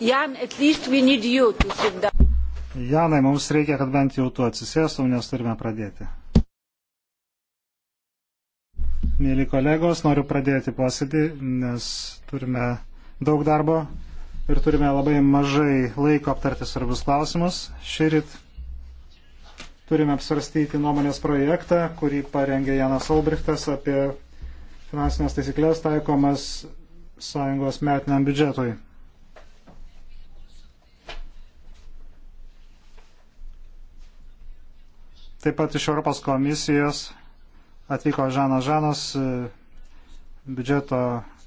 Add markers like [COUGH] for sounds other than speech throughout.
Jan, at least we need you to sit down. Janai, mums reikia, kad bent jau tu atsisėstum, nes turime pradėti. Mėly kolegos, noriu pradėti posėdį, nes turime daug darbo ir turime labai mažai laiko aptarti svarbius klausimus. Šįryt turime apsvarstyti nuomonės projektą, kurį parengė Janas Albrichtas apie finansinės taisyklės taikomas sąjungos metiniam biudžetui. Taip pat iš Europos komisijos atvyko Žanas Žanas, e, biudžeto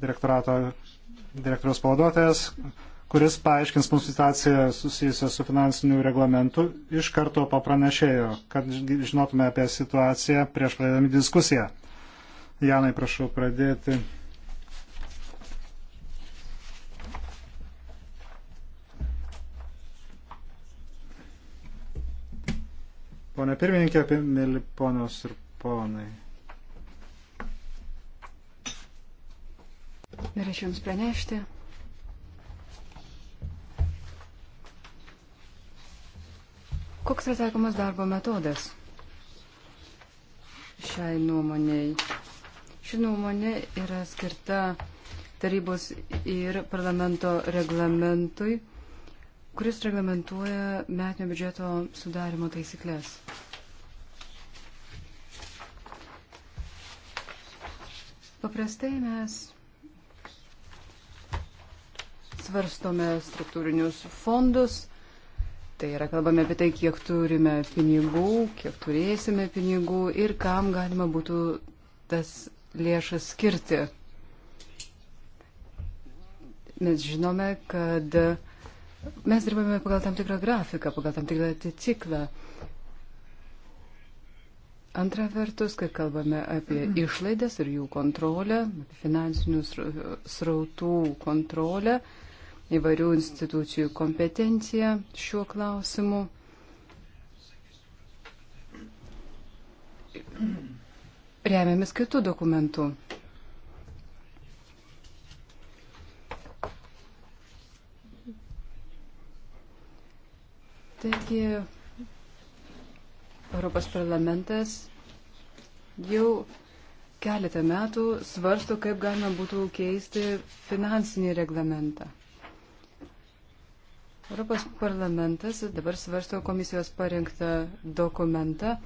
direktorato direktoriaus pavaduotojas, kuris paaiškins mums situaciją susijusią su finansiniu reglamentu iš karto po pranešėjo, kad žinotume apie situaciją prieš pradėdami diskusiją. Janai, prašau pradėti. Pone pirmininkė, mėly ponios ir ponai. Norėčiau Jums pranešti, Koks yra taikomas darbo metodas šiai nuomoniai? Ši nuomonė yra skirta tarybos ir parlamento reglamentui kuris reglamentuoja metinio biudžeto sudarimo taisyklės. Paprastai mes svarstome struktūrinius fondus, tai yra kalbame apie tai, kiek turime pinigų, kiek turėsime pinigų ir kam galima būtų tas lėšas skirti. Mes žinome, kad uh, Mes dirbame pagal tam tikrą grafiką, pagal tam tikrą ciklą. Antra vertus, kai kalbame apie mhm. išlaidas ir jų kontrolę, finansinių srautų kontrolę, įvairių institucijų kompetenciją šiuo klausimu. Remiamės kitų dokumentų. Taigi, Europos parlamentas jau keletą metų svarsto, kaip galima būtų keisti finansinį reglamentą. Europos parlamentas dabar svarsto komisijos parengtą dokumentą,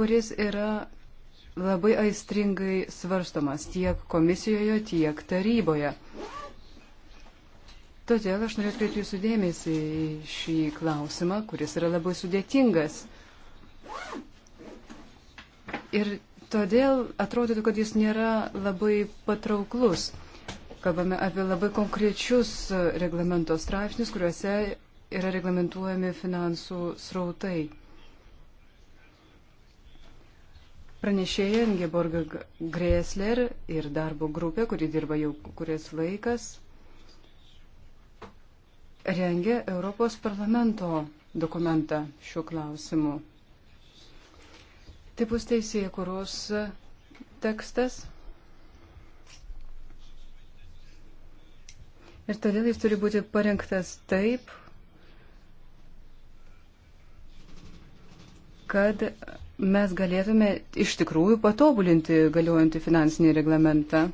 kuris yra labai aistringai svarstomas tiek komisijoje, tiek taryboje. Todėl aš norėčiau atkreipti jūsų dėmesį į šį klausimą, kuris yra labai sudėtingas. Ir todėl atrodytų, kad jis nėra labai patrauklus. Kalbame apie labai konkrečius e, reglamento straipsnius, kuriuose yra reglamentuojami finansų srautai. Pranešėja Ingeborg Grėsler ir darbo grupė, kuri dirba jau kuris laikas, rengia Europos parlamento dokumentą šiuo klausimu. Tai bus teisėjai, kuros tekstas. Ir todėl jis turi būti parengtas taip, kad mes galėtume iš tikrųjų patobulinti galiojantį finansinį reglamentą.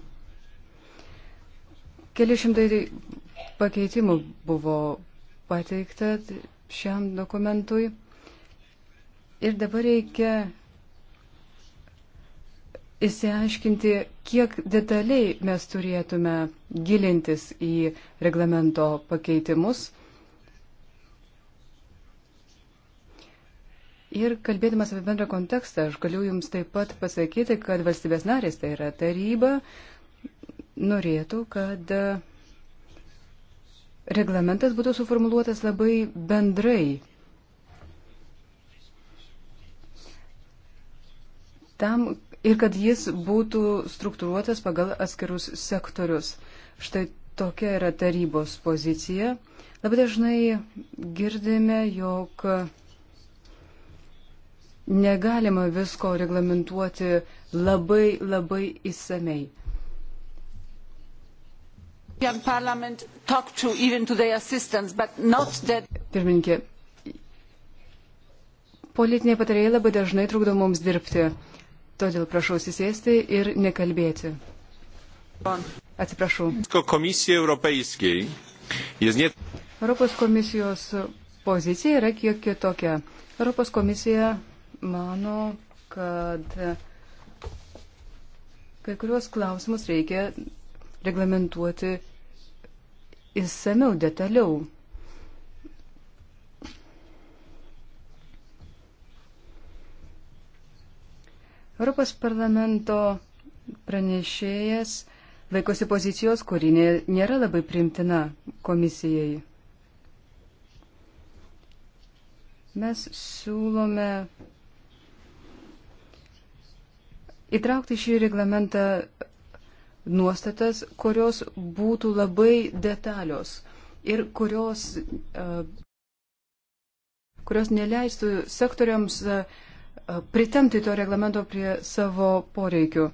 Keli šimtai pakeitimų buvo pateikta šiam dokumentui. Ir dabar reikia įsiaiškinti, kiek detaliai mes turėtume gilintis į reglamento pakeitimus. Ir kalbėdamas apie bendrą kontekstą, aš galiu Jums taip pat pasakyti, kad valstybės narės, tai yra taryba, norėtų, kad reglamentas būtų suformuluotas labai bendrai. Tam ir kad jis būtų struktūruotas pagal atskirus sektorius. Štai tokia yra tarybos pozicija. Labai dažnai girdime, jog negalima visko reglamentuoti labai labai įsamei. European Parliament talk to even to their assistants, but not that. Pirmininkė, politiniai patarėjai labai dažnai trukdo mums dirbti, todėl prašau susėsti ir nekalbėti. Atsiprašau. Komisija Europeiskiai. Nie... Europos komisijos pozicija yra kiek kitokia. Europos komisija mano, kad kai kuriuos klausimus reikia reglamentuoti įsameu, detaliau. Europos parlamento pranešėjas laikosi pozicijos, kuri nėra labai primtina komisijai. Mes siūlome įtraukti šį reglamentą nuostatas, kurios būtų labai detalios ir kurios, e, kurios neleistų sektoriams e, pritemti to reglamento prie savo poreikių.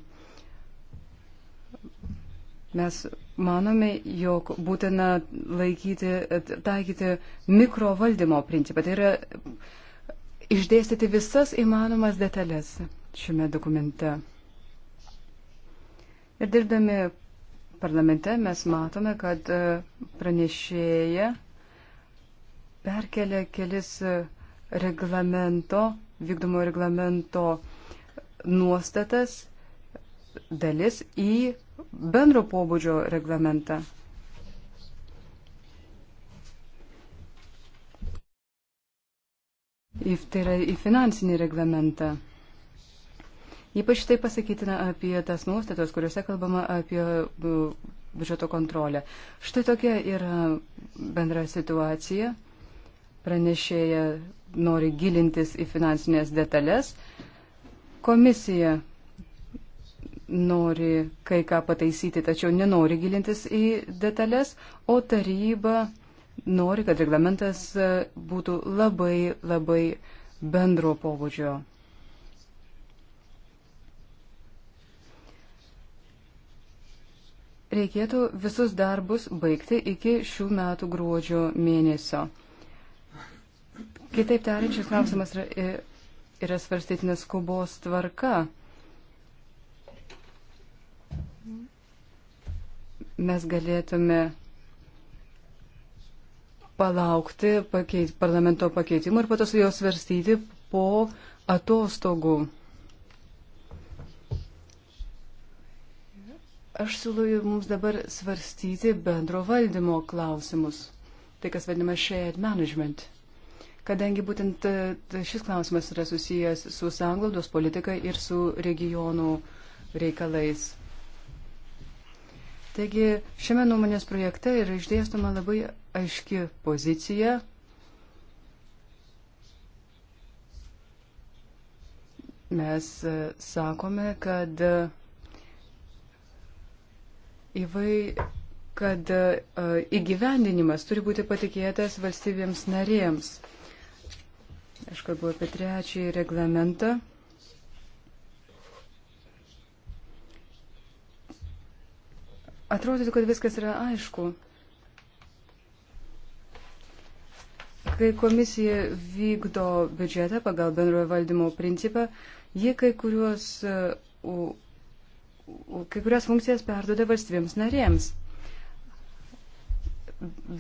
Mes manome, jog būtina laikyti, e, taikyti mikrovaldymo principą. Tai yra išdėstyti visas įmanomas detalės šiame dokumente. Ir dirbdami parlamente mes matome, kad e, pranešėja perkelia kelis e, reglamento, vykdomo reglamento nuostatas dalis į bendro pobūdžio reglamentą. Į, tai yra į finansinį reglamentą. Ypač tai pasakytina apie tas nuostatas, kuriuose kalbama apie biudžeto kontrolę. Štai tokia yra bendra situacija. Pranešėja nori gilintis į finansinės detalės. Komisija nori kai ką pataisyti, tačiau nenori gilintis į detalės, o taryba nori, kad reglamentas e, būtų labai, labai bendro pobūdžio. reikėtų visus darbus baigti iki šių metų gruodžio mėnesio. Kitaip tariant, šis klausimas yra, yra svarstytinas skubos tvarka. Mes galėtume palaukti pakeit, parlamento pakeitimų ir po to su jo svarstyti po atostogų. Aš siūlau mums dabar svarstyti bendro valdymo klausimus, tai kas vadinama shared management. Kadangi būtent e, šis klausimas yra susijęs su sanglaudos politika ir su regionų reikalais. Taigi šiame nuomonės projekte yra išdėstoma labai aiški pozicija mes e, sakome, kad įvai, kad e, įgyvendinimas turi būti patikėtas valstybėms narėms. Aš kalbu apie trečiąjį reglamentą. Atrodytų, kad viskas yra aišku. Kai komisija vykdo biudžetą pagal bendrojo valdymo principą, ji kai kuriuos e, kai kurias funkcijas perduoda valstybėms narėms.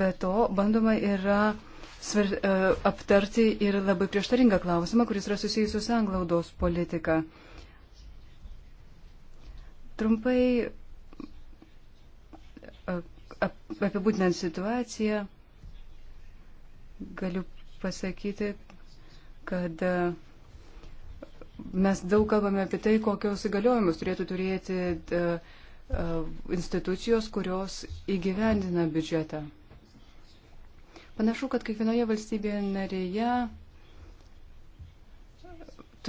Be to, bandoma yra svar, e, aptarti ir labai prieštaringą klausimą, kuris yra susijęs su sanglaudos politika. Trumpai e, apibūdinant situaciją, galiu pasakyti, kad uh, Mes daug kalbame apie tai, kokios įgaliojimus turėtų turėti e, e, institucijos, kurios įgyvendina biudžetą. Panašu, kad kiekvienoje valstybėje narėje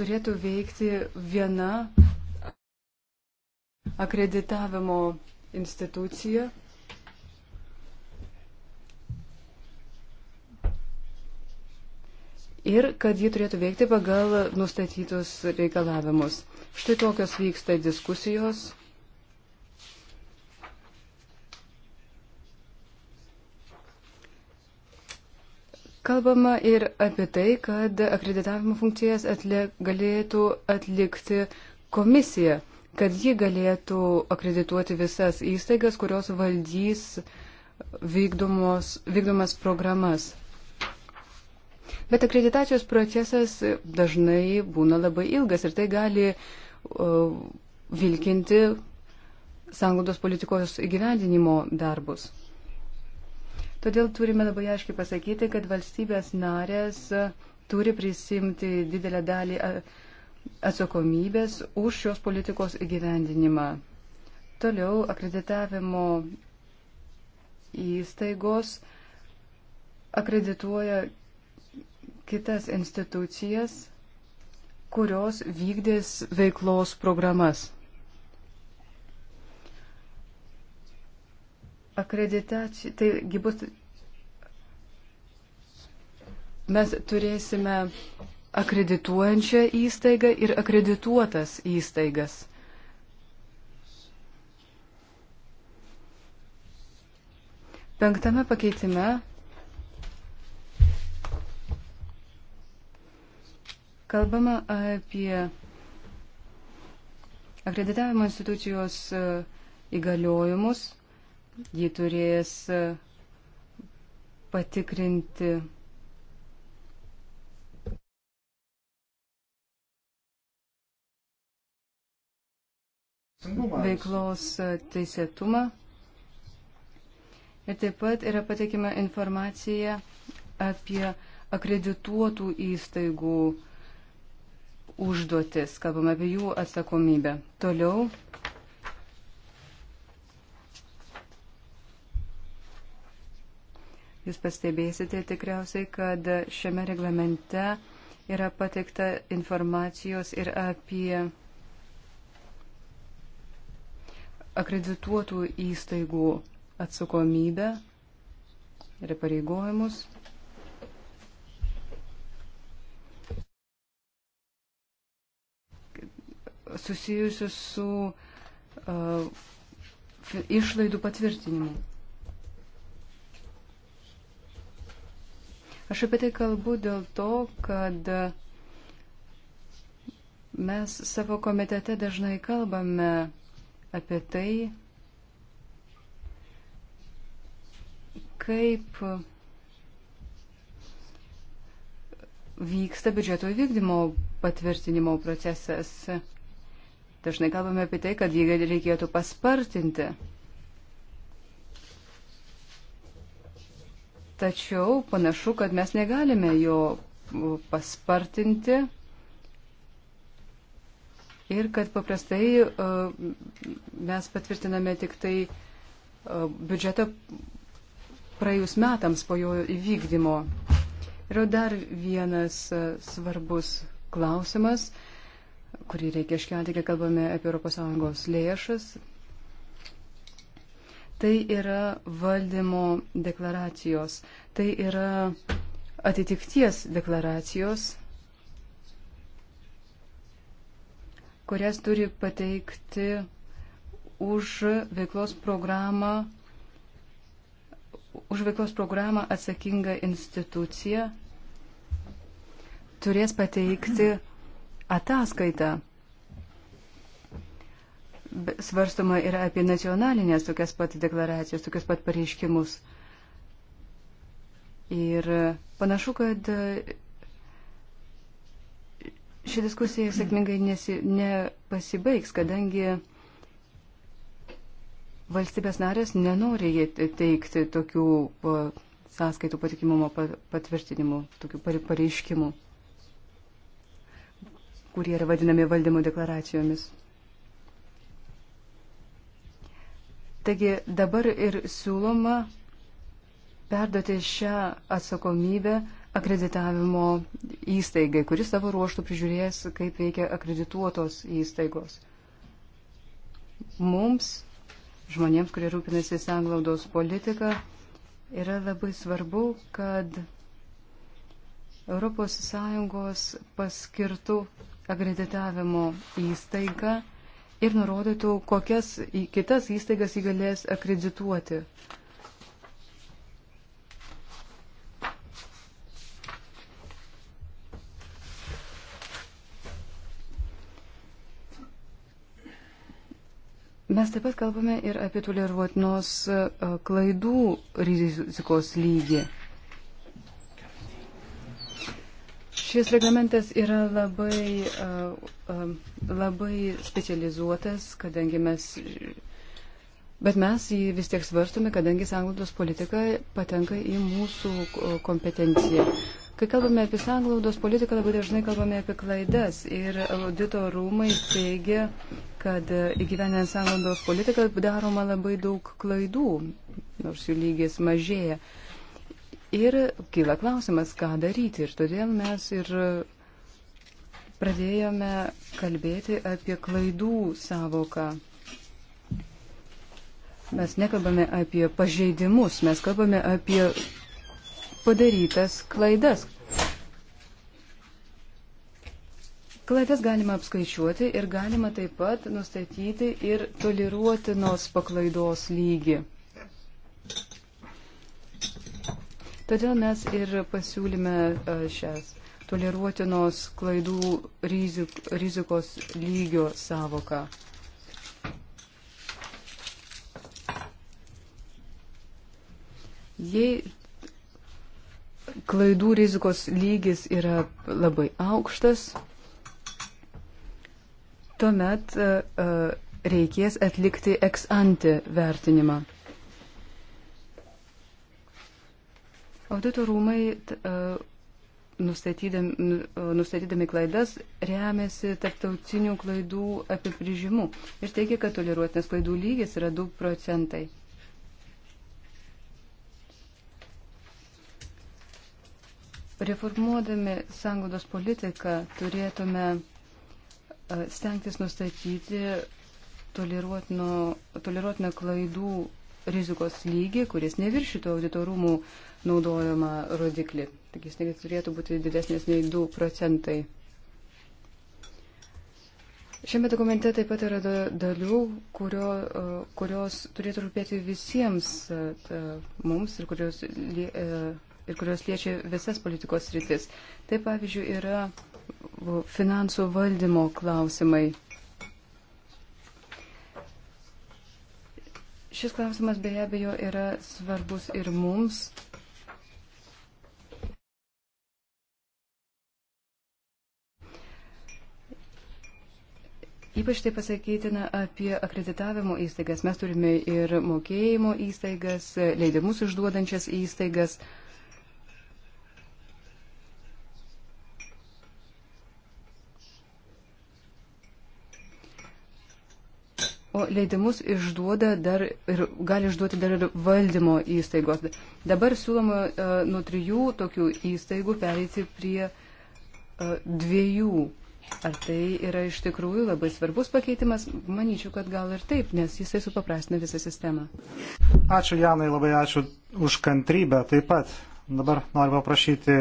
turėtų veikti viena akreditavimo institucija, ir kad ji turėtų veikti pagal nustatytus reikalavimus. Štai tokios vyksta diskusijos. Kalbama ir apie tai, kad akreditavimo funkcijas atli galėtų atlikti komisija, kad ji galėtų akredituoti visas įstaigas, kurios valdys vykdomos, vykdomas programas. Bet akreditacijos procesas dažnai būna labai ilgas ir tai gali uh, vilkinti sąnglaudos politikos įgyvendinimo darbus. Todėl turime labai aiškiai pasakyti, kad valstybės narės turi prisimti didelę dalį atsakomybės už šios politikos įgyvendinimą. Toliau akreditavimo įstaigos akredituoja kitas institucijas, kurios vykdys veiklos programas. Akreditacija, taigi bus, mes turėsime akredituojančią įstaigą ir akredituotas įstaigas. Penktame pakeitime Kalbama apie akreditavimo institucijos e, įgaliojimus. Ji turės e, patikrinti veiklos e, teisėtumą. Ir taip pat yra pateikima informacija apie akredituotų įstaigų užduotis, kalbame apie jų atsakomybę. Toliau. Jūs pastebėsite tikriausiai, kad šiame reglamente yra pateikta informacijos ir apie akredituotų įstaigų atsakomybę ir pareigojimus. susijusius su uh, išlaidų patvirtinimu. Aš apie tai kalbu dėl to, kad mes savo komitete dažnai kalbame apie tai, kaip vyksta biudžeto įvykdymo patvirtinimo procesas. Dažnai kalbame apie tai, kad jį reikėtų paspartinti. Tačiau panašu, kad mes negalime jo paspartinti ir kad paprastai e, mes patvirtiname tik tai e, biudžetą praėjus metams po jo įvykdymo. Yra dar vienas e, svarbus klausimas, kurį reikia iškelti, kai kalbame apie ES lėšas, tai yra valdymo deklaracijos, tai yra atitikties deklaracijos, kurias turi pateikti už veiklos programą už veiklos programą atsakinga institucija turės pateikti ataskaitą. Svarstoma yra apie nacionalinės tokias pat deklaracijas, tokias pat pareiškimus. Ir panašu, kad e, ši diskusija sėkmingai nesi, nepasibaigs, kadangi valstybės narės nenori teikti tokių sąskaitų patikimumo patvirtinimų, tokių pareiškimų kurie yra vadinami valdymo deklaracijomis. Taigi dabar ir siūloma perduoti šią atsakomybę akreditavimo įstaigai, kuris savo ruoštų prižiūrės, kaip veikia akredituotos įstaigos. Mums, žmonėms, kurie rūpinasi sanglaudos politiką, yra labai svarbu, kad ES paskirtų akreditavimo įstaigą ir nurodytų, kokias į kitas įstaigas jį galės akredituoti. Mes taip pat kalbame ir apie toleruotinos klaidų rizikos lygį. Šis reglamentas yra labai, labai specializuotas, kadangi mes, bet mes jį vis tiek svarstome, kadangi sanglaudos politika patenka į mūsų kompetenciją. Kai kalbame apie sanglaudos politiką, labai dažnai kalbame apie klaidas ir audito rūmai teigia, kad įgyvenant sanglaudos politiką daroma labai daug klaidų, nors jų lygis mažėja. Ir kyla klausimas, ką daryti. Ir todėl mes ir pradėjome kalbėti apie klaidų savoką. Mes nekalbame apie pažeidimus, mes kalbame apie padarytas klaidas. Klaidas galima apskaičiuoti ir galima taip pat nustatyti ir toleruotinos paklaidos lygį. Todėl mes ir pasiūlyme e, šias toleruotinos klaidų rizik, rizikos lygio savoką. Jei klaidų rizikos lygis yra labai aukštas, tuomet e, e, reikės atlikti ex ante vertinimą. Audito rūmai e, nustatydami, nu, e, nustatydami klaidas remiasi tarptautinių klaidų apibrėžimu ir teigia, kad toleruotinas klaidų lygis yra 2 procentai. Reformuodami sangodos politiką turėtume e, stengtis nustatyti toleruotino klaidų rizikos lygį, kuris neviršytų auditorumų naudojama rodiklį. Taigi jis neturėtų būti didesnis nei 2 procentai. Šiame dokumente taip pat yra dalių, kurio, e, kurios turėtų rūpėti visiems e, ta, mums ir kurios, e, ir kurios liečia visas politikos rytis. Tai pavyzdžiui yra finansų valdymo klausimai. Šis klausimas be abejo yra svarbus ir mums. Ypač tai pasakytina apie akreditavimo įstaigas. Mes turime ir mokėjimo įstaigas, leidimus išduodančias įstaigas. Uh, O leidimus išduoda dar ir gali išduoti dar ir valdymo įstaigos. Dabar siūloma uh, nuo trijų tokių įstaigų pereiti prie uh, dviejų. Ar tai yra iš tikrųjų labai svarbus pakeitimas? Manyčiau, kad gal ir taip, nes jisai supaprastina visą sistemą. Ačiū Janai, labai ačiū už kantrybę taip pat. Dabar noriu paprašyti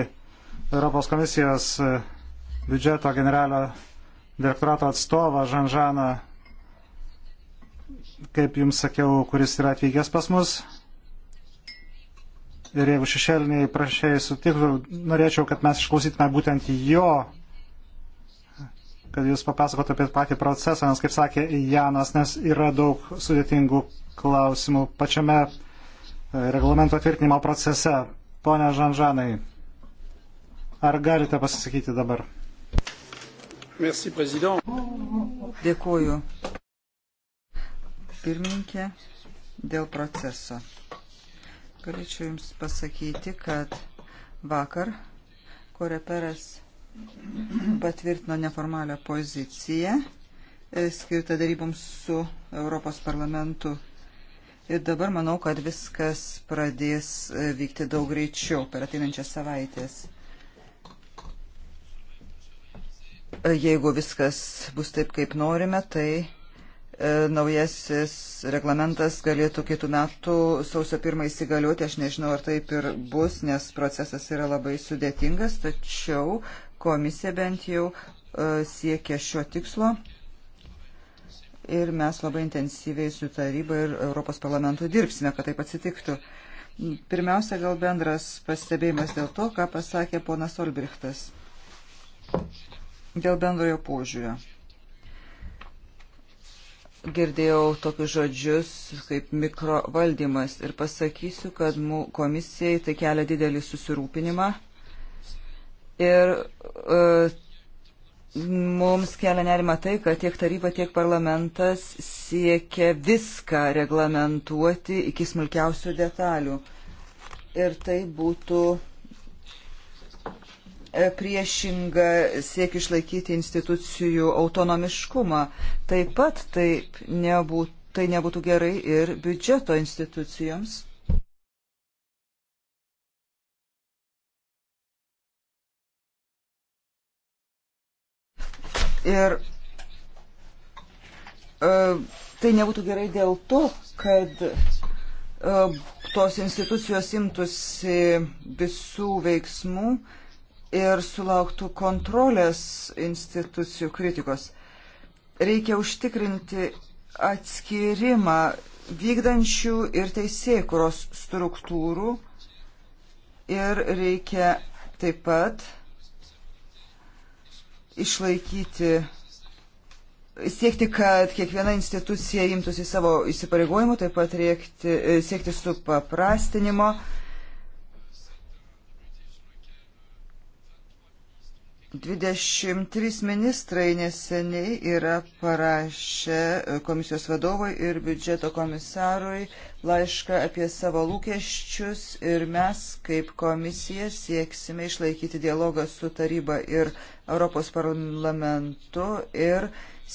Europos komisijos e, biudžeto generalio direktorato atstovą Žanžaną kaip jums sakiau, kuris yra atvykęs pas mus. Ir jeigu šešėliniai prašėjai sutiktų, norėčiau, kad mes išklausytume būtent jo, kad jūs papasakotų apie patį procesą, nes, kaip sakė Janas, nes yra daug sudėtingų klausimų pačiame e, reglamento tvirtinimo procese. Pone Žanžanai, ar galite pasisakyti dabar? Merci, Dėkuoju, pirmininkė, dėl proceso. Galėčiau Jums pasakyti, kad vakar Koreperas patvirtino neformalią poziciją e, skirtą daryboms su Europos parlamentu. Ir dabar manau, kad viskas pradės e, vykti daug greičiau per ateinančias savaitės. E, jeigu viskas bus taip, kaip norime, tai naujasis reglamentas galėtų kitų metų sausio pirmą įsigaliuoti. Aš nežinau, ar taip ir bus, nes procesas yra labai sudėtingas, tačiau komisija bent jau e, siekia šio tikslo. Ir mes labai intensyviai su taryba ir Europos parlamentu dirbsime, kad taip atsitiktų. Pirmiausia, gal bendras pastebėjimas dėl to, ką pasakė ponas Olbrichtas. Dėl bendrojo požiūrio girdėjau tokius žodžius kaip mikrovaldymas ir pasakysiu, kad komisijai tai kelia didelį susirūpinimą ir uh, mums kelia nerima tai, kad tiek taryba, tiek parlamentas siekia viską reglamentuoti iki smulkiausių detalių. Ir tai būtų priešinga siek išlaikyti institucijų autonomiškumą. Taip pat taip nebūtų, tai nebūtų gerai ir biudžeto institucijoms. Ir e, tai nebūtų gerai dėl to, kad e, tos institucijos imtųsi visų veiksmų, ir sulauktų kontrolės institucijų kritikos. Reikia užtikrinti atskirimą vykdančių ir teisėkuros struktūrų ir reikia taip pat išlaikyti, siekti, kad kiekviena institucija imtųsi savo įsipareigojimų, taip pat reikti, siekti supaprastinimo. paprastinimo 23 ministrai neseniai yra parašę komisijos vadovui ir biudžeto komisarui laišką apie savo lūkesčius ir mes kaip komisija sieksime išlaikyti dialogą su taryba ir Europos parlamentu ir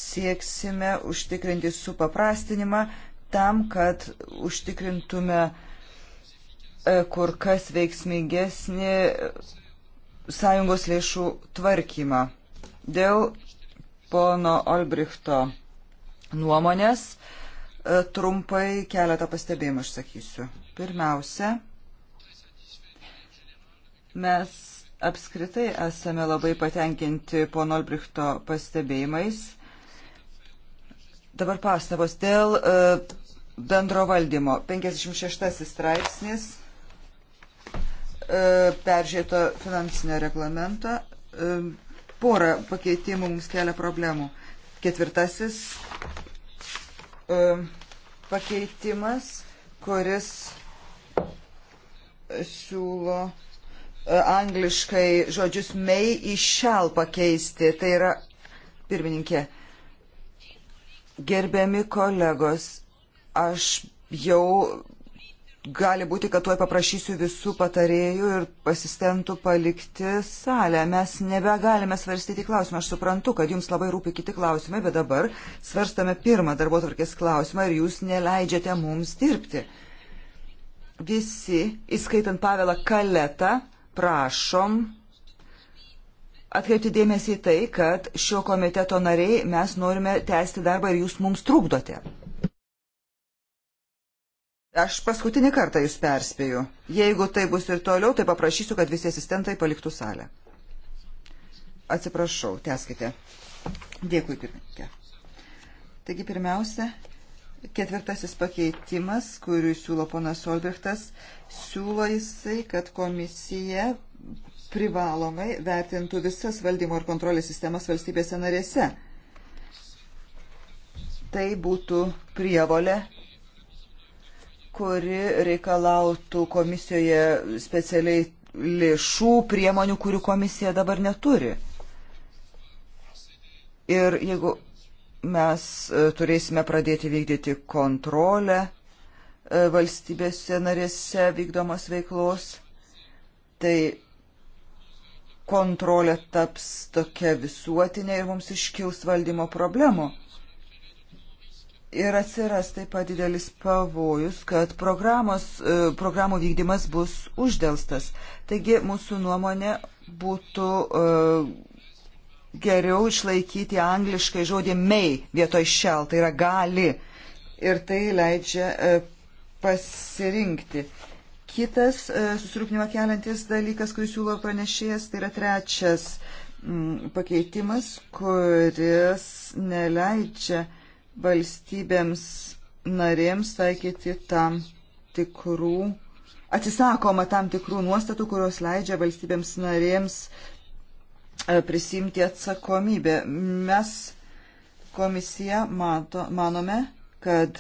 sieksime užtikrinti supaprastinimą tam, kad užtikrintume e, kur kas veiksmingesnį sąjungos lėšų tvarkymą. Dėl pono Olbrichto nuomonės e, trumpai keletą pastebėjimų išsakysiu. Pirmiausia, mes apskritai esame labai patenkinti pono Olbrichto pastebėjimais. Dabar pastabos dėl e, bendro valdymo. 56 straipsnis E, peržiūrėto finansinio reglamento. E, porą pakeitimų mums kelia problemų. Ketvirtasis e, pakeitimas, kuris siūlo angliškai žodžius may į shall pakeisti. Tai yra, pirmininkė, gerbiami kolegos, aš jau gali būti, kad tuoj paprašysiu visų patarėjų ir asistentų palikti salę. Mes nebegalime svarstyti klausimą. Aš suprantu, kad jums labai rūpi kiti klausimai, bet dabar svarstame pirmą darbo tvarkės klausimą ir jūs neleidžiate mums dirbti. Visi, įskaitant Pavelą Kaletą, prašom atkreipti dėmesį į tai, kad šio komiteto nariai mes norime tęsti darbą ir jūs mums trukdote. Aš paskutinį kartą jūs perspėju. Jeigu tai bus ir toliau, tai paprašysiu, kad visi asistentai paliktų salę. Atsiprašau, teskite. Dėkui, pirmininkė. Taigi, pirmiausia, ketvirtasis pakeitimas, kurį siūlo ponas Olbrichtas, siūlo jisai, kad komisija privalomai vertintų visas valdymo ir kontrolės sistemas valstybėse narėse. Tai būtų prievolė kuri reikalautų komisijoje specialiai lėšų, priemonių, kurių komisija dabar neturi. Ir jeigu mes e, turėsime pradėti vykdyti kontrolę e, valstybėse narėse vykdomos veiklos, tai kontrolė taps tokia visuotinė ir mums iškils valdymo problemų ir atsiras taip pat didelis pavojus, kad programos, e, programų vykdymas bus uždelstas. Taigi mūsų nuomonė būtų e, geriau išlaikyti angliškai žodį may vietoj shall, tai yra gali. Ir tai leidžia e, pasirinkti. Kitas susirūpinimą keliantis dalykas, kurį siūlo pranešėjas, tai yra trečias pakeitimas, kuris neleidžia valstybėms narėms taikyti tam tikrų, atsisakoma tam tikrų nuostatų, kurios leidžia valstybėms narėms e, prisimti atsakomybę. Mes komisija mato, manome, kad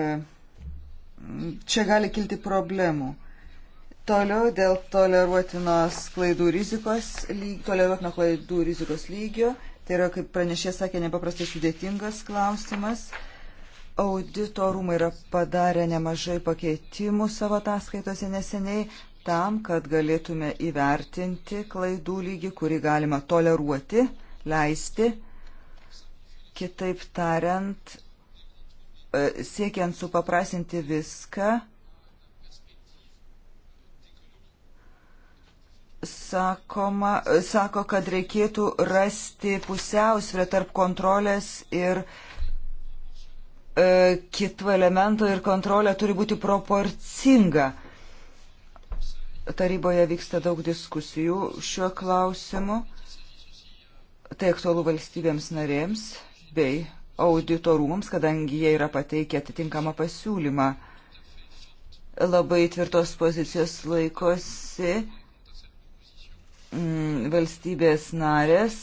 e, čia gali kilti problemų. Toliau dėl toleruotinos klaidų rizikos, lyg, toleruotino klaidų rizikos lygio, tai yra, kaip pranešė sakė, nepaprastai sudėtingas klausimas. Audito rūmai yra padarę nemažai pakeitimų savo ataskaitose neseniai tam, kad galėtume įvertinti klaidų lygį, kurį galima toleruoti, leisti. Kitaip tariant, e, siekiant supaprasinti viską, sakoma, sako, kad reikėtų rasti pusiausvę tarp kontrolės ir e, kito elemento ir kontrolė turi būti proporcinga. Taryboje vyksta daug diskusijų šiuo klausimu. Tai aktualu valstybėms narėms bei auditorumams, kadangi jie yra pateikę atitinkamą pasiūlymą. Labai tvirtos pozicijos laikosi mm, valstybės narės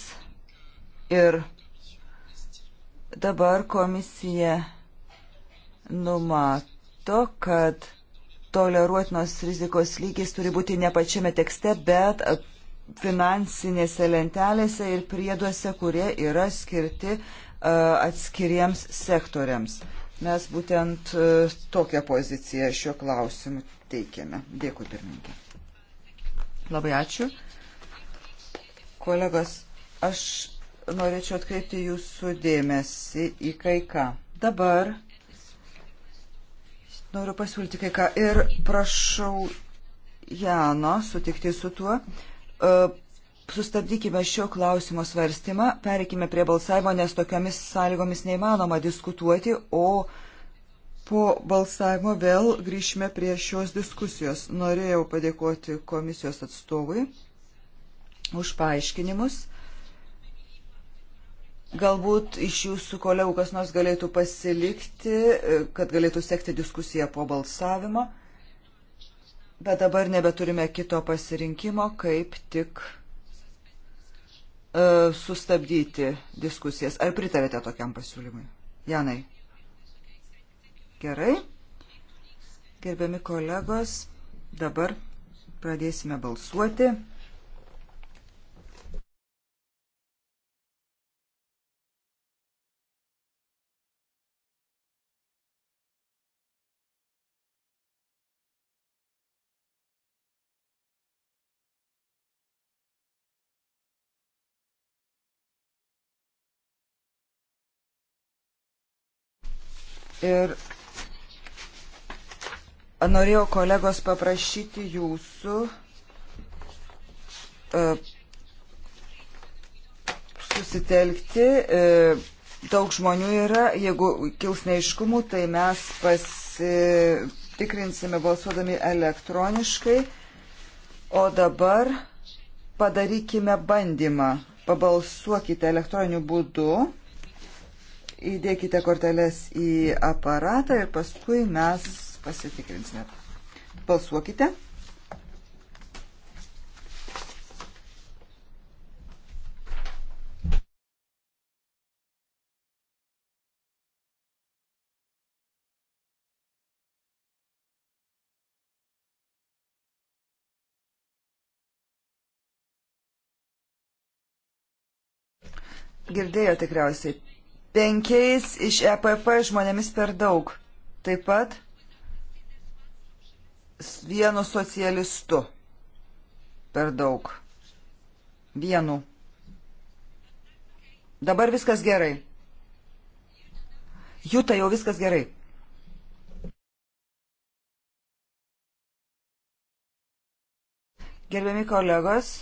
ir dabar komisija numato, kad toleruotinos rizikos lygis turi būti ne pačiame tekste, bet finansinėse lentelėse ir prieduose, kurie yra skirti uh, atskiriems sektoriams. Mes būtent uh, tokią poziciją šiuo klausimu teikiame. Dėkui, pirmininkė. Labai ačiū. Kolegos, aš norėčiau atkreipti jūsų dėmesį į kai ką. Dabar noriu pasiūlyti kai ką ir prašau Jano sutikti su tuo. E, sustabdykime šio klausimo svarstymą, pereikime prie balsavimo, nes tokiomis sąlygomis neįmanoma diskutuoti, o po balsavimo vėl grįšime prie šios diskusijos. Norėjau padėkoti komisijos atstovui už paaiškinimus. Galbūt iš jūsų kolegų kas nors galėtų pasilikti, kad galėtų sekti diskusiją po balsavimo. Bet dabar nebeturime kito pasirinkimo, kaip tik e, sustabdyti diskusijas. Ar pritarėte tokiam pasiūlymui? Janai. Gerai. Gerbiami kolegos, dabar pradėsime balsuoti. Ir norėjau kolegos paprašyti jūsų e, susitelkti. E, daug žmonių yra. Jeigu kils neiškumų, tai mes pasitikrinsime balsuodami elektroniškai. O dabar padarykime bandymą. Pabalsuokite elektroniniu būdu. Įdėkite korteles į aparatą ir paskui mes pasitikrinsime. Balsuokite. Girdėjo tikriausiai penkiais iš EPP žmonėmis per daug. Taip pat vienu socialistu per daug. Vienu. Dabar viskas gerai. Jūta jau viskas gerai. Gerbiami kolegos.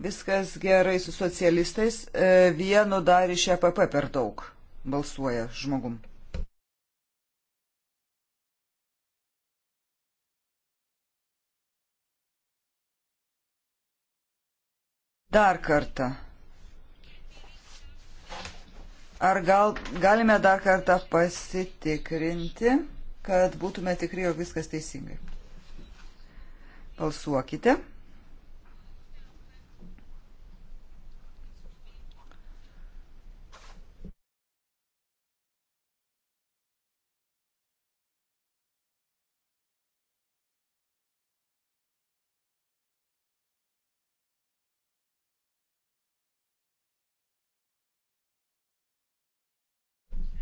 Viskas gerai su socialistais, e, vienu dar iš EPP per daug balsuoja žmogum. Dar kartą. Ar gal, galime dar kartą pasitikrinti, kad būtume tikri, jog viskas teisingai? Balsuokite.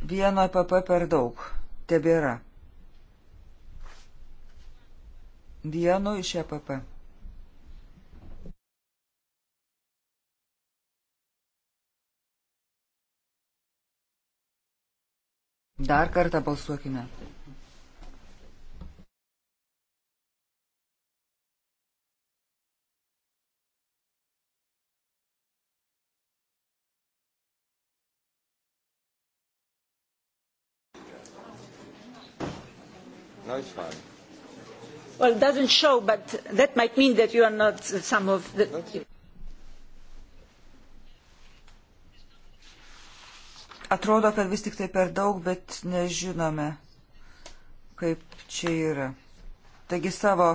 Vieno PP e per daug. Tebėra. Vieno iš EPP. Dar kartą balsuokime. well, doesn't show, but that might mean that you are not some of the... Atrodo, kad vis tik tai per daug, bet nežinome, kaip čia yra. Taigi savo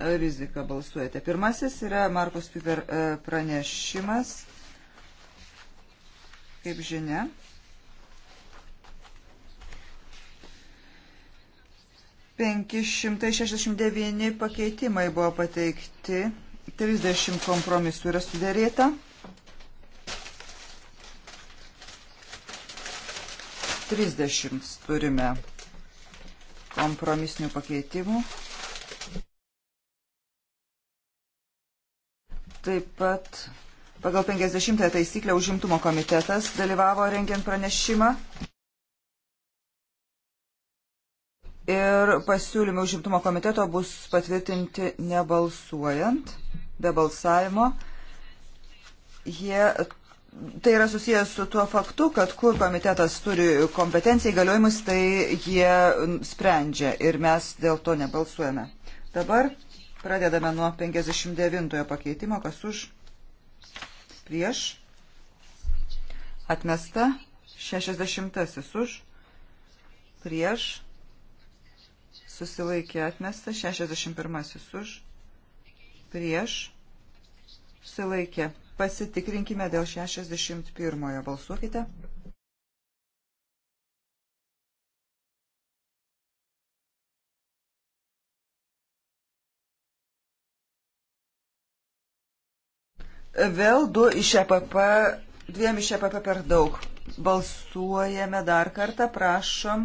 e, riziką balsuojate. Pirmasis yra Markos Piper e, pranešimas. Kaip žinia, 569 pakeitimai buvo pateikti, 30 kompromisų yra sudėrėta. 30 turime kompromisinių pakeitimų. Taip pat pagal 50 taisyklę užimtumo komitetas dalyvavo rengiant pranešimą. ir pasiūlymai užimtumo komiteto bus patvirtinti nebalsuojant, be balsavimo. Jie, tai yra susijęs su tuo faktu, kad kur komitetas turi kompetenciją įgaliojimus, tai jie sprendžia ir mes dėl to nebalsuojame. Dabar pradedame nuo 59 pakeitimo, kas už prieš atmesta 60 už prieš susilaikė atmesta, 61 už, prieš, susilaikė. Pasitikrinkime dėl 61 balsuokite. Vėl du iš EPP, dviem iš EPP per daug. Balsuojame dar kartą, prašom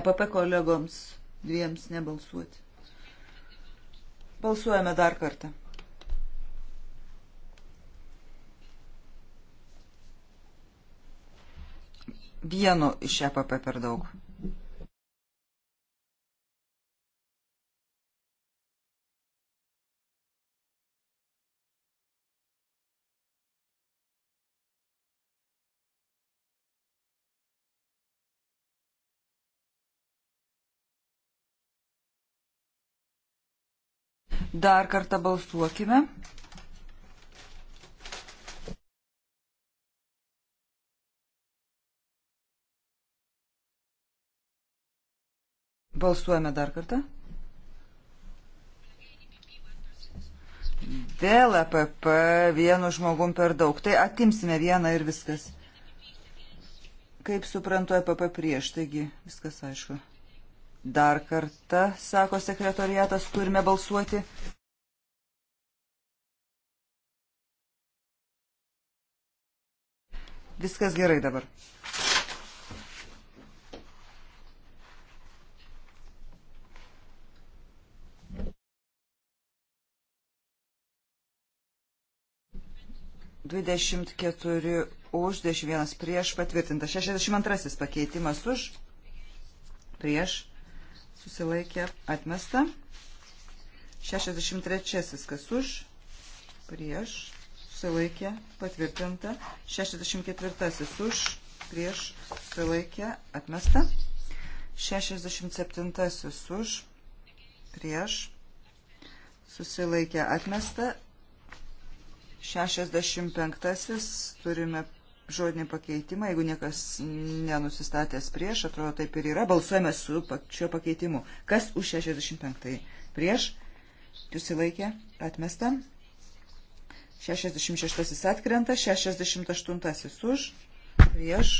EPP kolegoms dviems nebalsuoti. Balsuojame dar kartą. Vienu iš EPP per daug. Dar kartą balsuokime. Balsuojame dar kartą. Vėl EPP vienu žmogum per daug. Tai atimsime vieną ir viskas. Kaip suprantu, EPP prieš, taigi viskas aišku. Dar kartą, sako sekretoriatas, turime balsuoti. Viskas gerai dabar. Dvidešimt keturi už, dvidešimt vienas prieš patvirtinta. Šešiasdešimt antrasis pakeitimas už, prieš susilaikė atmesta. 63 kas už, prieš, susilaikė patvirtinta. 64 už, prieš, susilaikė atmesta. 67 už, prieš, susilaikė atmesta. 65 turime žodinį pakeitimą, jeigu niekas nenusistatęs prieš, atrodo taip ir yra, balsuojame su šiuo pakeitimu. Kas už 65? Prieš, susilaikė, atmesta. 66 atkrenta, 68 už, prieš,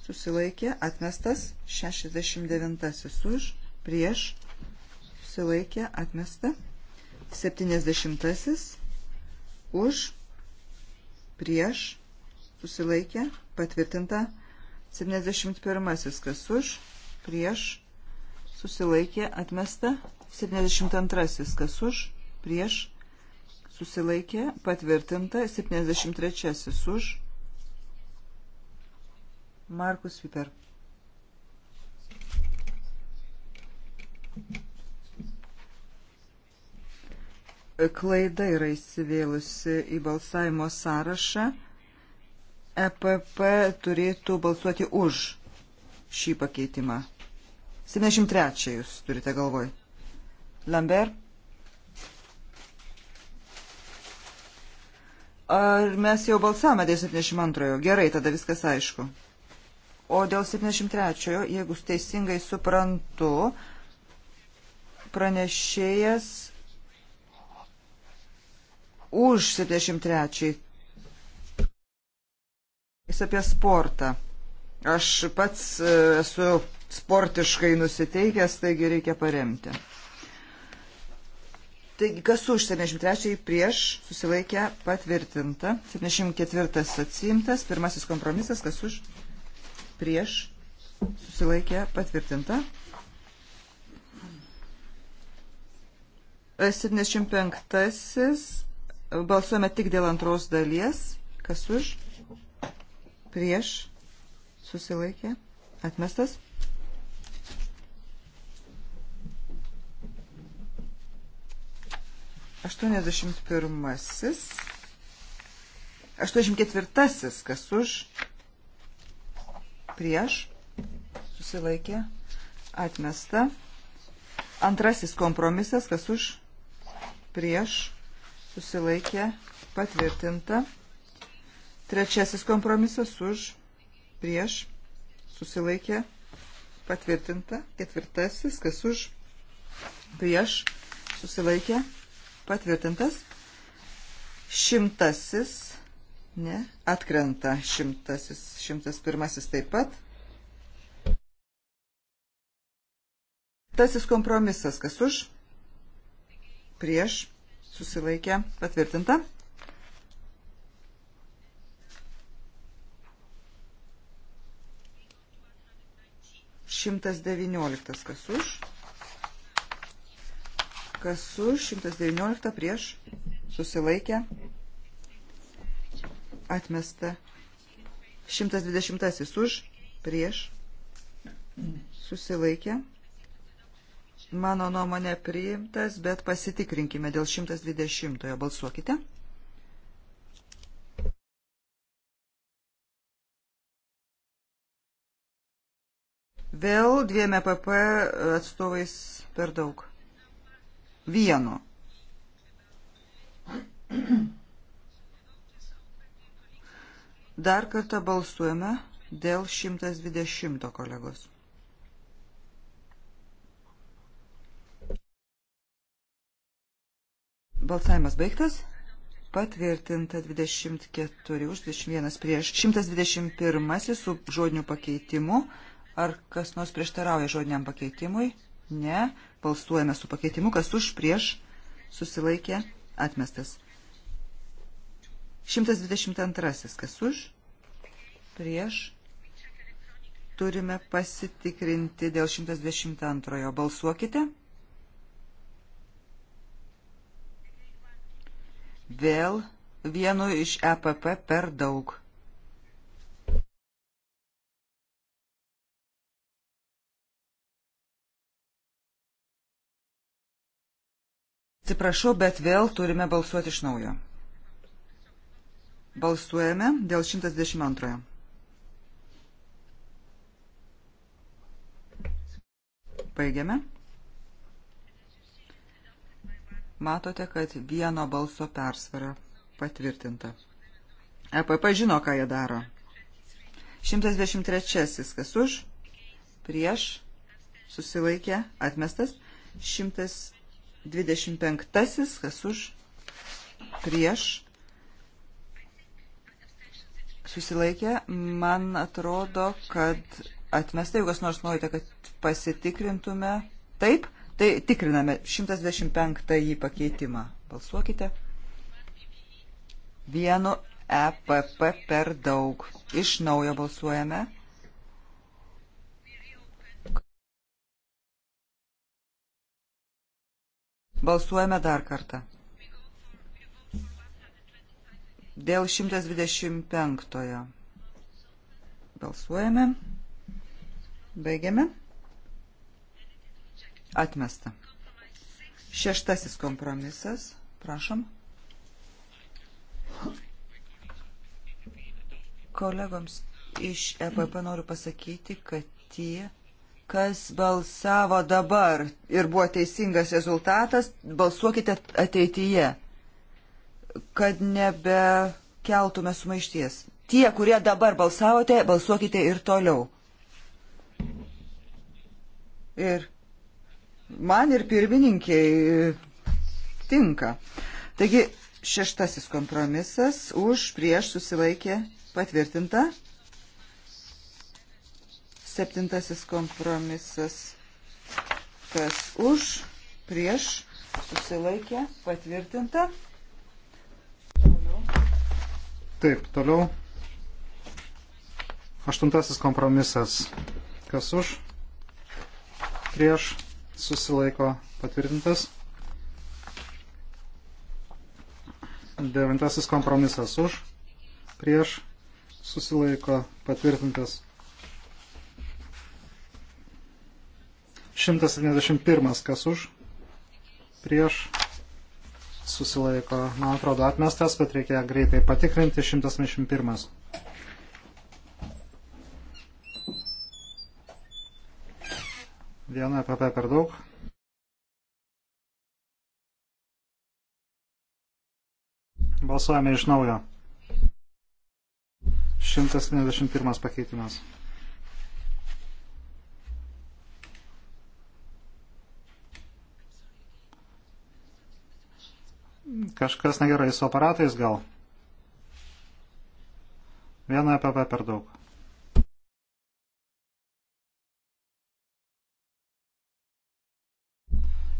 susilaikė, atmestas, 69 už, prieš, susilaikė, atmesta, 70 už, prieš, susilaikė, patvirtinta. 71 kas už, prieš, susilaikė, atmesta. 72 kas už, prieš, susilaikė, patvirtinta. 73 už, Markus Viper. klaida yra įsivėlusi į balsavimo sąrašą. EPP turėtų balsuoti už šį pakeitimą. 73 jūs turite galvoj. Lambert? Ar mes jau balsavome dėl 72-ojo? Gerai, tada viskas aišku. O dėl 73-ojo, jeigu teisingai suprantu, pranešėjas už 73-ąjį Jis apie sportą. Aš pats e, esu sportiškai nusiteikęs, taigi reikia paremti. Taigi, kas už 73 prieš susilaikę patvirtinta, 74 atsimtas, pirmasis kompromisas, kas už prieš susilaikę patvirtinta. 75 e, balsuojame tik dėl antros dalies, kas už prieš susilaikė atmestas. Aštuoniasdešimt pirmasis. Aštuoniasdešimt ketvirtasis, kas už prieš susilaikė atmesta. Antrasis kompromisas, kas už prieš susilaikė patvirtinta. Trečiasis kompromisas už, prieš, susilaikė, patvirtinta. Ketvirtasis, kas už, prieš, susilaikė, patvirtintas. Šimtasis, ne, atkrenta šimtasis, šimtas pirmasis taip pat. Tasis kompromisas, kas už, prieš, susilaikė, patvirtinta. 119 kas už. Kas už 119 prieš susilaikę atmesta. 120 už prieš susilaikę. Mano nuomonė priimtas, bet pasitikrinkime dėl 120. Balsuokite. Vėl dviem EPP atstovais per daug. Vienu. Dar kartą balsuojame dėl 120 kolegos. Balsavimas baigtas. Patvirtinta 24 už 21 prieš 121 su žodiniu pakeitimu. Ar kas nors prieštarauja žodiniam pakeitimui? Ne. Balsuojame su pakeitimu, kas už prieš susilaikė atmestas. 122. Kas už prieš turime pasitikrinti dėl 122. Balsuokite. Vėl vienu iš EPP per daug. Atsiprašau, bet vėl turime balsuoti iš naujo. Balsuojame dėl 112. Baigiame. Matote, kad vieno balso persvara patvirtinta. EPP žino, ką jie daro. 123. Kas už? Prieš? Susilaikė? Atmestas? 100. 25. Kas už? Prieš. Susilaikė. Man atrodo, kad atmesta, jeigu kas nors norite, kad pasitikrintume. Taip, tai tikriname 125 pakeitimą. Balsuokite. Vienu EPP per daug. Iš naujo balsuojame. Balsuojame dar kartą. Dėl 125. Balsuojame. Baigiame. Atmesta. Šeštasis kompromisas. Prašom. Kolegoms iš EPP noriu pasakyti, kad tie, kas balsavo dabar ir buvo teisingas rezultatas, balsuokite ateityje, kad nebekeltume sumaišties. Tie, kurie dabar balsavote, balsuokite ir toliau. Ir man ir pirmininkiai tinka. Taigi, šeštasis kompromisas už prieš susilaikė patvirtinta. Septintasis kompromisas. Kas už, prieš, susilaikė, patvirtinta. Toliau. Taip, toliau. Aštuntasis kompromisas. Kas už, prieš, susilaiko, patvirtintas. Devintasis kompromisas už, prieš, susilaiko, patvirtintas. 171 kas už, prieš, susilaiko, man atrodo, atmestas, bet reikia greitai patikrinti 171. Viena PP tai per daug. Balsuojame iš naujo. 171 pakeitimas. kažkas negerai su aparatais gal. Vieną EPP per daug.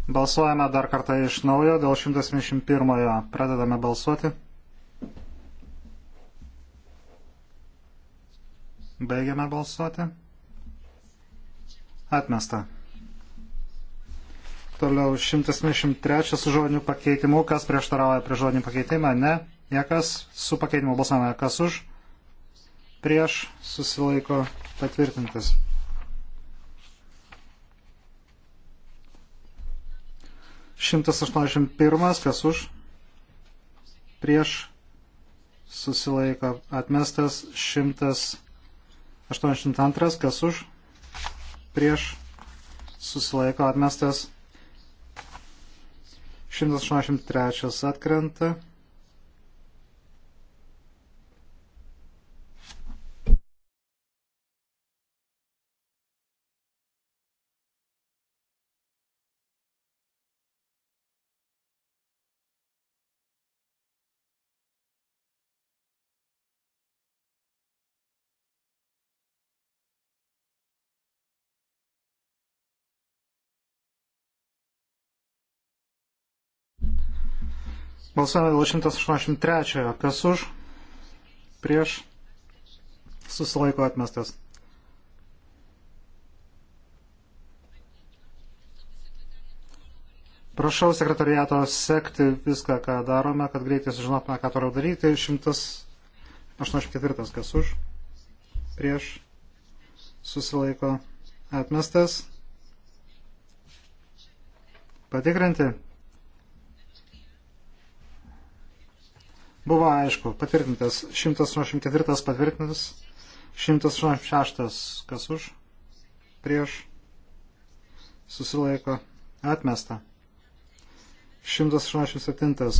Balsuojame dar kartą iš naujo dėl 171-ojo. Pradedame balsuoti. Baigiame balsuoti. Atmesta. Toliau 173 su žodiniu pakeitimu. Kas prieštarauja prie žodinį pakeitimą? Ne. Niekas su pakeitimu balsavime. Kas už? Prieš susilaiko patvirtintas. Šimtas aštuoniasdešimt pirmas, kas už? Prieš susilaiko atmestas šimtas aštuoniasdešimt antras, kas už? Prieš susilaiko atmestas 183 atkrenta. Balsuojame dėl 183. Kas už? Prieš? Susilaiko atmestas. Prašau sekretariato sekti viską, ką darome, kad greitai sužinotume, ką toliau daryti. 184. Kas už? Prieš? Susilaiko atmestas. Patikrinti. Buvo aišku, patvirtintas 184 patvirtintas, 186 kas už, prieš, susilaiko, atmesta. 187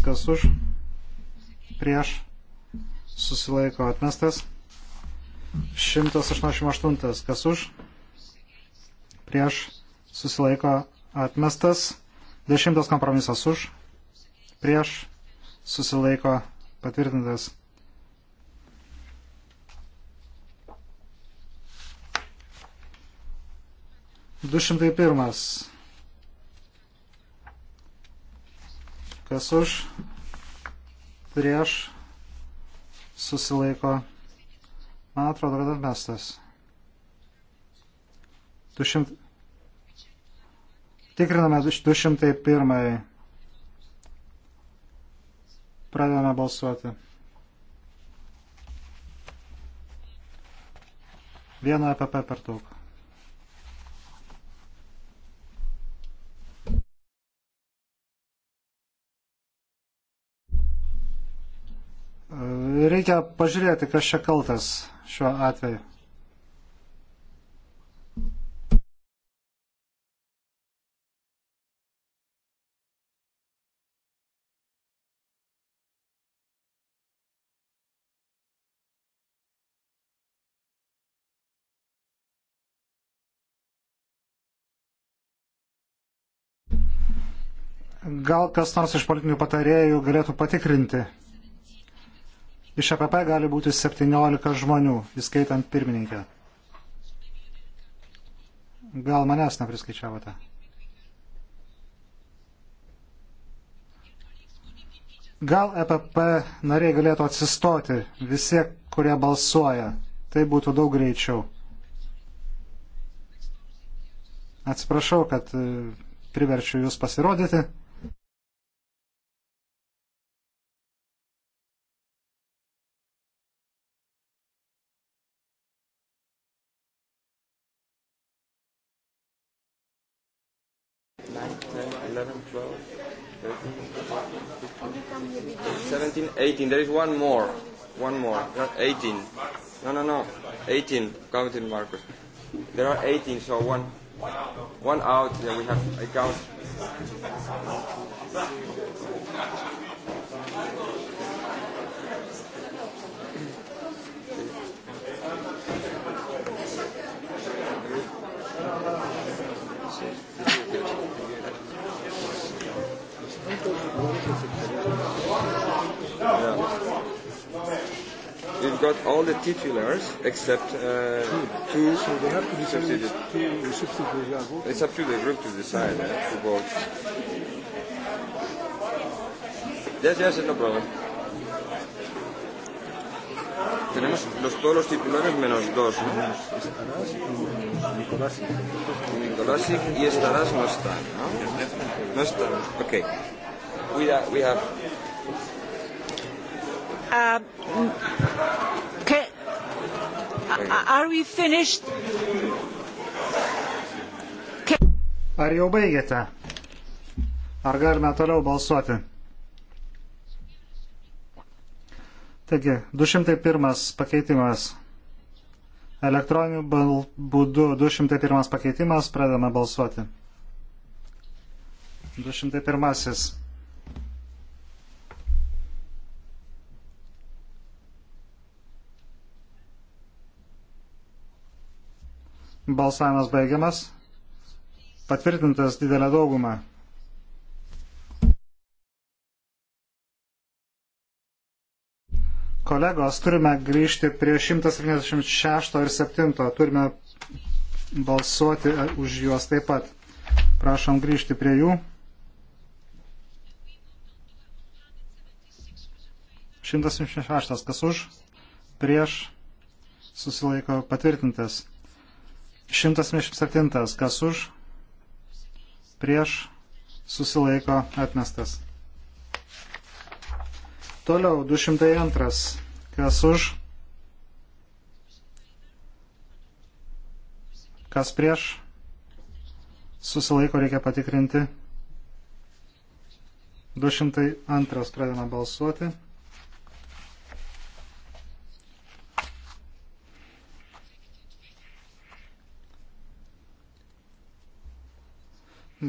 kas už, prieš, susilaiko, atmestas. 188 kas už, prieš, susilaiko, atmestas. 10 kompromisas už, prieš, susilaiko, atmestas patvirtintas. Du šimtai pirmas. Kas už, prieš, susilaiko. Man atrodo, kad atmestas. Du šimt... Tikriname 201. Pradedame balsuoti. Vieną EPP per daug. Reikia pažiūrėti, kas čia kaltas šiuo atveju. Gal kas nors iš politinių patarėjų galėtų patikrinti. Iš APP gali būti 17 žmonių, įskaitant pirmininkę. Gal manęs nepriskaičiavote? Gal EPP nariai galėtų atsistoti, visi, kurie balsuoja. Tai būtų daug greičiau. Atsiprašau, kad e, priverčiu jūs pasirodyti. 18. There is one more. One more. There are 18. No, no, no. 18. Counting Marcus. There are 18, so one. One out. Yeah, we have. I count. have got all the titulars except uh, two. So they have to decide substitute. two substitutes are voting. It's up to the group to decide eh, who votes. Yes, yes, no problem. Tenemos los, todos los titulares menos dos, ¿no? Estarás y Nicolás. Nicolás y Estarás no está, ¿no? No está. Ok. We, are, we have Uh, Are we finished? Can... Ar jau baigėte? Ar galime toliau balsuoti? Taigi, 201 pakeitimas. Elektroniniu bal... būdu 201 pakeitimas, pradame balsuoti. 201. Balsavimas baigiamas. Patvirtintas didelė dauguma. Kolegos, turime grįžti prie 176 ir 7. Turime balsuoti e, už juos taip pat. Prašom grįžti prie jų. 176. Kas už? Prieš? Susilaiko patvirtintas. 177. Kas už? Prieš susilaiko atmestas. Toliau 202. Kas už? Kas prieš? Susilaiko reikia patikrinti. 202 pradedame balsuoti.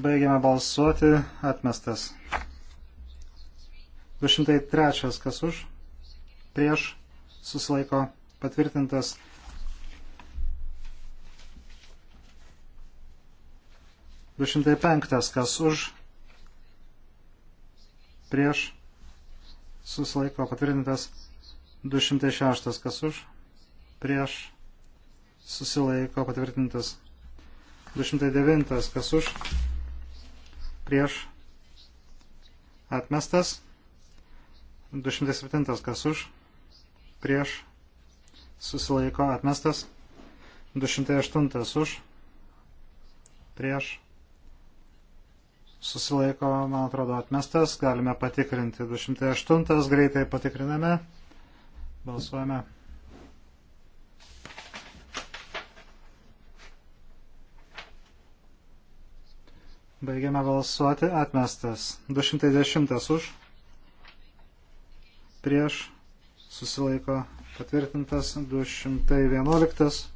Baigiame balsuoti. Atmestas. 203. Kas už? Prieš. Susilaiko. Patvirtintas. Du šimtai penktas, kas už, prieš, susilaiko patvirtintas, du šimtai šeštas, kas už, prieš, susilaiko patvirtintas, du šimtai devintas, kas už prieš atmestas, 207 kas už, prieš susilaiko atmestas, 208 už, prieš susilaiko, man atrodo, atmestas, galime patikrinti 208, greitai patikriname, balsuojame. Baigiame balsuoti. Atmestas. 210 už. Prieš. Susilaiko. Patvirtintas. 211.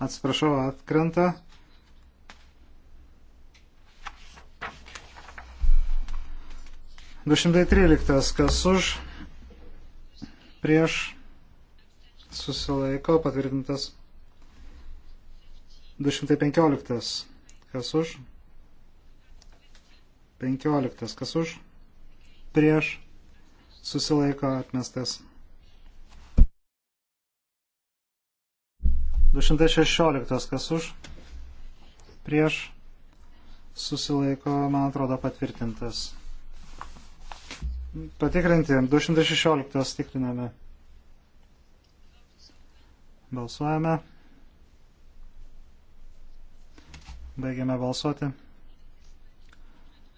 Atsiprašau, atkrenta. Du šimtai tryliktas, kas už, prieš, susilaiko, patvirtintas. Du šimtai penkioliktas, kas už, 15. Kas už? Prieš susilaiko atmestas. 216. Kas už? Prieš susilaiko, man atrodo, patvirtintas. Patikrinti. 216 tikriname. Balsuojame. Baigiame balsuoti.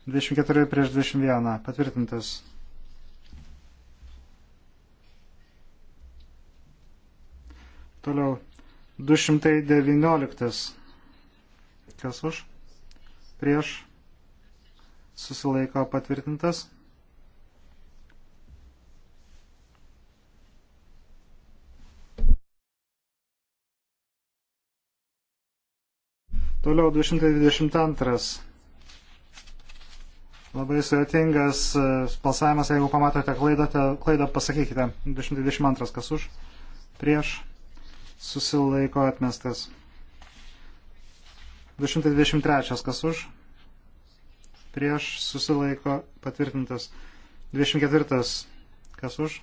24 prieš 21 patvirtintas. Toliau 219. Kas už? Prieš susilaiko patvirtintas. Toliau 222 labai sudėtingas e, balsavimas, jeigu pamatote klaidą, klaidą pasakykite. 222 kas už, prieš, susilaiko atmestas. 223 kas už, prieš, susilaiko patvirtintas. 24 kas už,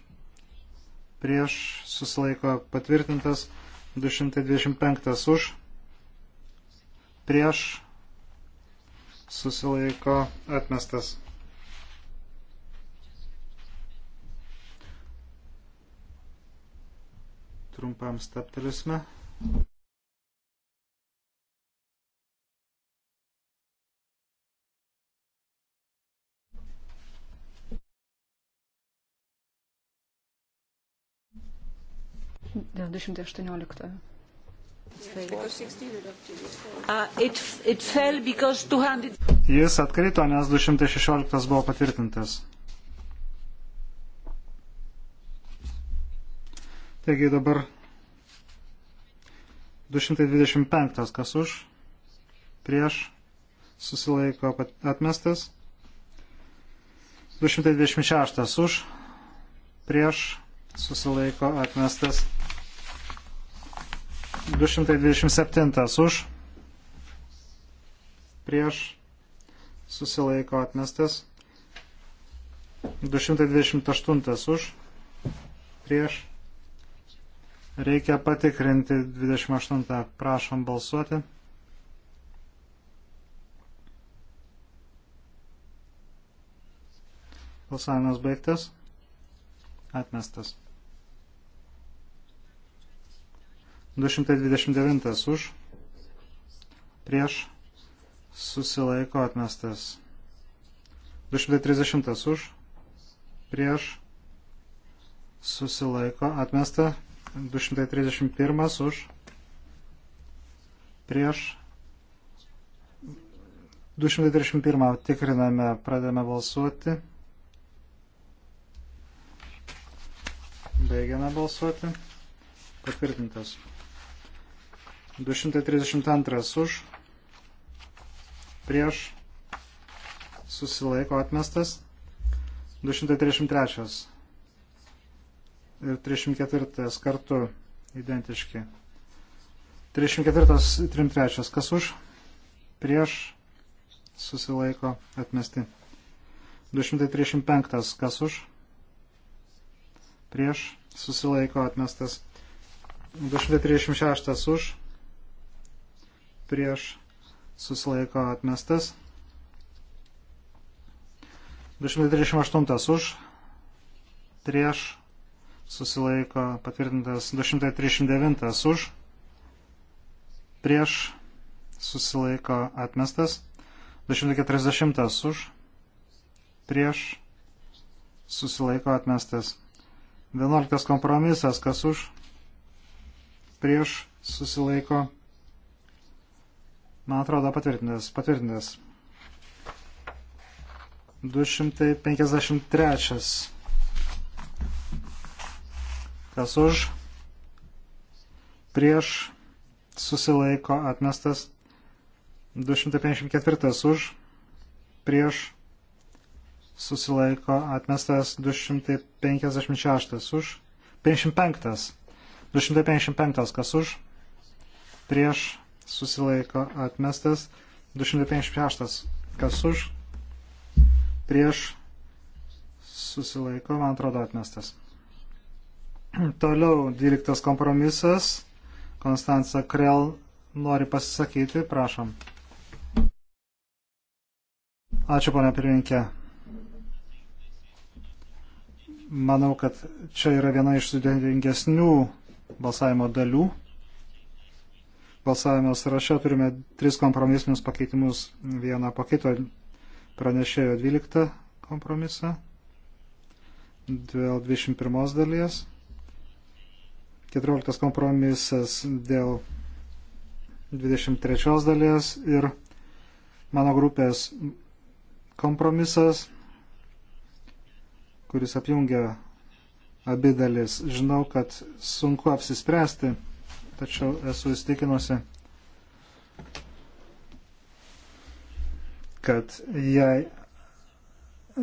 prieš, susilaiko patvirtintas. 225 už, prieš, susilaiko atmestas. Trumpam staptelisime. Dėl 218. Uh, Jis atkrito, nes 216 buvo patvirtintas. Taigi dabar 225 kas už, prieš, susilaiko atmestas. 226 už, prieš, susilaiko atmestas. 227 už, prieš, susilaiko atmestas, 228 už, prieš, reikia patikrinti 28, prašom balsuoti. Balsavimas baigtas, atmestas. 229 už, prieš, susilaiko atmestas. 230 už, prieš, susilaiko atmesta. 231 už, prieš, 231 tikriname, pradėme balsuoti. Baigiame balsuoti. Patvirtintas. 232 už, prieš, susilaiko atmestas, 233 ir 304 kartu identiški. 304, 33, kas už, prieš, susilaiko atmesti. 235, kas už, prieš, susilaiko atmestas. 236 už, prieš susilaiko atmestas. 238 už prieš susilaiko patvirtintas 239 už prieš susilaiko atmestas 240 už prieš susilaiko atmestas 11 kompromisas kas už prieš susilaiko atmestas Man atrodo patvirtintas, patvirtintas. 253. Kas už? Prieš susilaiko atmestas. 254 už. Prieš susilaiko atmestas 256 už. 55. 255 kas už. Prieš susilaiko atmestas. 256 kas už, prieš susilaiko, man atrodo, atmestas. Toliau 12 kompromisas. Konstanca Krell nori pasisakyti, prašom. Ačiū, ponia pirmininkė. Manau, kad čia yra viena iš sudėtingesnių balsavimo dalių balsavimo sąraše turime tris kompromisinius pakeitimus vieną po kito pranešėjo 12 kompromisą dėl 21 dalies 14 kompromisas dėl 23 dalies ir mano grupės kompromisas kuris apjungia abi dalis. Žinau, kad sunku apsispręsti tačiau esu įstikinusi, kad jei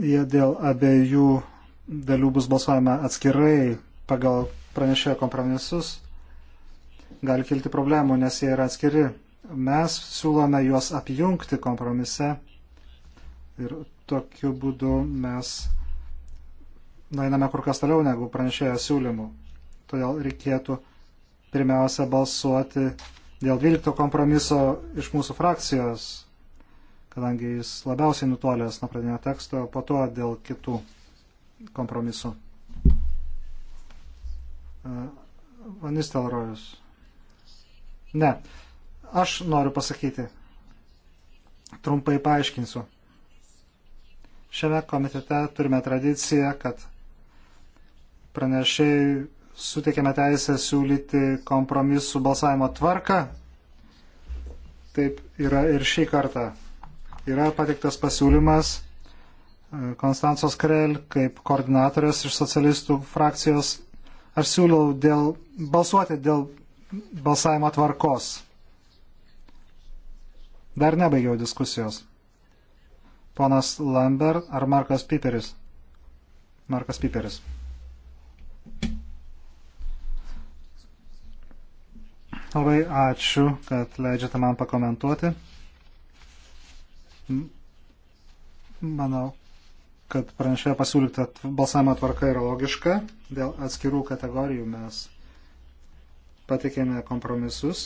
jie dėl abiejų dalių bus balsuojama atskirai pagal pranešėjo kompromisus, gali kilti problemų, nes jie yra atskiri. Mes siūlome juos apjungti kompromise ir tokiu būdu mes nueiname kur kas toliau negu pranešėjo siūlymų. Todėl reikėtų pirmiausia balsuoti dėl 12 kompromiso iš mūsų frakcijos, kadangi jis labiausiai nutolęs nuo pradinio teksto, po to dėl kitų kompromisų. E, Vanistelrojus. Ne. Aš noriu pasakyti. Trumpai paaiškinsiu. Šiame komitete turime tradiciją, kad pranešėjai suteikėme teisę siūlyti kompromisų balsavimo tvarką. Taip yra ir šį kartą. Yra pateiktas pasiūlymas e, Konstantos Krell kaip koordinatorės iš socialistų frakcijos. Aš siūliau dėl, balsuoti dėl balsavimo tvarkos. Dar nebaigiau diskusijos. Ponas Lambert ar Markas Piperis? Markas Piperis. Labai ačiū, kad leidžiate man pakomentuoti. Manau, kad pranešėjo pasiūlyta balsavimo tvarka yra logiška. Dėl atskirų kategorijų mes patikėme kompromisus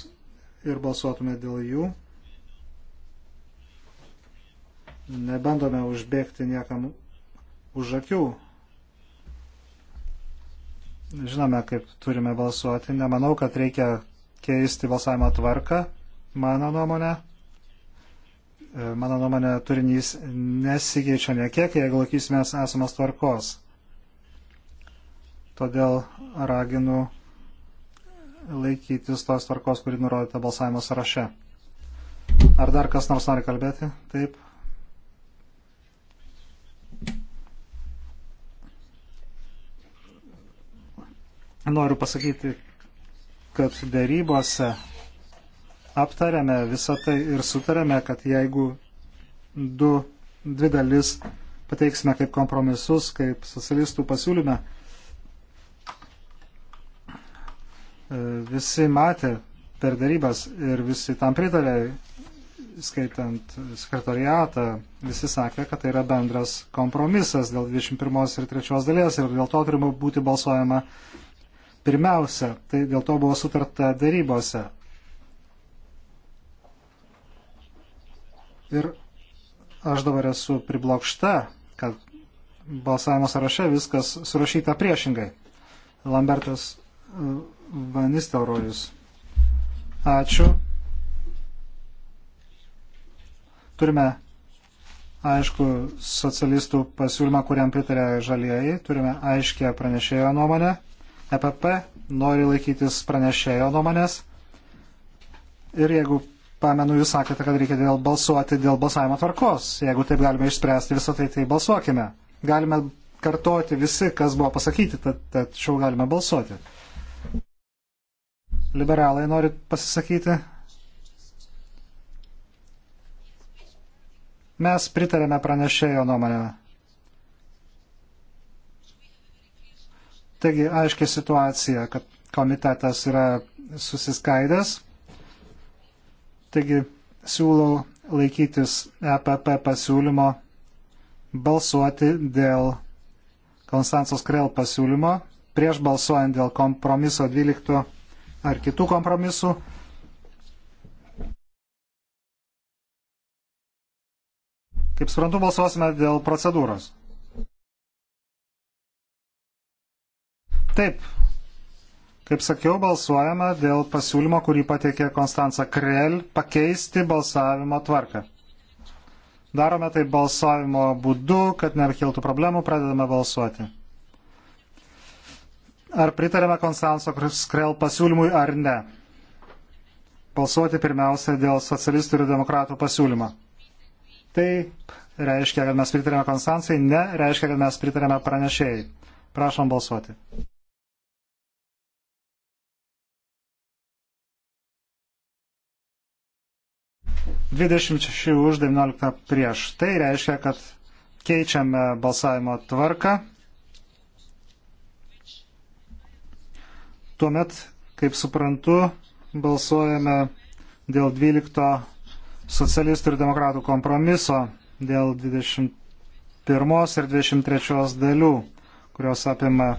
ir balsuotume dėl jų. Nebandome užbėgti niekam už akių. Žinome, kaip turime balsuoti. Nemanau, kad reikia keisti balsavimo tvarką, mano nuomonė. E, mano nuomonė, turinys nesikeičia niekiek, jeigu laikysimės esamos tvarkos. Todėl raginu laikytis tos tvarkos, kuri nurodyta balsavimo sąraše. Ar dar kas nors nori kalbėti? Taip. Noriu pasakyti, kad dėrybose aptarėme visą tai ir sutarėme, kad jeigu du, dvi dalis pateiksime kaip kompromisus, kaip socialistų pasiūlyme, e, visi matė per darybas ir visi tam pritarė, skaitant sekretariatą, visi sakė, kad tai yra bendras kompromisas dėl 21 ir 3 dalies ir dėl to turime būti balsuojama pirmiausia, tai dėl to buvo sutarta darybose. Ir aš dabar esu priblokšta, kad balsavimo sąraše viskas surašyta priešingai. Lambertas e, Vanistelrojus. Ačiū. Turime, aišku, socialistų pasiūlymą, kuriam pritarė žalieji. Turime aiškę pranešėjo nuomonę. EPP nori laikytis pranešėjo nuomonės. Ir jeigu pamenu, jūs sakėte, kad reikia dėl balsuoti dėl balsavimo tvarkos. Jeigu taip galime išspręsti visą tai, tai balsuokime. Galime kartoti visi, kas buvo pasakyti, tad, tad šiau galime balsuoti. Liberalai nori pasisakyti. Mes pritarėme pranešėjo nuomonę. Taigi, aiškia situacija, kad komitetas yra susiskaidęs. Taigi, siūlau laikytis EPP pasiūlymo balsuoti dėl Konstantos Krell pasiūlymo prieš balsuojant dėl kompromiso 12 ar kitų kompromisų. Kaip suprantu, balsuosime dėl procedūros. Taip, kaip sakiau, balsuojama dėl pasiūlymo, kurį pateikė Konstanca Krell, pakeisti balsavimo tvarką. Darome tai balsavimo būdu, kad nekiltų problemų, pradedame balsuoti. Ar pritarėme Konstanco Krell pasiūlymui ar ne? Balsuoti pirmiausia dėl socialistų ir demokratų pasiūlymą. Tai reiškia, kad mes pritarėme Konstancijai, ne reiškia, kad mes pritarėme pranešėjai. Prašom balsuoti. 26 už 19 prieš. Tai reiškia, kad keičiame balsavimo tvarką. Tuomet, kaip suprantu, balsuojame dėl 12 socialistų ir demokratų kompromiso, dėl 21 ir 23 dalių, kurios apima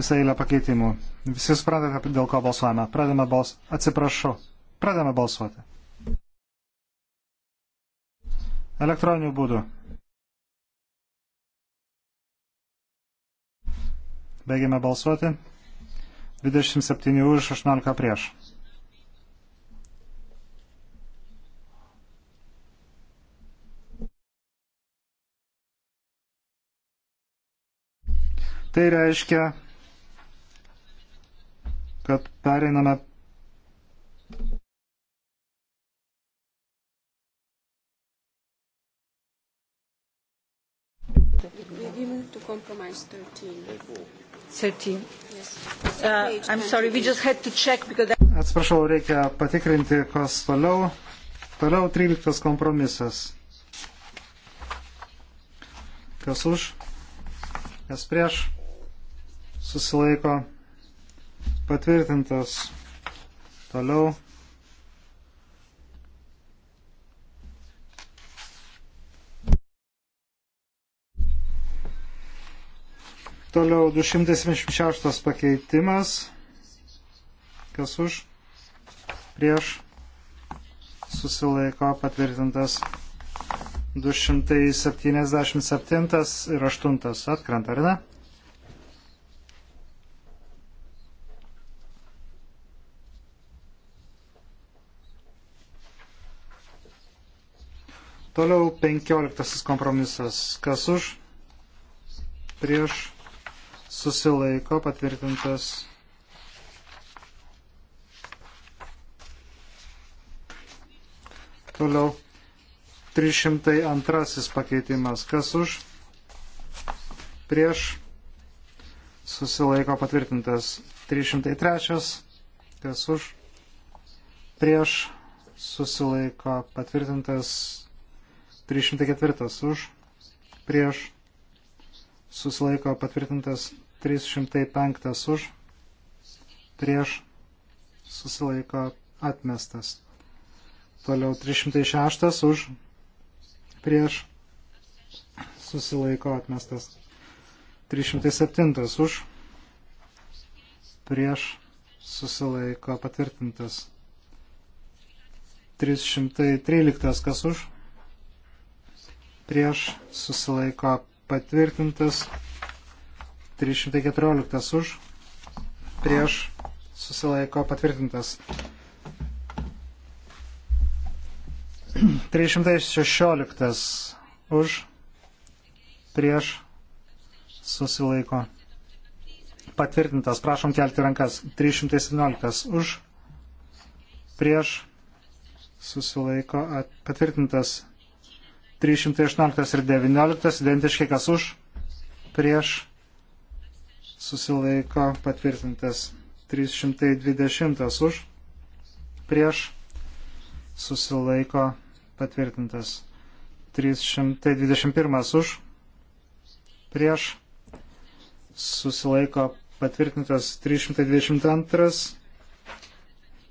visą eilę pakeitimų. Visi suprantate, dėl ko balsuojame. Pradame balsuoti. Atsiprašau. Pradame balsuoti elektroniniu būdu. Baigiame balsuoti. 27 už, 18 prieš. Tai reiškia, kad pereiname agreement to compromise 13. 13. Yes. Uh, I'm sorry, we just had to check because... Atsiprašau, reikia patikrinti, kas toliau. Toliau 13 kompromisas. Kas už, kas prieš, susilaiko patvirtintas. Toliau Toliau 276 pakeitimas. Kas už? Prieš. Susilaiko patvirtintas 277 ir 8 atkrenta, ar ne? Toliau 15 kompromisas. Kas už? Prieš susilaiko patvirtintas. Toliau 302 pakeitimas. Kas už? Prieš susilaiko patvirtintas. 303. Kas už? Prieš susilaiko patvirtintas. 304 už. Prieš susilaiko patvirtintas 305 už, prieš susilaiko atmestas. Toliau 306 už, prieš susilaiko atmestas. 307 už, prieš susilaiko patvirtintas. 313 kas už, prieš susilaiko patvirtintas 314 už, prieš susilaiko patvirtintas 316 už, prieš susilaiko patvirtintas, prašom kelti rankas, 317 už, prieš susilaiko patvirtintas 318 ir 19 identiški kas už, prieš susilaiko patvirtintas 320 už, prieš susilaiko patvirtintas 321 už, prieš susilaiko patvirtintas 322,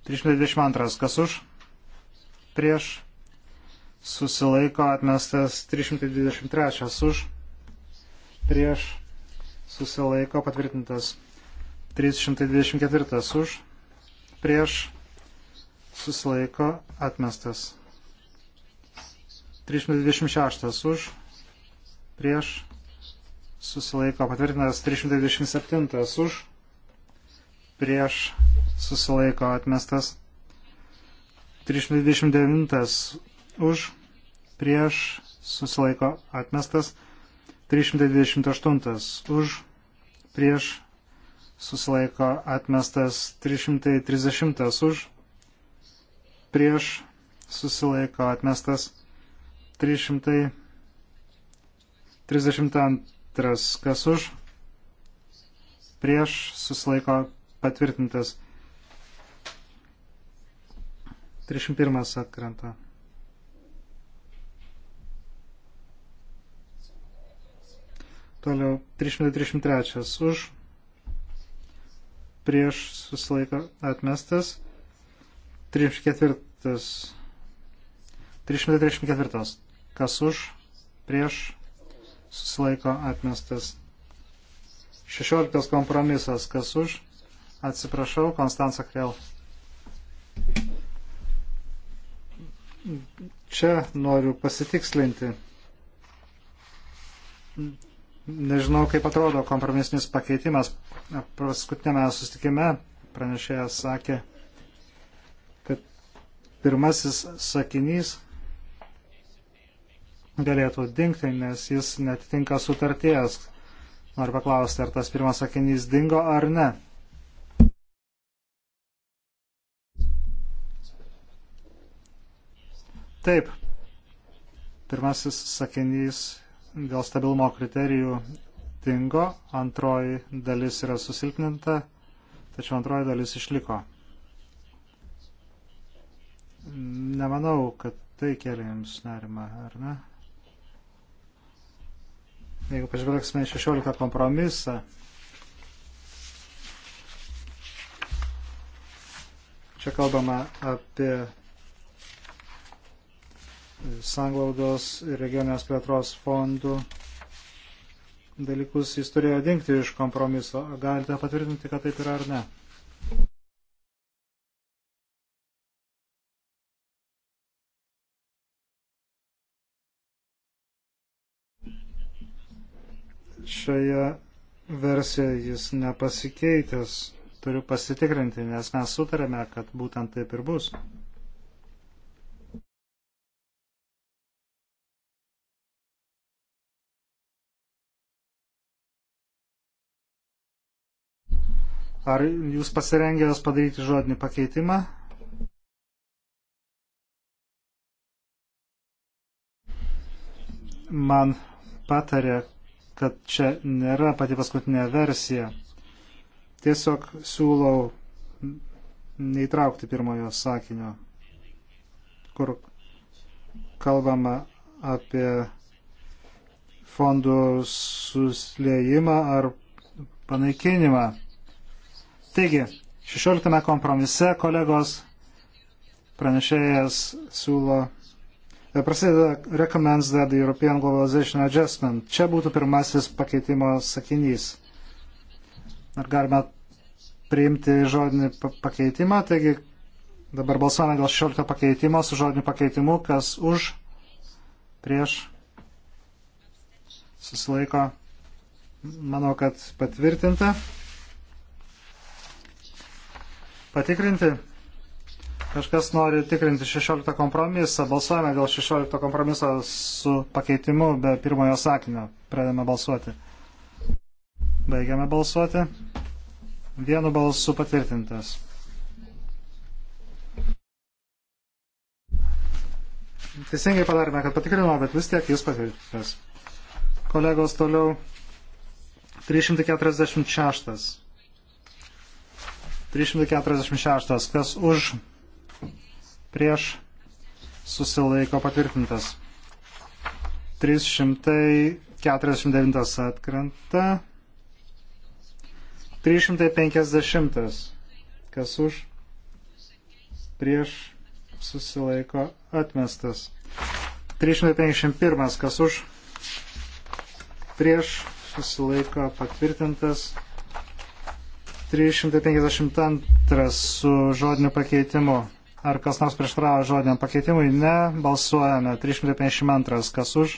322 kas už, prieš susilaiko atmestas 323 už, prieš susilaiko patvirtintas 324 už, prieš susilaiko atmestas 326 už, prieš susilaiko patvirtintas 327 už, prieš susilaiko atmestas 329 už, prieš, susilaiko atmestas. 328 už, prieš, susilaiko atmestas. 330 už, prieš, susilaiko atmestas. 332 kas už, prieš, susilaiko patvirtintas. 301 atkrenta. Toliau 333 už, prieš susilaiko atmestas, 34, 334, kas už, prieš susilaiko atmestas, 16 kompromisas, kas už, atsiprašau, Konstantas Krėl. Čia noriu pasitikslinti Nežinau, kaip atrodo kompromisinis pakeitimas. Paskutinėme sustikime pranešėjas sakė, kad pirmasis sakinys galėtų dinkti, nes jis netitinka sutarties. Noriu paklausti, ar tas pirmas sakinys dingo ar ne. Taip. Pirmasis sakinys dėl stabilumo kriterijų dingo, antroji dalis yra susilpninta, tačiau antroji dalis išliko. Nemanau, kad tai kelia jums nerima, ar ne? Jeigu pažvelgsime 16 kompromisą, čia kalbama apie sanglaudos ir regionės plėtros fondų dalykus jis turėjo dinkti iš kompromiso. Galite patvirtinti, kad taip yra ar ne? Šioje versijoje jis nepasikeitęs. Turiu pasitikrinti, nes mes sutarėme, kad būtent taip ir bus. Ar jūs pasirengęs padaryti žodinį pakeitimą? Man patarė, kad čia nėra pati paskutinė versija. Tiesiog siūlau neįtraukti pirmojo sakinio, kur kalbama apie fondų suslėjimą ar panaikinimą. Taigi, 16 kompromise kolegos pranešėjas siūlo e, prasideda recommends that the European Globalization Adjustment. Čia būtų pirmasis pakeitimo sakinys. Ar galime priimti žodinį pakeitimą? Taigi dabar balsuojame dėl 16 pakeitimo su žodiniu pakeitimu, kas už, prieš, susilaiko. Manau, kad patvirtinta patikrinti. Kažkas nori tikrinti 16 kompromisą. Balsuojame dėl 16 kompromiso su pakeitimu be pirmojo sakinio. Pradėjome balsuoti. Baigiame balsuoti. Vienu balsu patvirtintas. Teisingai padarėme, kad patikrinome, bet vis tiek jis patvirtintas. Kolegos toliau 346. 346. Kas už, prieš, susilaiko patvirtintas. 349 atkrenta. 350. Kas už, prieš, susilaiko atmestas. 351. Kas už, prieš, susilaiko patvirtintas. 352 su žodiniu pakeitimu. Ar kas nors prieštaravo žodiniam pakeitimui? Ne. Balsuojame. 352. Kas už?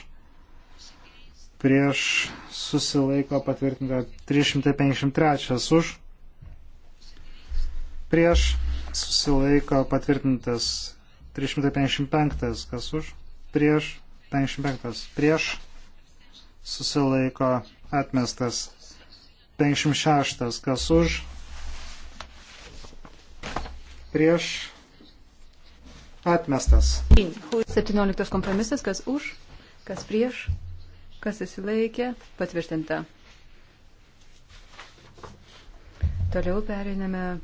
Prieš susilaiko patvirtinta 353 už. Prieš susilaiko patvirtintas 355. Kas už? Prieš 55. Prieš susilaiko atmestas 56. Kas už? Prieš. Atmestas. 17 kompromisas. Kas už? Kas prieš? Kas įsilaikė? Patvirtinta. Toliau pereiname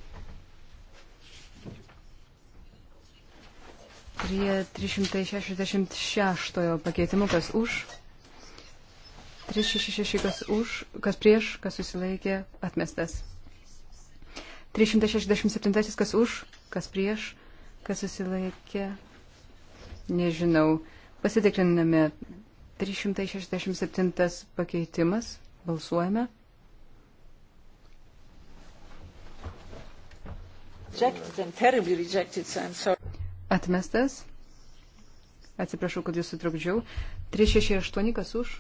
prie 366 pakeitimų. Kas už? 366 kas už, kas prieš, kas susilaikė, atmestas. 367 kas už, kas prieš, kas susilaikė, nežinau. Pasitikriname 367 pakeitimas, balsuojame. Atmestas. Atsiprašau, kad jūs sutrukdžiau. 368 kas už,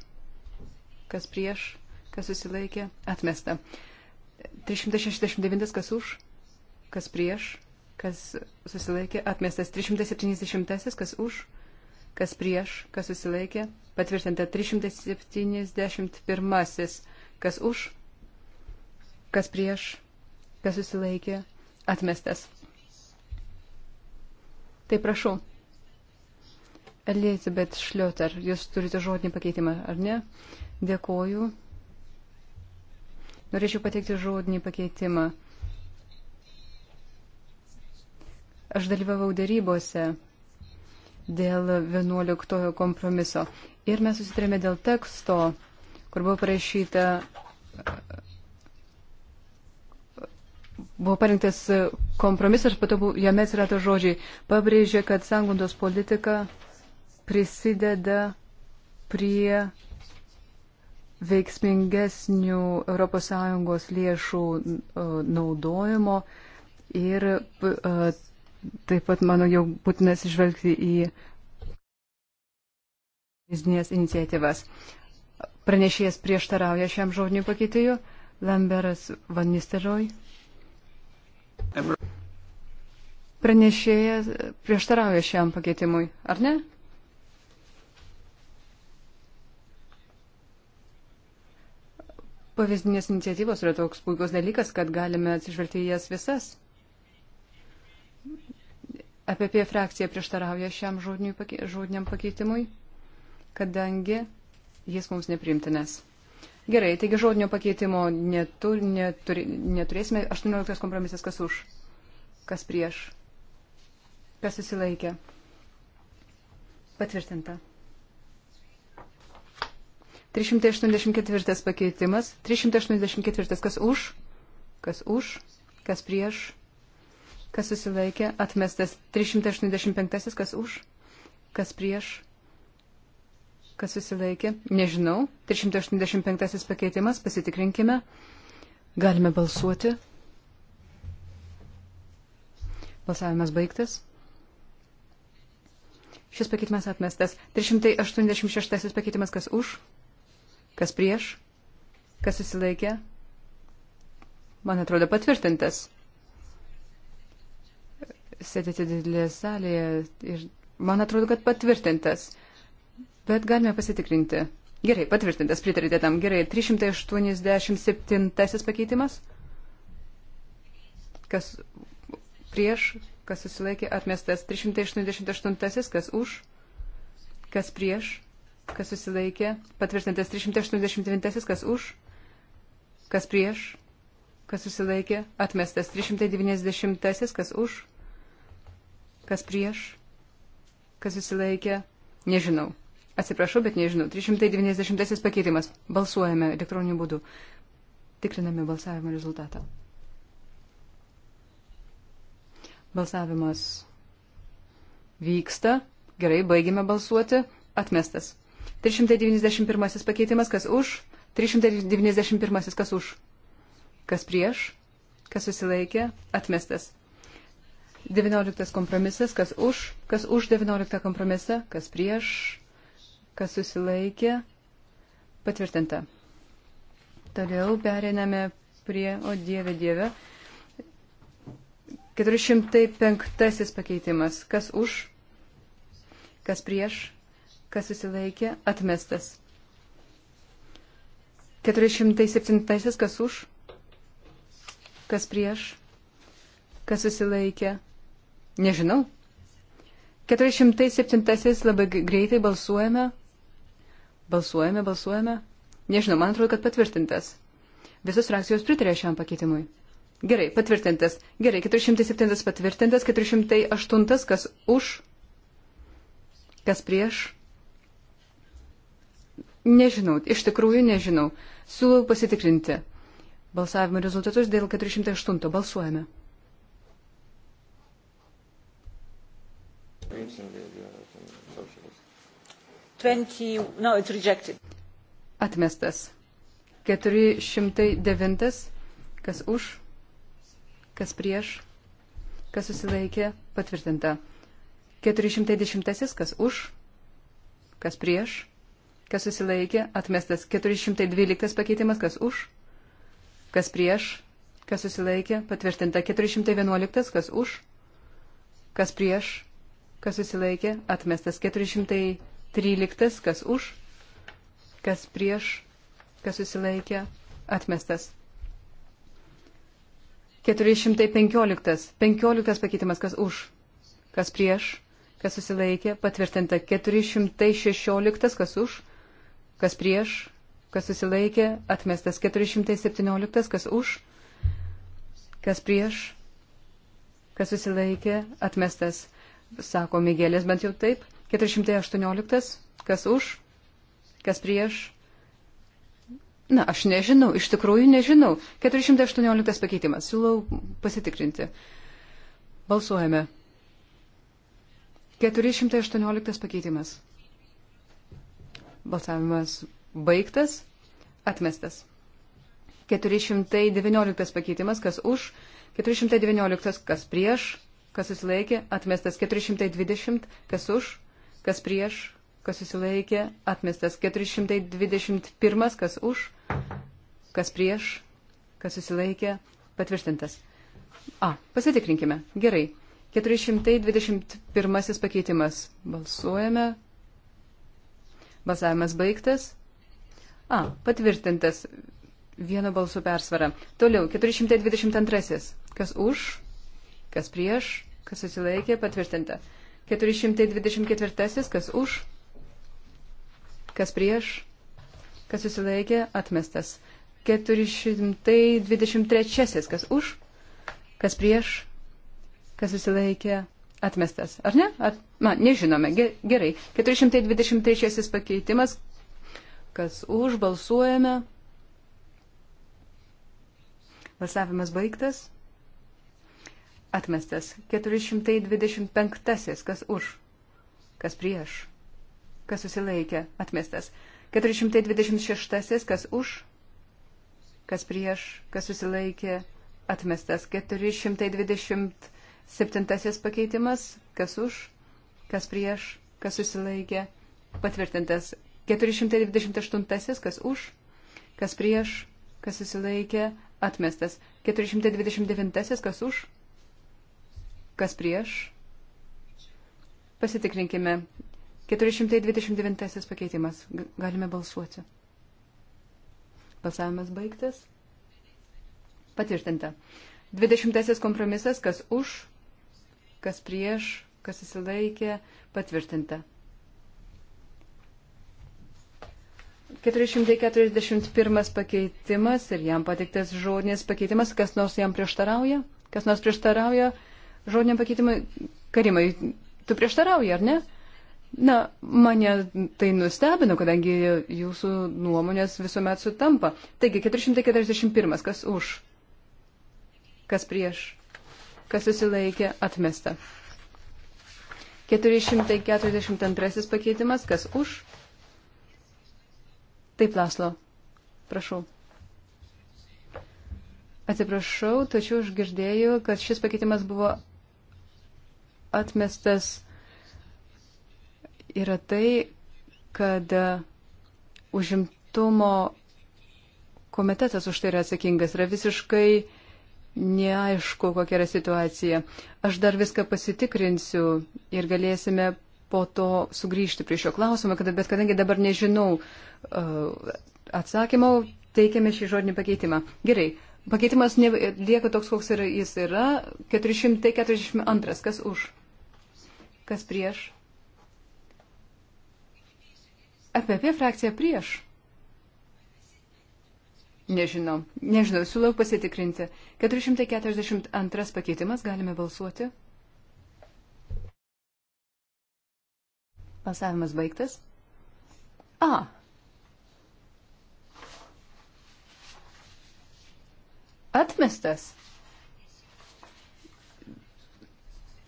kas prieš, kas susilaikė, atmesta. 369 kas už, kas prieš, kas susilaikė, atmestas. 370 kas už, kas prieš, kas susilaikė, patvirtinta. 371 kas už, kas prieš, kas susilaikė, atmestas. Tai prašau, Elizabeth Šlioter, jūs turite žodinį pakeitimą, ar ne? Dėkoju. Norėčiau pateikti žodinį pakeitimą. Aš dalyvavau darybose dėl 11 kompromiso ir mes susitrėmė dėl teksto, kur buvo parašyta, buvo parinktas kompromisas, po to jame atsirado žodžiai, pabrėžė, kad sangundos politika prisideda prie veiksmingesnių ES lėšų e, naudojimo ir e, taip pat, manau, jau būtinas išvelgti į bizinės iniciatyvas. Pranešėjas prieštarauja šiam žodiniu pakeitėju. Lamberas Van Nisteroj. Pranešėjas prieštarauja šiam pakeitimui, ar ne? Pavyzdinės iniciatyvos yra toks puikus dalykas, kad galime atsižvelgti į jas visas. APP frakcija prieštarauja šiam žodiniam pakeitimui, kadangi jis mums neprimtinas. Gerai, taigi žodinio pakeitimo netur, neturi, neturėsime. 18 kompromisas kas už, kas prieš, kas susilaikė. Patvirtinta. 384 pakeitimas. 384 kas už, kas už, kas prieš, kas susilaikė, atmestas. 385 kas už, kas prieš, kas susilaikė, nežinau. 385 pakeitimas, pasitikrinkime. Galime balsuoti. Balsavimas baigtas. Šis pakeitimas atmestas. 386 pakeitimas kas už, Kas prieš? Kas susilaikė? Man atrodo patvirtintas. Sėdėte didelėje salėje ir man atrodo, kad patvirtintas. Bet galime pasitikrinti. Gerai, patvirtintas, pritarėte tam. Gerai, 387 pakeitimas. Kas prieš, kas susilaikė, atmestas. 388, kas už, kas prieš, kas susilaikė, patvirtintas 389, kas už, kas prieš, kas susilaikė, atmestas 390, kas už, kas prieš, kas susilaikė, nežinau. Atsiprašau, bet nežinau. 390 pakeitimas. Balsuojame elektroniniu būdu. Tikriname balsavimo rezultatą. Balsavimas vyksta. Gerai, baigime balsuoti. Atmestas. 391 pakeitimas, kas už, 391 kas už, kas prieš, kas susilaikė, atmestas. 19 kompromisas, kas už, kas už 19 kompromisą, kas prieš, kas susilaikė, patvirtinta. Toliau pereiname prie, o Dieve, Dieve, 405 pakeitimas. Kas už, kas prieš, kas susilaikė, atmestas. 407, kas už, kas prieš, kas susilaikė, nežinau. 407 labai greitai balsuojame, balsuojame, balsuojame. Nežinau, man atrodo, kad patvirtintas. Visos frakcijos pritarė šiam pakeitimui. Gerai, patvirtintas. Gerai, 407 patvirtintas, 408 kas už, kas prieš, Nežinau, iš tikrųjų nežinau. Siūlau pasitikrinti balsavimo rezultatus dėl 408. Balsuojame. Atmestas. 409. Kas už, kas prieš, kas susilaikė, patvirtinta. 410. Kas už, kas prieš, kas susilaikė, atmestas 412 pakeitimas, kas už, kas prieš, kas susilaikė, patvirtinta 411, kas už, kas prieš, kas susilaikė, atmestas 413, kas už, kas prieš, kas susilaikė, atmestas. 415. 15 pakeitimas, kas už, kas prieš, kas susilaikė, patvirtinta 416, kas už, kas prieš, kas susilaikė, atmestas 417, kas už, kas prieš, kas susilaikė, atmestas, sako Migėlės bent jau taip, 418, kas už, kas prieš. Na, aš nežinau, iš tikrųjų nežinau. 418 pakeitimas, siūlau pasitikrinti. Balsuojame. 418 pakeitimas. Balsavimas baigtas. Atmestas. 419 pakeitimas, kas už. 419, kas prieš. Kas susilaikė. Atmestas. 420, kas už. Kas prieš. Kas susilaikė. Atmestas. 421, kas už. Kas prieš. Kas susilaikė. Patvirtintas. A. Pasitikrinkime. Gerai. 421 pakeitimas. Balsuojame. Balsavimas baigtas. A, patvirtintas vieno balsų persvara. Toliau, 422. Kas už, kas prieš, kas susilaikė, patvirtinta. 424. Kas už, kas prieš, kas susilaikė, atmestas. 423. Kas už, kas prieš, kas susilaikė, Atmestas, ar ne? At, man, nežinome. Gerai. 423 pakeitimas. Kas už, balsuojame. Balsavimas baigtas. Atmestas. 425. Kas už? Kas prieš? Kas susilaikė? Atmestas. 426. Kas už? Kas prieš? Kas susilaikė? Atmestas. 420. Septintasis pakeitimas, kas už, kas prieš, kas susilaikė, patvirtintas. 428, kas už, kas prieš, kas susilaikė, atmestas. 429, kas už, kas prieš. Pasitikrinkime. 429 pakeitimas. Galime balsuoti. Balsavimas baigtas. Patvirtinta. 20 kompromisas, kas už, kas prieš, kas susilaikė, patvirtinta. 441 pakeitimas ir jam pateiktas žodinis pakeitimas, kas nors jam prieštarauja? Kas nors prieštarauja žodiniam pakeitimui? Karimai, tu prieštarauji, ar ne? Na, mane tai nustebino, kadangi jūsų nuomonės visuomet sutampa. Taigi, 441, kas už? Kas prieš? kas susilaikė, atmesta. 442 pakeitimas, kas už. Taip, Laslo, prašau. Atsiprašau, tačiau aš girdėjau, kad šis pakeitimas buvo atmestas. Yra tai, kad e, užimtumo komitetas už tai yra atsakingas. Yra visiškai neaišku, kokia yra situacija. Aš dar viską pasitikrinsiu ir galėsime po to sugrįžti prie šio klausimo, kad, bet kadangi dabar nežinau uh, atsakymo, teikiame šį žodinį pakeitimą. Gerai, pakeitimas ne, lieka toks, koks yra, jis yra. 442. Kas už? Kas prieš? EPP frakcija prieš. Nežinau, nežinau, siūlau pasitikrinti. 442 pakeitimas, galime balsuoti. Balsavimas baigtas. A. Atmestas.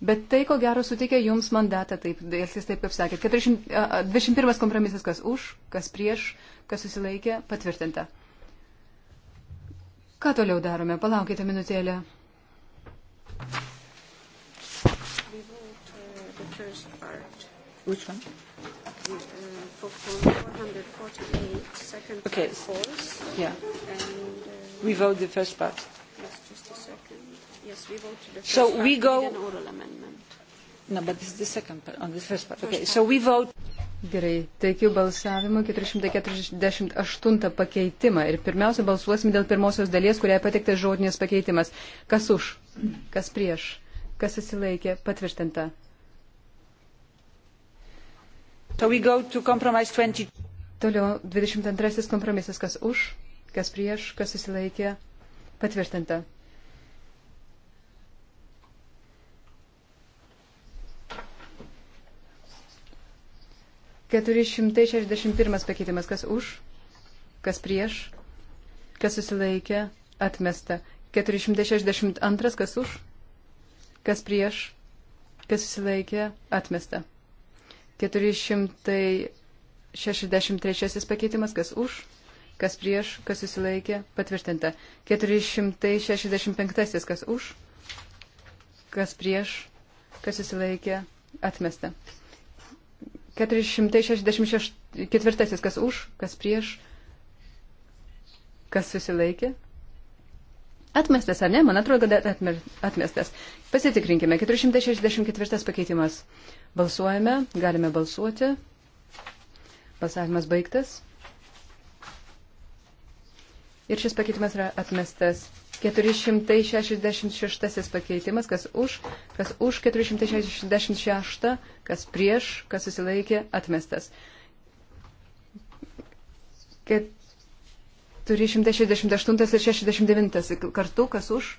Bet tai, ko gero, suteikia jums mandatą, taip, elgtis taip, kaip sakėt. 421 kompromisas, kas už, kas prieš, kas susilaikė, patvirtinta. Ką toliau darome? Palaukite minutėlę. Which one? Okay. Yeah. And, uh, we vote the first part. Yes, just a second. Yes, we voted the first so part. So we go. An oral amendment. No, but this is the second part, on the first part. First okay, part. so we vote. Gerai, teikiu balsavimą 448 pakeitimą. Ir pirmiausia, balsuosim dėl pirmosios dalies, kuriai patiktas žodinės pakeitimas. Kas už, kas prieš, kas susilaikė, patvirtinta. So Toliau 22 kompromisas, kas už, kas prieš, kas susilaikė, patvirtinta. 461 pakeitimas, kas už, kas prieš, kas susilaikė, atmesta. 462, kas už, kas prieš, kas susilaikė, atmesta. 463 pakeitimas, kas už, kas prieš, kas susilaikė, patvirtinta. 465, kas už, kas prieš, kas susilaikė, atmesta. 464, kas už, kas prieš, kas susilaikė. Atmestas, ar ne? Man atrodo, kad atmestas. Pasitikrinkime. 464 pakeitimas. Balsuojame, galime balsuoti. Balsavimas baigtas. Ir šis pakeitimas yra atmestas. 466 pakeitimas, kas už, kas už 466, kas prieš, kas susilaikė, atmestas. 468 ir 69 kartu, kas už,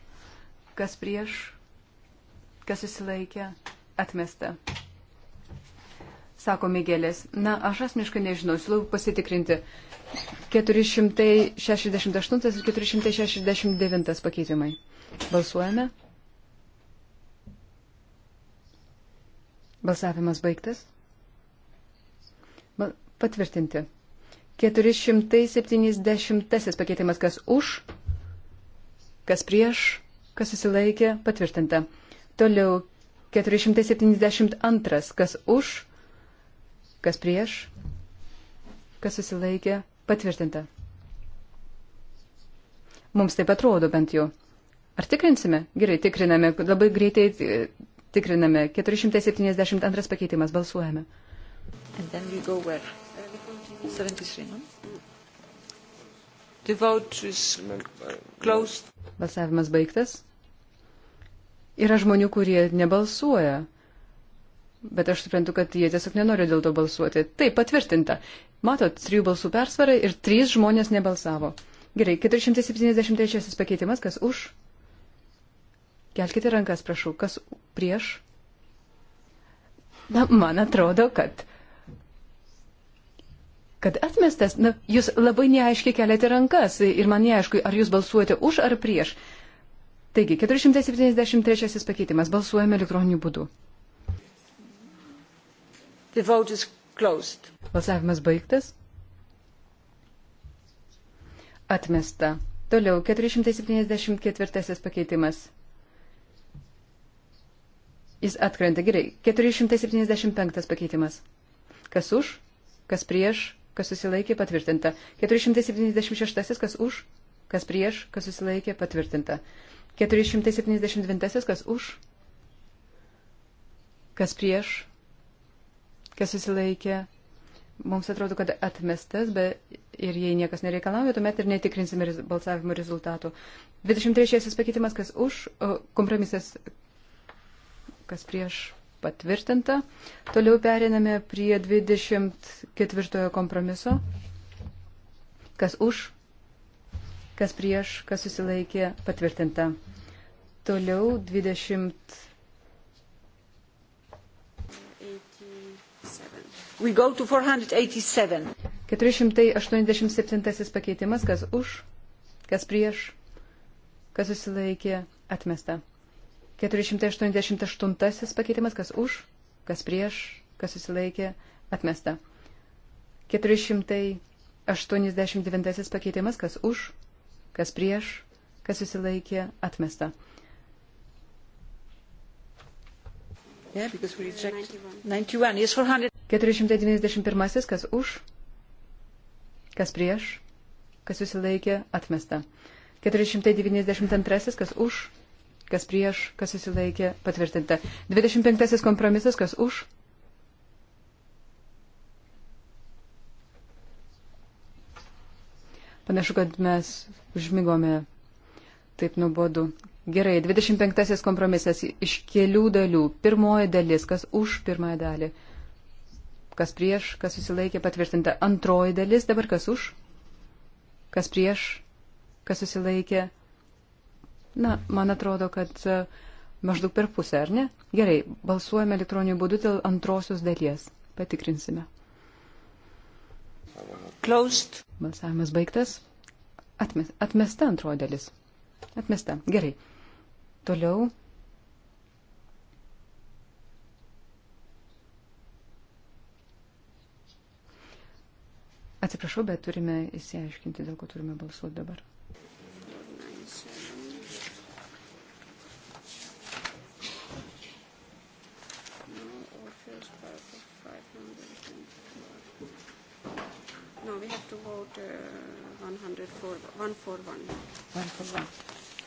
kas prieš, kas susilaikė, atmesta sako Migelis. Na, aš asmeniškai nežinau, siūlau pasitikrinti. 468 ir 469 pakeitimai. Balsuojame. Balsavimas baigtas. Patvirtinti. 470 pakeitimas, kas už, kas prieš, kas susilaikė, patvirtinta. Toliau 472, kas už, Kas prieš? Kas susilaikė? Patvirtinta. Mums taip atrodo bent jau. Ar tikrinsime? Gerai, tikriname. Labai greitai e, tikriname. 472 pakeitimas. Balsuojame. And then we go where? 73, no? The vote is closed. Balsavimas baigtas. Yra žmonių, kurie nebalsuoja. Bet aš suprantu, kad jie tiesiog nenori dėl to balsuoti. Taip, patvirtinta. Matot, trijų balsų persvara ir trys žmonės nebalsavo. Gerai, 473 pakeitimas, kas už? Kelkite rankas, prašau, kas prieš? Na, man atrodo, kad. Kad atmestas, na, jūs labai neaiškiai keliate rankas ir man neaišku, ar jūs balsuojate už ar prieš. Taigi, 473 pakeitimas, balsuojame elektroniniu būdu. The vote is closed. Balsavimas baigtas. Atmesta. Toliau 474 pakeitimas. Jis atkrenta gerai. 475 pakeitimas. Kas už, kas prieš, kas susilaikė, patvirtinta. 476, kas už, kas prieš, kas susilaikė, patvirtinta. 479, kas už, kas prieš, kas susilaikė. Mums atrodo, kad atmestas, bet ir jei niekas nereikalauja, tuomet ir netikrinsime balsavimo rezultatų. 23 pakeitimas, kas už, kompromisas, kas prieš patvirtinta. Toliau periname prie 24 kompromiso. Kas už, kas prieš, kas susilaikė patvirtinta. Toliau 20. 487. 487 pakeitimas, kas už, kas prieš, kas susilaikė, atmesta. 488 pakeitimas, kas už, kas prieš, kas susilaikė, atmesta. 489 pakeitimas, kas už, kas prieš, kas susilaikė, atmesta. Yeah, because we reject 91. Yes, 491, kas už, kas prieš, kas susilaikė, atmesta. 492, kas už, kas prieš, kas susilaikė, patvirtinta. 25 kompromisas, kas už. Panašu, kad mes užmygome taip nuobodu. Gerai, 25 kompromisas iš kelių dalių. Pirmoji dalis, kas už pirmąją dalį, kas prieš, kas susilaikė patvirtinta. Antroji dalis, dabar kas už, kas prieš, kas susilaikė. Na, man atrodo, kad e, maždaug per pusę, ar ne? Gerai, balsuojame elektroniniu būdu dėl antrosios dalies. Patikrinsime. Closed. Balsavimas baigtas. Atmesta antroji dalis. Atmesta. Gerai. Toliau. Atsiprašau, bet turime įsiaiškinti, dėl ko turime balsuoti dabar. No, we have to vote uh, 104, 141. 141.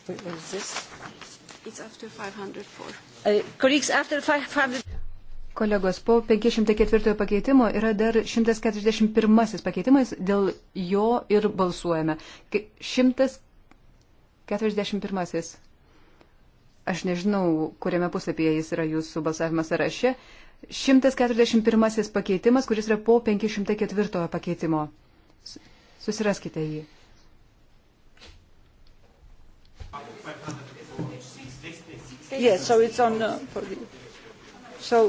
What was this? It's after 504. Uh, colleagues, after 500. Kolegos, po 504 pakeitimo yra dar 141 pakeitimas, dėl jo ir balsuojame. 141. Aš nežinau, kuriame puslapyje jis yra jūsų balsavimo sąraše. 141 pakeitimas, kuris yra po 504 pakeitimo. Susiraskite jį. 500. Yes, yeah, so it's on. Uh, for the, so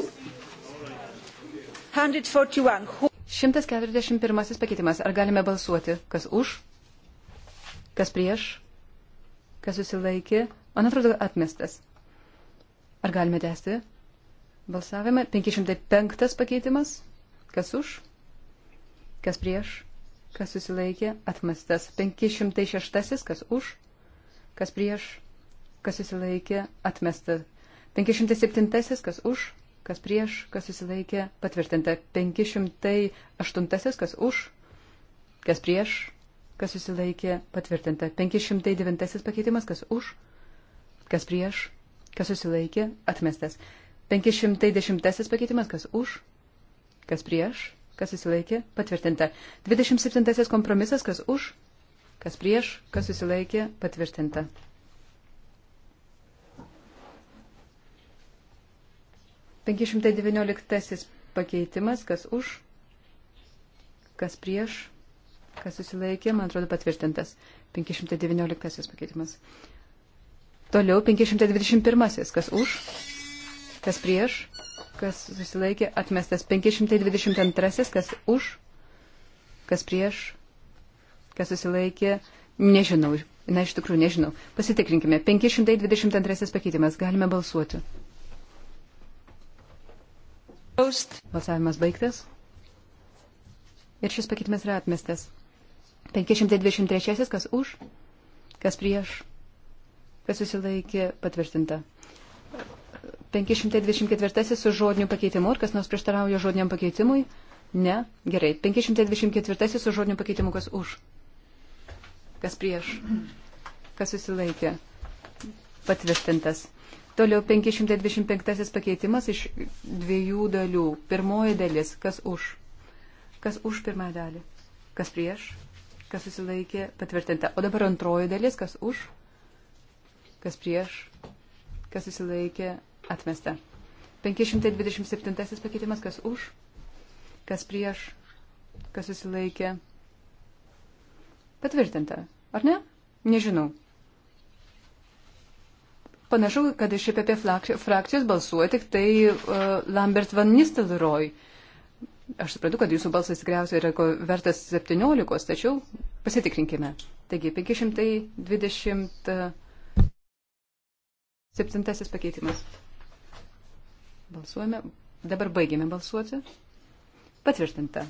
141. 141 pakeitimas. Ar galime balsuoti? Kas už? Kas prieš? Kas susilaikė? Man atrodo, atmestas. Ar galime tęsti balsavimą? 505 pakeitimas. Kas už? Kas prieš? Kas susilaikė? Atmestas. 506. Kas už? Kas prieš? kas susilaikė, atmesta. 507, kas už, kas prieš, kas susilaikė, patvirtinta. 508, kas už, kas prieš, kas susilaikė, patvirtinta. 509 pakeitimas, kas už, kas prieš, kas susilaikė, atmestas. 510 pakeitimas, kas už, kas prieš, kas susilaikė, patvirtinta. 27 kompromisas, kas už, kas prieš, kas susilaikė, patvirtinta. 519 pakeitimas, kas už, kas prieš, kas susilaikė, man atrodo patvirtintas. 519 pakeitimas. Toliau 521, kas už, kas prieš, kas susilaikė, atmestas. 522, kas už, kas prieš, kas susilaikė, nežinau. Na, iš tikrųjų nežinau. Pasitikrinkime. 522 pakeitimas. Galime balsuoti. Balsavimas baigtas. Ir šis pakeitimas yra atmestas. 523, kas už, kas prieš, kas susilaikė patvirtinta. 524 su žodiniu pakeitimu, ar kas nors prieštarauja žodiniam pakeitimui? Ne, gerai. 524 su žodiniu pakeitimu, kas už, kas prieš, kas susilaikė patvirtintas. Toliau 525 pakeitimas iš dviejų dalių. Pirmoji dalis, kas už. Kas už pirmąją dalį. Kas prieš. Kas susilaikė patvirtinta. O dabar antroji dalis, kas už. Kas prieš. Kas susilaikė atmesta. 527 pakeitimas, kas už. Kas prieš. Kas susilaikė patvirtinta. Ar ne? Nežinau panašu, kad iš EPP frakcijos balsuoja tik tai uh, Lambert Van Nistelrooy. Aš suprantu, kad jūsų balsas tikriausiai yra vertas 17, tačiau pasitikrinkime. Taigi, 527 pakeitimas. Balsuojame. Dabar baigėme balsuoti. Patvirtinta.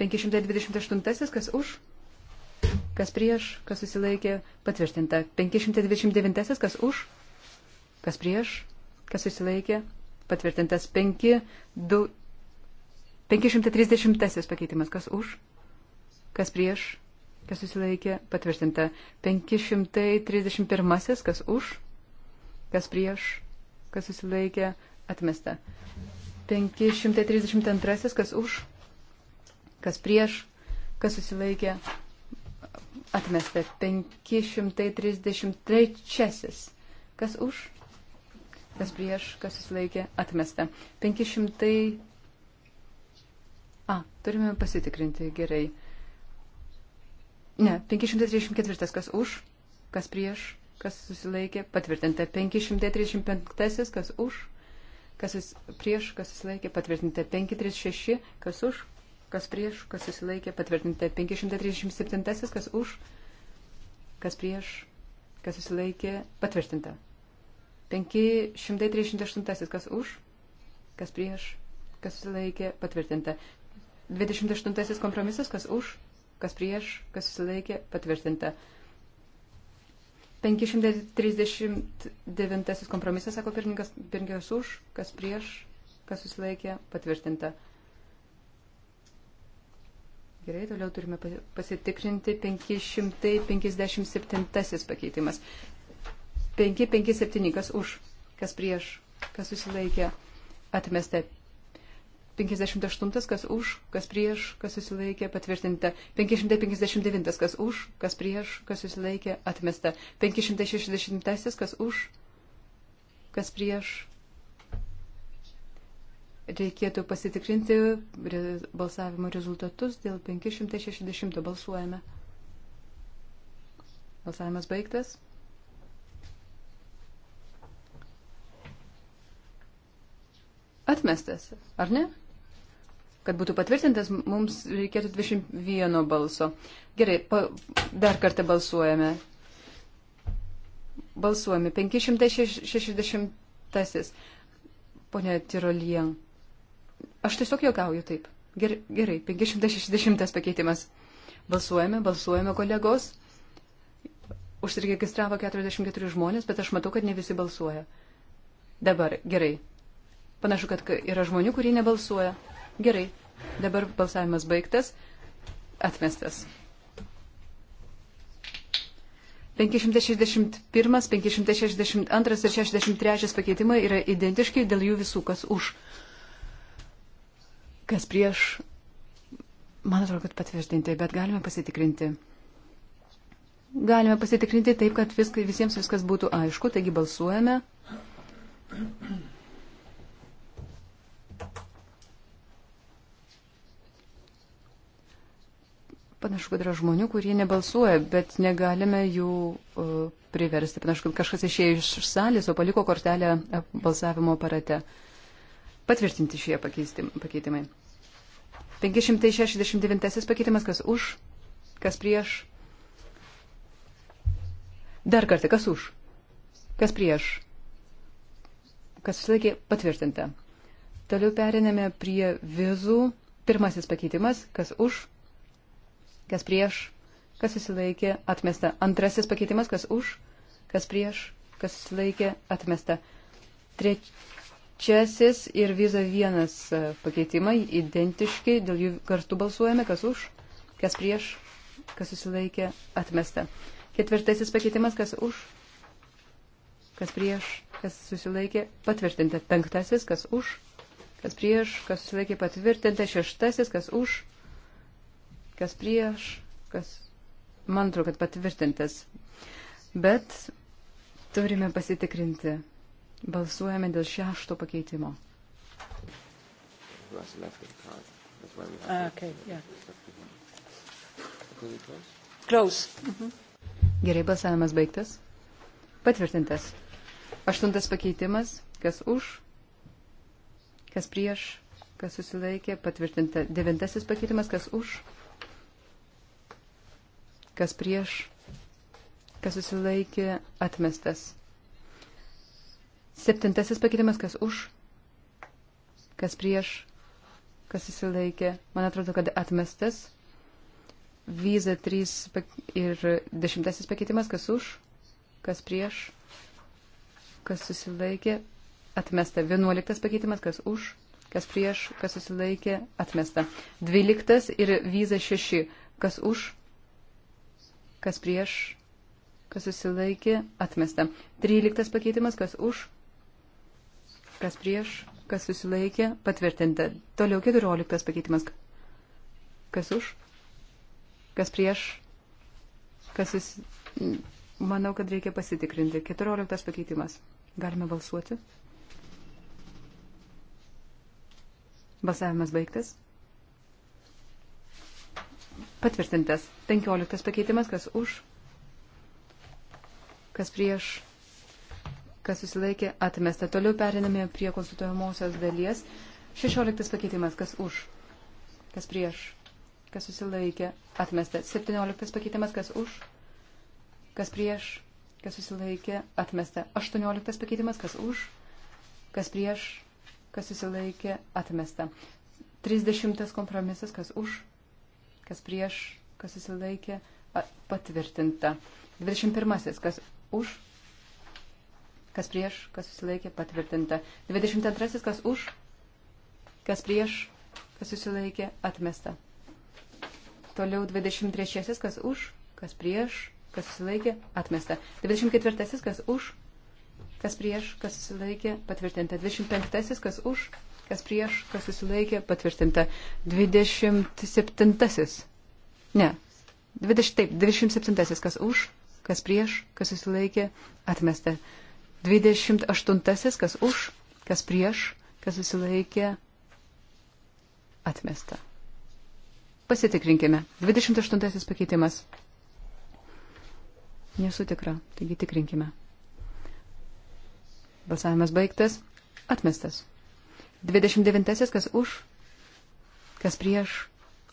528, kas už? Kas prieš, kas susilaikė, patvirtinta. 529, kas už, kas prieš, kas susilaikė, patvirtintas. 5, 2, 530 pakeitimas, kas už, kas prieš, kas susilaikė, patvirtinta. 531, kas už, kas prieš, kas susilaikė, atmesta. 532, kas už, kas prieš, kas susilaikė, atmesta 533. Kas už? Kas prieš? Kas susilaikė? Atmesta. 500. A, turime pasitikrinti gerai. Ne, 534. Kas už? Kas prieš? Kas susilaikė? Patvirtinta. 535. Kas už? Kas prieš? Kas susilaikė? Patvirtinta. 536. Kas už? kas prieš, kas susilaikė, patvirtinta 537, kas už, kas prieš, kas susilaikė, patvirtinta. 538, kas už, kas prieš, kas susilaikė, patvirtinta. 28 kompromisas, kas už, kas prieš, kas susilaikė, patvirtinta. 539 kompromisas, sako pirmininkas, pirmininkas už, kas prieš, kas susilaikė, patvirtinta. 539 Gerai, toliau turime pasitikrinti 557 pakeitimas. 557, kas už, kas prieš, kas susilaikė, atmesta. 58, kas už, kas prieš, kas susilaikė, patvirtinta. 559, kas už, kas prieš, kas susilaikė, atmesta. 560, kas už, kas prieš, Reikėtų pasitikrinti balsavimo rezultatus dėl 560 balsuojame. Balsavimas baigtas. Atmestas, ar ne? Kad būtų patvirtintas, mums reikėtų 21 balso. Gerai, pa, dar kartą balsuojame. Balsuojame 560. Pone Tirolien. Aš tiesiog juokauju taip. Ger, gerai, 560 pakeitimas. Balsuojame, balsuojame, kolegos. Užsiregistravo 44 žmonės, bet aš matau, kad ne visi balsuoja. Dabar, gerai. Panašu, kad yra žmonių, kurie nebalsuoja. Gerai. Dabar balsavimas baigtas. Atmestas. 561, 562 ir 63 pakeitimai yra identiški dėl jų visų, kas už. Kas prieš, man atrodo, kad patvirtinti, bet galime pasitikrinti. Galime pasitikrinti taip, kad viskai, visiems viskas būtų aišku, taigi balsuojame. Panašu, kad yra žmonių, kurie nebalsuoja, bet negalime jų uh, priversti. Panašu, kad kažkas išėjo iš salės, o paliko kortelę balsavimo aparate. Uh, patvirtinti šie pakeitimai. 569 pakeitimas, kas už, kas prieš. Dar kartą, kas už, kas prieš, kas susilaikė patvirtinta. Toliau periname prie vizų. Pirmasis pakeitimas, kas už, kas prieš, kas susilaikė atmesta. Antrasis pakeitimas, kas už, kas prieš, kas susilaikė atmesta. Trečias trečiasis ir viza vienas e, pakeitimai identiški, dėl jų kartu balsuojame, kas už, kas prieš, kas susilaikė, atmesta. Ketvirtasis pakeitimas, kas už, kas prieš, kas susilaikė, patvirtinta. Penktasis, kas už, kas prieš, kas susilaikė, patvirtinta. Šeštasis, kas už, kas prieš, kas, man atrodo, kad patvirtintas. Bet turime pasitikrinti. Balsuojame dėl šešto pakeitimo. Ah, okay, yeah. Close. Mhm. Gerai, balsavimas baigtas. Patvirtintas. Aštuntas pakeitimas. Kas už, kas prieš, kas susilaikė. Patvirtinta. Devintasis pakeitimas. Kas už, kas prieš, kas susilaikė. Atmestas. Septintasis pakeitimas, kas už, kas prieš, kas įsilaikė. Man atrodo, kad atmestas. Visa 3 ir dešimtasis pakeitimas, kas už, kas prieš, kas susilaikė, atmesta. Vienuoliktas pakeitimas, kas už, kas prieš, kas susilaikė, atmesta. Dvyliktas ir viza šeši, kas už, kas prieš, kas susilaikė, atmesta. Tryliktas pakeitimas, kas už, Kas prieš, kas susilaikė, patvirtinta. Toliau 14 pakeitimas. Kas už, kas prieš, kas susilaikė. Manau, kad reikia pasitikrinti. 14 pakeitimas. Galime balsuoti. Balsavimas baigtas. Patvirtintas. 15 pakeitimas. Kas už? Kas prieš? kas susilaikė, atmesta. Toliau periname prie konsultuojamosios dalies. 16 pakeitimas, kas už, kas prieš, kas susilaikė, atmesta. 17 pakeitimas, kas už, kas prieš, kas susilaikė, atmesta. 18 pakeitimas, kas už, kas prieš, kas susilaikė, atmesta. 30 kompromisas, kas už, kas prieš, kas susilaikė, patvirtinta. 21. Kas už, kas prieš, kas susilaikė, patvirtinta. 22, kas už, kas prieš, kas susilaikė, atmesta. Toliau 23, kas už, kas prieš, kas susilaikė, atmesta. 24, kas už, kas prieš, kas susilaikė, patvirtinta. 25, kas už, kas prieš, kas susilaikė, patvirtinta. 27. Ne. 20, taip, 27. kas už, kas prieš, kas susilaikė, atmesta. 28. Kas už, kas prieš, kas susilaikė, atmesta. Pasitikrinkime. 28 pakeitimas. Nesu tikra, taigi tikrinkime. Balsavimas baigtas, atmestas. 29 kas už, kas prieš,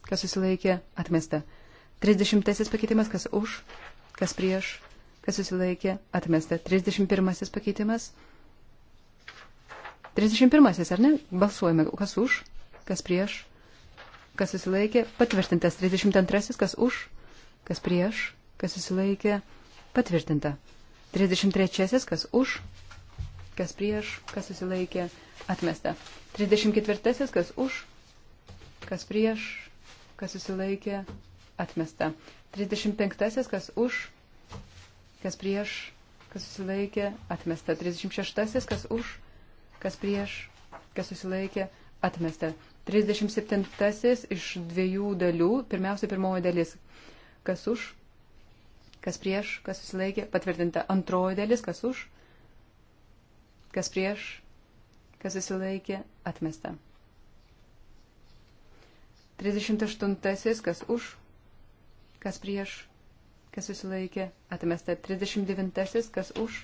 kas susilaikė, atmesta. 30 pakeitimas kas už, kas prieš, kas susilaikė, atmesta. 31 pakeitimas. 31, ar ne? Balsuojame, kas už, kas prieš, kas susilaikė, patvirtintas. 32, kas už, kas prieš, kas susilaikė, patvirtinta. 33, kas už, kas prieš, kas susilaikė, atmesta. 34, kas už, kas prieš, kas susilaikė, atmesta. 35, kas už, kas prieš, kas susilaikė, atmesta. 36, kas už, kas prieš, kas susilaikė, atmesta. 37 iš dviejų dalių, pirmiausia, pirmoji dalis, kas už, kas prieš, kas susilaikė, patvirtinta. Antroji dalis, kas už, kas prieš, kas susilaikė, atmesta. 38, kas už, kas prieš, kas susilaikė, atmesta 39, kas už,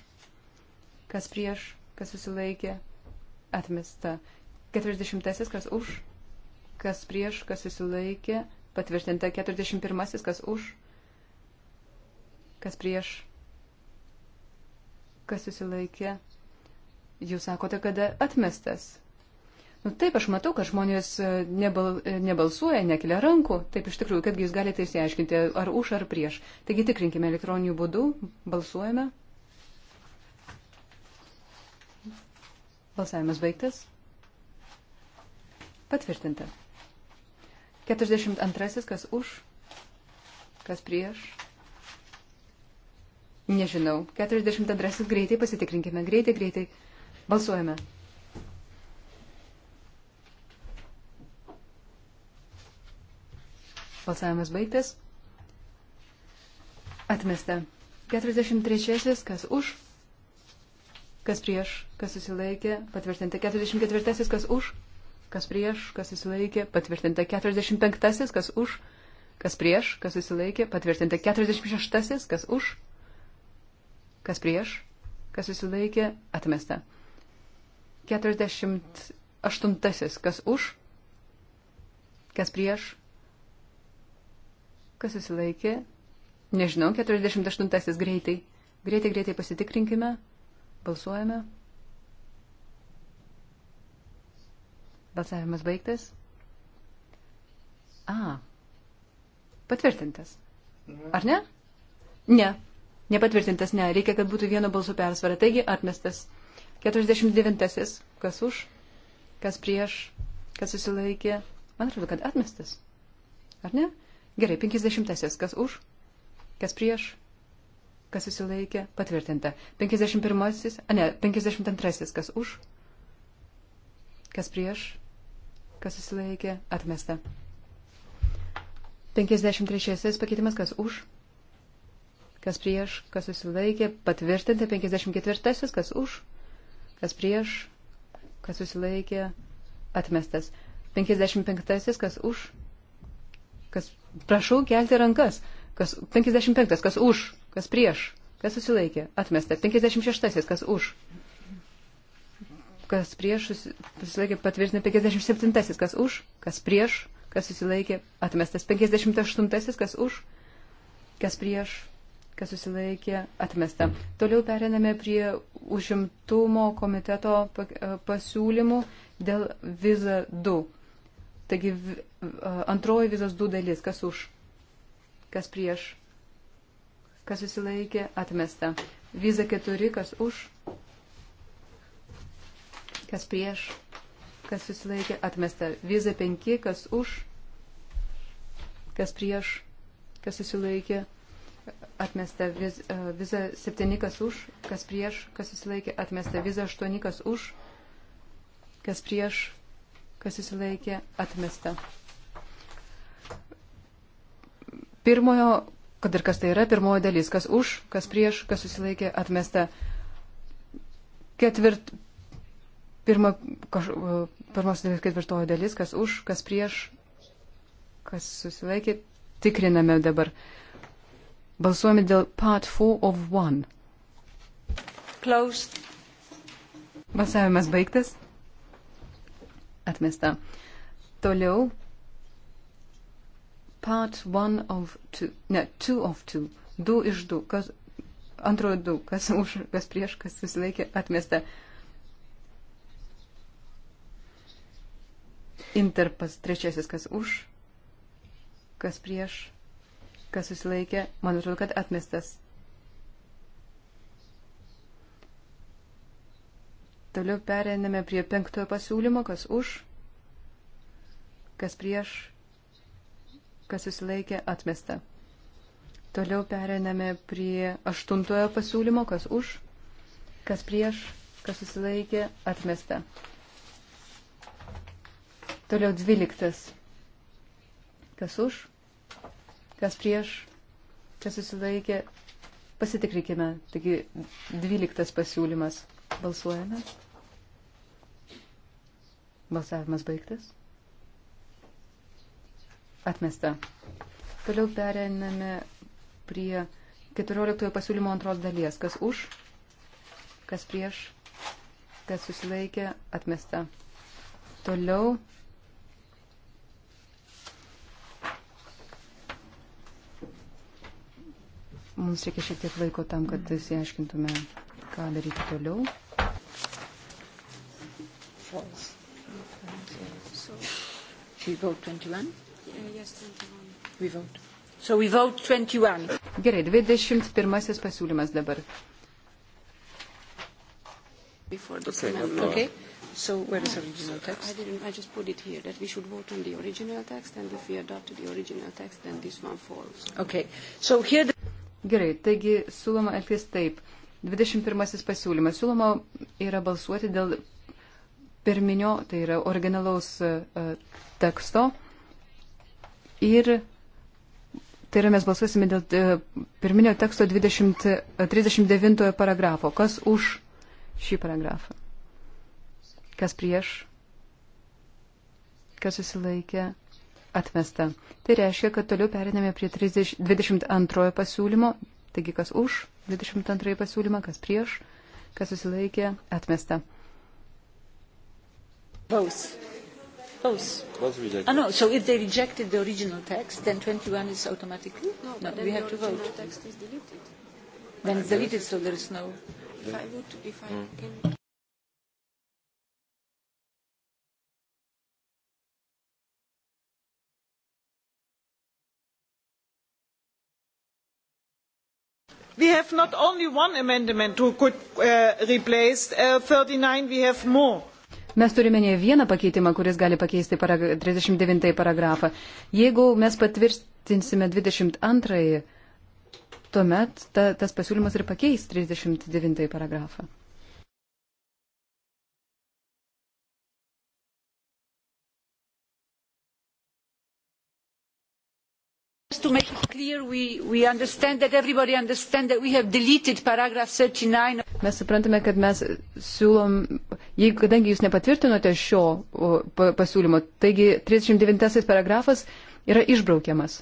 kas prieš, kas susilaikė, atmesta 40, kas už, kas prieš, kas susilaikė, patvirtinta 41, kas už, kas prieš, kas susilaikė. Jūs sakote, kada atmestas Nu, taip, aš matau, kad žmonės e, nebal, e, nebalsuoja, nekelia rankų. Taip, iš tikrųjų, kadgi jūs galite įsiaiškinti, ar už, ar prieš. Taigi tikrinkime elektroniniu būdu, balsuojame. Balsavimas baigtas. Patvirtinta. 42. Kas už? Kas prieš? Nežinau. 42. Greitai pasitikrinkime. Greitai, greitai. Balsuojame. Balsavimas baigtas. Atmesta. 43. Kas už? Kas prieš? Kas susilaikė? Patvirtinta. 44. Kas už? Kas prieš? Kas susilaikė? Patvirtinta. 45. Kas už? Kas prieš? Kas susilaikė? Patvirtinta. 46. Kas už? Kas prieš? Kas susilaikė? Atmesta. 48. Kas už? Kas prieš? Kas susilaikė? Nežinau, 48 greitai. Greitai, greitai pasitikrinkime. Balsuojame. Balsavimas baigtas. A. Patvirtintas. Ar ne? Ne. Nepatvirtintas, ne. Reikia, kad būtų vieno balsų persvara. Taigi atmestas. 49. Kas už, kas prieš, kas susilaikė. Man atrodo, kad atmestas. Ar ne? Gerai, 50. Kas už, kas prieš, kas susilaikė, patvirtinta. 51. A, ne, 52. Kas už, kas prieš, kas susilaikė, atmesta. 53. Pakeitimas, kas už, kas prieš, kas susilaikė, patvirtinta. 54. Kas už, kas prieš, kas susilaikė, atmestas. 55. Kas už, Kas prašau kelti rankas. Kas 55, kas už, kas prieš, kas susilaikė, atmesta. 56, kas už, kas prieš, susilaikė, patvirtina 57, kas už, kas prieš, kas susilaikė, atmestas 58, kas už, kas prieš, kas susilaikė, atmesta. Toliau periname prie užimtumo komiteto pasiūlymų dėl viza 2. Taigi antroji vizos du dalis, kas už, kas prieš, kas susilaikė, atmesta. Viza keturi, kas už, kas prieš, kas susilaikė, atmesta. Viza penki, kas už, kas prieš, kas susilaikė, atmesta. Viz, e, viza septyni, kas už, kas prieš, kas susilaikė, atmesta. Viza aštuoni, kas už, kas prieš, kas susilaikė, atmesta pirmojo, kad ir kas tai yra, pirmoji dalis, kas už, kas prieš, kas susilaikė, atmesta. Ketvirt, pirma, kaž, pirmos dalis, ketvirtoji dalis, kas už, kas prieš, kas susilaikė, tikriname dabar. Balsuojame dėl part 4 of 1. Closed. Balsavimas baigtas. Atmesta. Toliau part one of two, ne, two of two, du iš du, kas, antrojo du, kas už, kas prieš, kas susilaikė, atmesta. Interpas trečiasis, kas už, kas prieš, kas susilaikė, man atrodo, kad atmestas. Toliau pereiname prie penktojo pasiūlymo, kas už, kas prieš, kas susilaikė atmesta. Toliau pereiname prie aštuntojo pasiūlymo, kas už, kas prieš, kas susilaikė atmesta. Toliau dvyliktas, kas už, kas prieš, kas susilaikė. Pasitikrinkime, taigi dvyliktas pasiūlymas. Balsuojame. Balsavimas baigtas. Atmesta. Toliau pereiname prie 14 pasiūlymo antros dalies. Kas už, kas prieš, kas susilaikė, atmesta. Toliau Mums reikia šiek tiek laiko tam, kad įsiaiškintume, ką daryti toliau. False. So, we vote 21. Yes, 21. We vote. So we vote 21. Gerai, 21 pasiūlymas dabar. Before this okay, amendment. Okay. So where is the original text? I didn't. I just put it here that we should vote on the original text, and if we adopt the original text, then this one falls. Okay. So here. The... Gerai. Taigi siūloma elgtis taip. 21 pasiūlymas. Siūloma yra balsuoti dėl pirminio, tai yra originalaus uh, teksto. Uh, ir tai yra mes balsuosime dėl e, pirminio teksto 20, 39 e, paragrafo. Kas už šį paragrafą? Kas prieš? Kas susilaikė? Atmesta. Tai reiškia, kad toliau periname prie 30, 22 pasiūlymo. Taigi, kas už 22 pasiūlymą, kas prieš, kas susilaikė, atmesta. Both. Both. Both rejected. Ah, no, so if they rejected the original text, then 21 is automatically? No, no we have to vote. the original text is deleted. Then it's deleted, so there is no... If I would, if I mm. can... we have not only one amendment which could uh, replace thirty uh, nine we have more Mes turime ne vieną pakeitimą, kuris gali pakeisti paragra 39 paragrafą. Jeigu mes patvirtinsime 22, tuomet ta, tas pasiūlymas ir pakeis 39 paragrafą. just to make it clear, we, we understand that everybody understand that we have deleted paragraph 39. Mes suprantame, kad mes siūlom, jeigu kadangi jūs nepatvirtinote šio pasiūlymo, taigi 39 paragrafas yra išbraukiamas.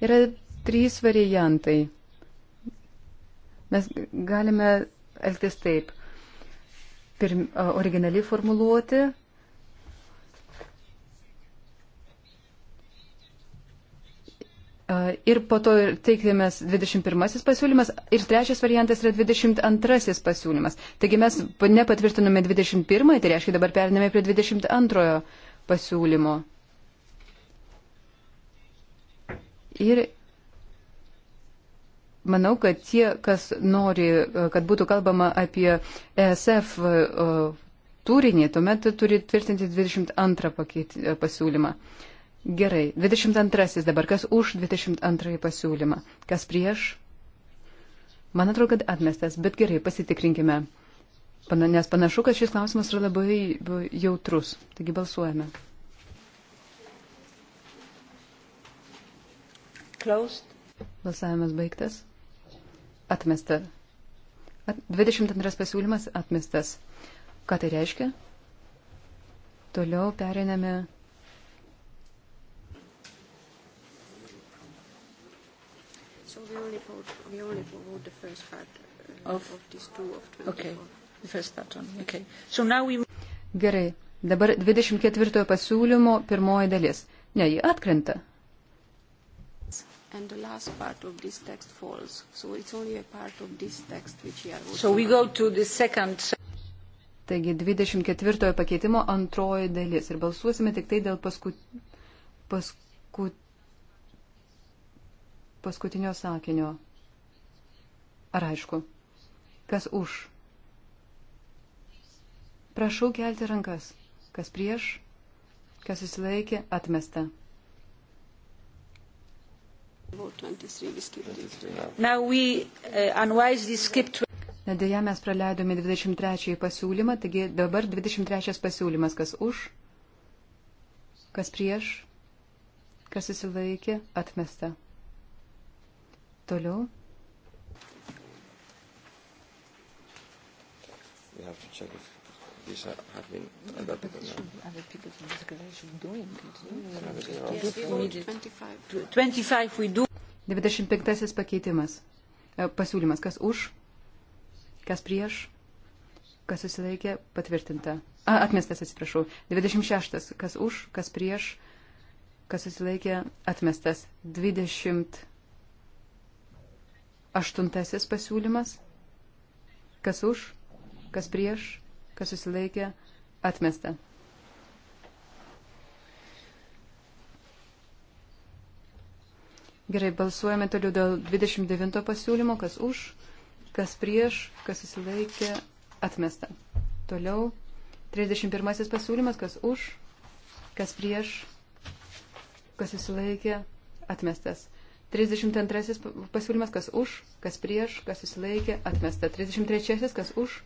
Yra trys variantai. Mes galime elgtis taip. Pirm, originali formuluoti E, ir po to teiklėmės 21 pasiūlymas ir trečias variantas yra 22 pasiūlymas. Taigi mes nepatvirtinome 21, tai reiškia dabar perinėme prie 22 pasiūlymo. Ir manau, kad tie, kas nori, e, kad būtų kalbama apie ESF e, turinį, tuomet turi tvirtinti 22 pasiūlymą. Gerai, 22 dabar, kas už 22 pasiūlymą, kas prieš? Man atrodo, kad atmestas, bet gerai, pasitikrinkime, nes panašu, kad šis klausimas yra labai jautrus. Taigi balsuojame. Closed. Balsavimas baigtas. Atmesta. At, 22 pasiūlymas atmestas. Ką tai reiškia? Toliau periname we only vote, we only vote the first part uh, of, of these two of 24. Okay. The first part on. Okay. So now we... Gerai. Dabar 24 pasiūlymo pirmoji dalis. Ne, ji atkrenta. And the last part of this text falls. So it's only a part of this text which we are voting. So we go to the second. Taigi 24 pakeitimo antroji dalis. Ir balsuosime tik tai dėl paskut... paskut paskutinio sakinio. Ar aišku? Kas už? Prašau kelti rankas. Kas prieš? Kas susilaikė? Atmesta. Nedėja uh, mes praleidome 23 pasiūlymą, taigi dabar 23 pasiūlymas, kas už, kas prieš, kas susilaikė, atmesta. Toliau. We have to check if these have been adopted or not. Other people from the declaration doing it. 25 we do. 25 pakeitimas. E, pasiūlymas, kas už, kas prieš, kas susilaikė, patvirtinta. A, atmestas, atsiprašau. 26, kas už, kas prieš, kas susilaikė, atmestas. 20. Aštuntasis pasiūlymas. Kas už, kas prieš, kas susilaikė, atmesta. Gerai, balsuojame toliau dėl 29 pasiūlymo, kas už, kas prieš, kas susilaikė, atmesta. Toliau 31 pasiūlymas, kas už, kas prieš, kas susilaikė, atmestas. 32 pasiūlymas, kas už, kas prieš, kas susilaikė, atmesta. 33, kas už,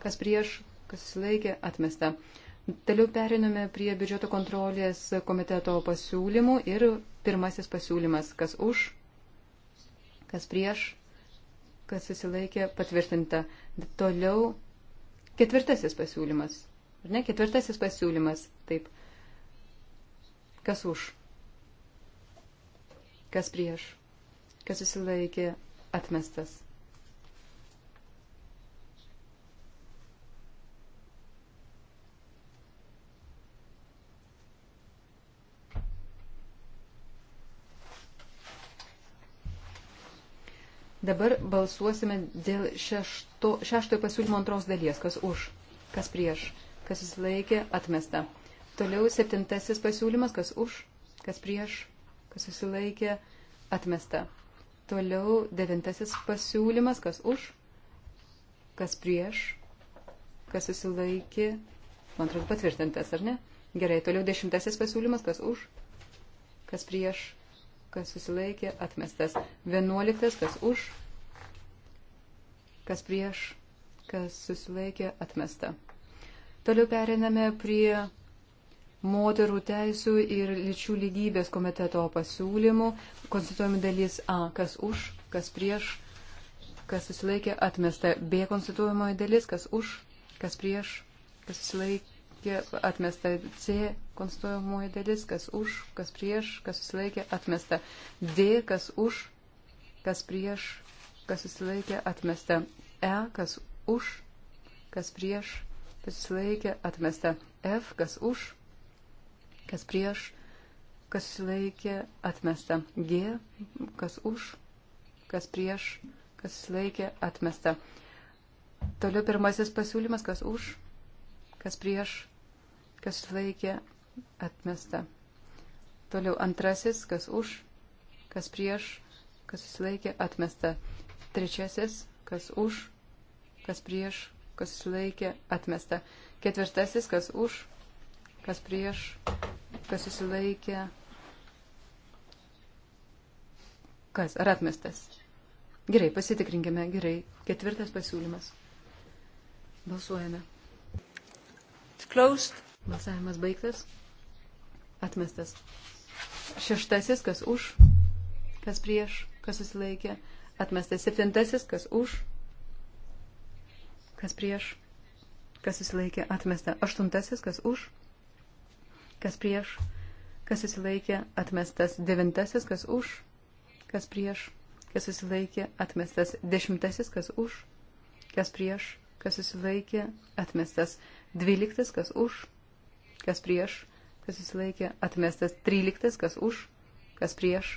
kas prieš, kas susilaikė, atmesta. Toliau periname prie biudžeto kontrolės komiteto pasiūlymų ir pirmasis pasiūlymas, kas už, kas prieš, kas susilaikė, patvirtinta. Toliau ketvirtasis pasiūlymas. Ar ne? Ketvirtasis pasiūlymas. Taip. Kas už? Kas prieš? Kas susilaikė? Atmestas. Dabar balsuosime dėl šešto, šeštojo pasiūlymo antros dalies. Kas už, kas prieš, kas susilaikė, atmesta. Toliau septintasis pasiūlymas, kas už, kas prieš, kas susilaikė, atmesta. Toliau devintasis pasiūlymas, kas už, kas prieš, kas susilaikė, man atrodo patvirtintas, ar ne? Gerai, toliau dešimtasis pasiūlymas, kas už, kas prieš, kas susilaikė, atmestas. Vienuoliktas, kas už, kas prieš, kas susilaikė, atmesta. Toliau periname prie moterų teisų ir lyčių lygybės komiteto pasiūlymų. Konstituojami dalis A, kas už, kas prieš, kas susilaikė, atmesta. B konstituojamoji dalis, kas už, kas prieš, kas susilaikė, atmesta. C konstituojamoji dalis, kas už, kas prieš, kas susilaikė, atmesta. D, kas už, kas prieš, kas susilaikė, atmesta. E, kas už, kas prieš, kas susilaikė, atmesta. F, kas už, kas prieš, kas laikė, atmesta. G, kas už, kas prieš, kas laikė, atmesta. Toliau pirmasis pasiūlymas, kas už, kas prieš, kas laikė, atmesta. Toliau antrasis, kas už, kas prieš, kas susilaikė, atmesta. Trečiasis, kas už, kas prieš, kas susilaikė, atmesta. Ketvirtasis, kas už, kas prieš, kas susilaikė, kas ar atmestas. Gerai, pasitikrinkime, gerai. Ketvirtas pasiūlymas. Balsuojame. Closed. Balsavimas baigtas. Atmestas. Šeštasis, kas už, kas prieš, kas susilaikė. Atmestas. Septintasis, kas už, kas prieš, kas susilaikė. Atmestas. Aštuntasis, kas už, kas prieš, kas susilaikė, atmestas devintasis, kas už, kas prieš, kas susilaikė, atmestas dešimtasis, kas už, kas prieš, kas susilaikė, atmestas dvyliktas, kas už, kas prieš, kas susilaikė, atmestas tryliktas, kas už, kas prieš,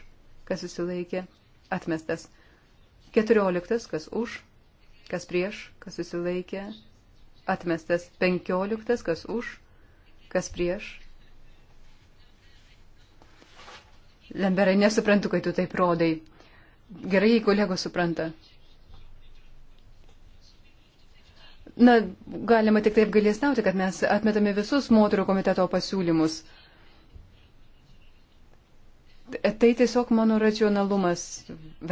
kas susilaikė, atmestas keturioliktas, kas už, kas prieš, kas susilaikė, atmestas penkioliktas, kas už, kas prieš, Lemberai, nesuprantu, kad tu taip rodai. Gerai, jei kolegos supranta. Na, galima tik taip galėsnauti, kad mes atmetame visus moterų komiteto pasiūlymus. Tai tiesiog mano racionalumas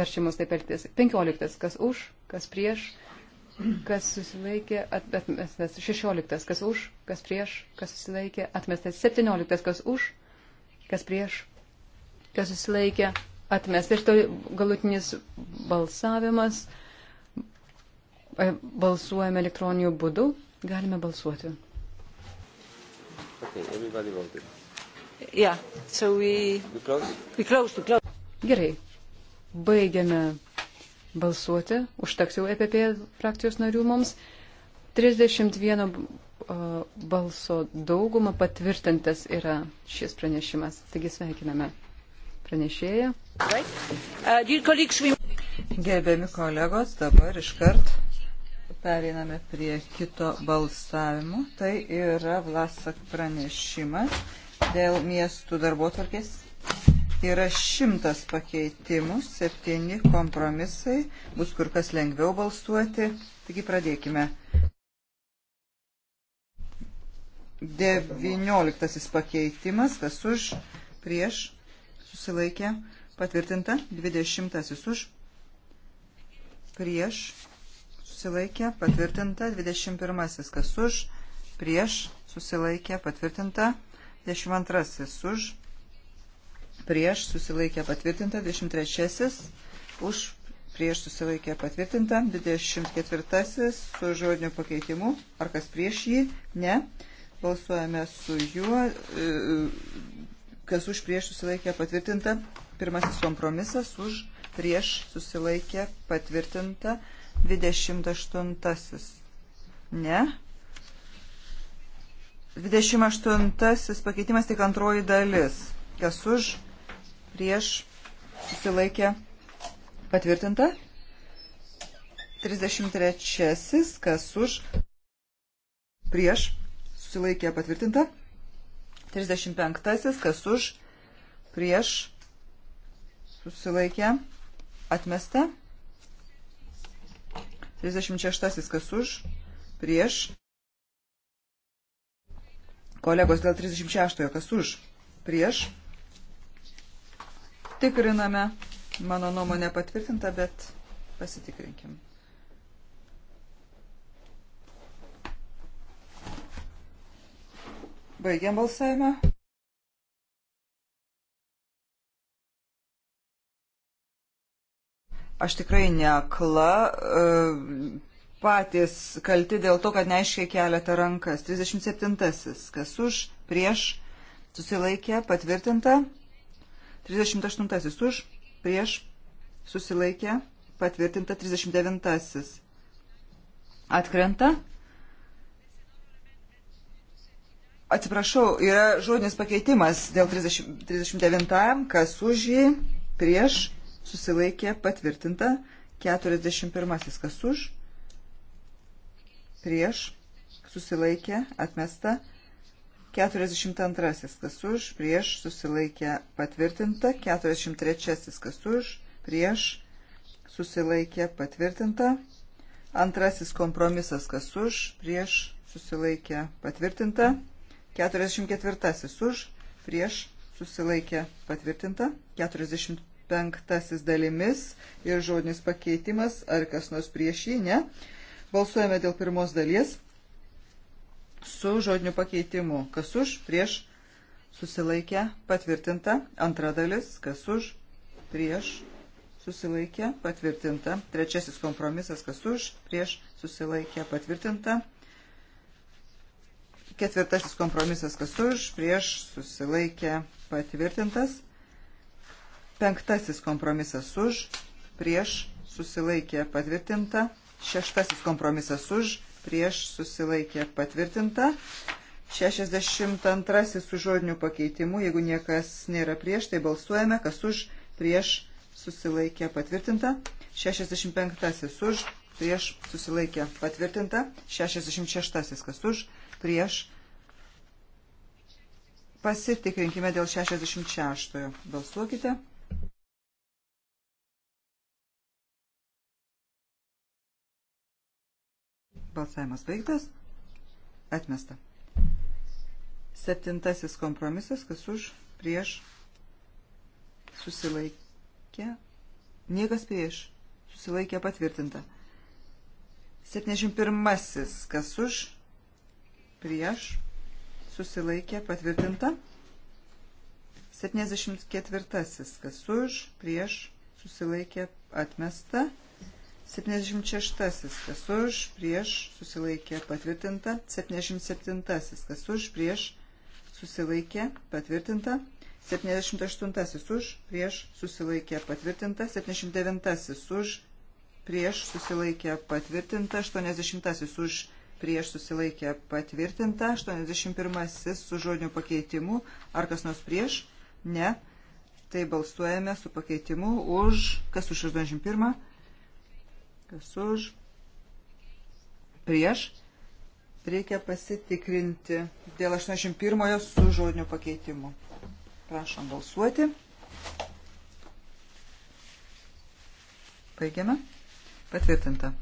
verčiamas taip elgtis. 15. Kas už, kas prieš, kas susilaikė, atmestas. 16. Kas už, kas prieš, kas susilaikė, atmestas. 17. Kas už, kas prieš, kas susilaikė, atmesta. Ir to galutinis balsavimas. E, balsuojame elektroniniu būdu. Galime balsuoti. Okay, yeah, so we... We close? We close, we close. Gerai. Baigiame balsuoti. Užteks jau EPP frakcijos narių mums. 31 e, balso daugumą patvirtintas yra šis pranešimas. Taigi sveikiname pranešėja. Uh, Gerbiami kolegos, dabar iškart periname prie kito balsavimo. Tai yra Vlasak pranešimas dėl miestų darbotvarkės. Yra šimtas pakeitimų, septyni kompromisai, bus kur kas lengviau balsuoti. Taigi pradėkime. 19 pakeitimas, kas už, prieš, susilaikė patvirtinta, 20 už, prieš susilaikė patvirtinta, 21 kas už, prieš susilaikė patvirtinta, 22 už, prieš susilaikė patvirtinta, 23 už, prieš susilaikė patvirtinta, 24 su žodiniu pakeitimu, ar kas prieš jį, ne, balsuojame su juo, e, kas už prieš susilaikė patvirtinta. Pirmasis kompromisas už prieš susilaikė patvirtinta. 28. Ne. 28. pakeitimas tik antroji dalis. Kas už prieš susilaikė patvirtinta. 33. Kas už prieš susilaikė patvirtinta. 35. Kas už? Prieš. Susilaikė. Atmesta. 36. Kas už? Prieš. Kolegos dėl 36. Kas už? Prieš. Tikriname. Mano nuomonė patvirtinta, bet pasitikrinkim. Baigiam balsavimą. Aš tikrai nekla, e, patys kalti dėl to, kad neaiškiai keliate rankas. 37. Kas už, prieš, susilaikė, patvirtinta. 38. Už, prieš, susilaikė, patvirtinta. 39. Atkrenta. Atsiprašau, yra žodinis pakeitimas dėl 30, 39, kas už jį, prieš, susilaikė, patvirtinta, 41, kas už, prieš, susilaikė, atmesta, 42, kas už, prieš, susilaikė, patvirtinta, 43, kas už, prieš, susilaikė, patvirtinta, antrasis kompromisas, kas už, prieš, susilaikė, patvirtinta. Mm. 44 už, prieš susilaikė patvirtinta, 45 dalimis ir žodinis pakeitimas, ar kas nors prieš jį, ne. Balsuojame dėl pirmos dalies su žodiniu pakeitimu, kas už, prieš susilaikė patvirtinta, antra dalis, kas už, prieš susilaikė patvirtinta, trečiasis kompromisas, kas už, prieš susilaikė patvirtinta. Ketvirtasis kompromisas kas už, prieš susilaikė patvirtintas. Penktasis kompromisas už, prieš susilaikė patvirtinta. Šeštasis kompromisas už, prieš susilaikė patvirtinta. 62 su žodiniu pakeitimu, jeigu niekas nėra prieš, tai balsuojame, kas už, prieš susilaikė patvirtinta. 65 už, prieš susilaikė patvirtinta. 66 kas už, prieš. Pasitikrinkime dėl 66. Balsuokite. Balsavimas baigtas. Atmesta. Septintasis kompromisas, kas už, prieš, susilaikė. Niekas prieš. Susilaikė patvirtinta. 71. Kas už, prieš, susilaikė, patvirtinta. 74. Kas už, prieš, susilaikė, atmesta. 76. Kas už, prieš, susilaikė, patvirtinta. 77. Kas už, prieš, susilaikė, patvirtinta. 78. Už, prieš, susilaikė, patvirtinta. 79. Už, prieš, susilaikė, patvirtinta. 80. Už, prieš susilaikė patvirtinta, 81 su žodiniu pakeitimu, ar kas nors prieš, ne, tai balsuojame su pakeitimu už, kas už 81, kas už, prieš, reikia pasitikrinti dėl 81 su žodiniu pakeitimu. Prašom balsuoti. Baigiame. Patvirtinta.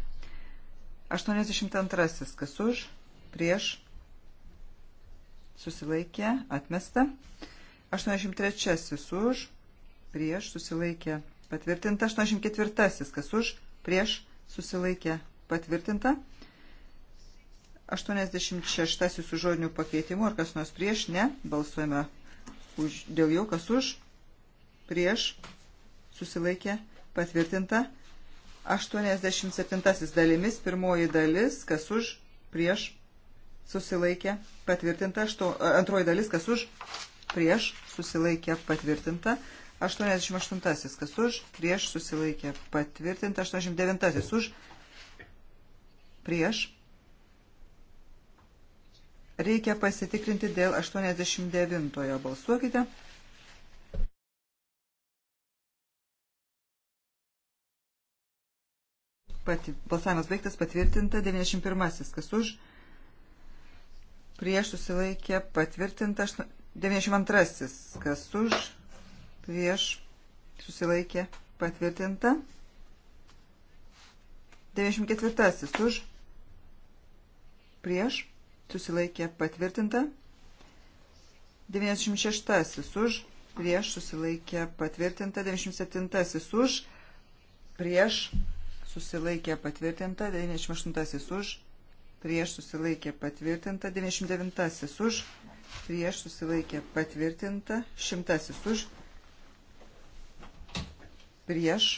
82. Kas už? Prieš? Susilaikė. Atmesta. 83. Už? Prieš? Susilaikė. Patvirtinta. 84. Kas už? Prieš? Susilaikė. Patvirtinta. 86. Su žodiniu pakeitimu. Ar kas nors prieš? Ne. Balsuojame už, dėl jo. Kas už? Prieš? Susilaikė. Patvirtinta. 87 dalimis, pirmoji dalis, kas už, prieš, susilaikė, patvirtinta, ašto, antroji dalis, kas už, prieš, susilaikė, patvirtinta, 88 kas už, prieš, susilaikė, patvirtinta, 89 už, prieš. Reikia pasitikrinti dėl 89 balsuokite. Pati, balsavimas baigtas, patvirtinta 91. Kas už? Prieš susilaikė, patvirtinta 92. Kas už? Prieš susilaikė, patvirtinta 94. Už? Prieš susilaikė, patvirtinta 96. Už? Prieš susilaikė, patvirtinta 97. Už? Prieš susilaikė patvirtinta, 98 už, prieš susilaikė patvirtinta, 99 už, prieš susilaikė patvirtinta, 100 už, prieš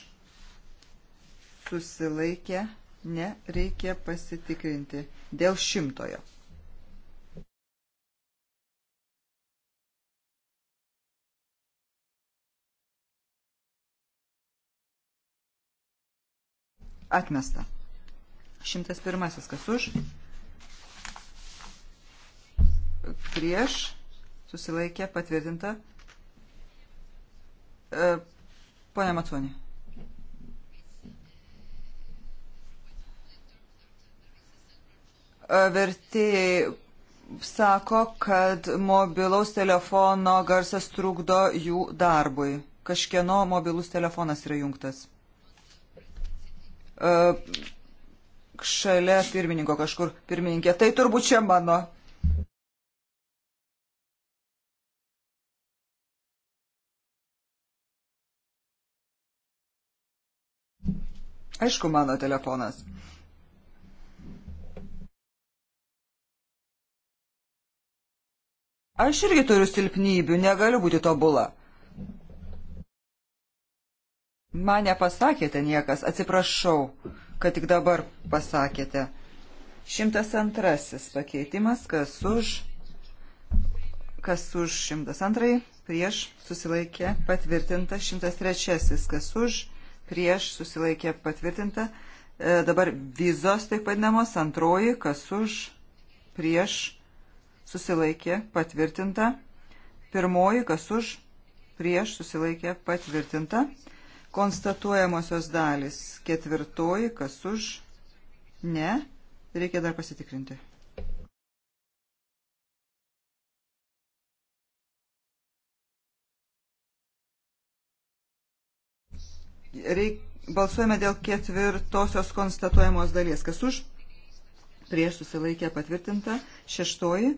susilaikė nereikia pasitikrinti dėl šimtojo. Atmesta. 101. Kas už? Prieš. Susilaikė. Patvirtinta. E, Pone Maconė. E, vertėjai sako, kad mobilaus telefono garsas trukdo jų darbui. Kažkieno mobilus telefonas yra jungtas. E, šalia pirmininko kažkur pirmininkė. Tai turbūt čia mano. Aišku, mano telefonas. Aš irgi turiu silpnybių, negaliu būti tobula. Man nepasakėte niekas, atsiprašau, kad tik dabar pasakėte. Šimtas antrasis pakeitimas, kas už, kas už šimtas antrai, prieš susilaikė patvirtinta, šimtas trečiasis, kas už, prieš susilaikė patvirtinta. E, dabar vizos taip vadinamos, antroji, kas už, prieš susilaikė patvirtinta. Pirmoji, kas už, prieš susilaikė patvirtinta. Konstatuojamosios dalis ketvirtoji, kas už, ne, reikia dar pasitikrinti. Reik, balsuojame dėl ketvirtosios konstatuojamos dalies. Kas už? Prieš susilaikę patvirtinta. Šeštoji.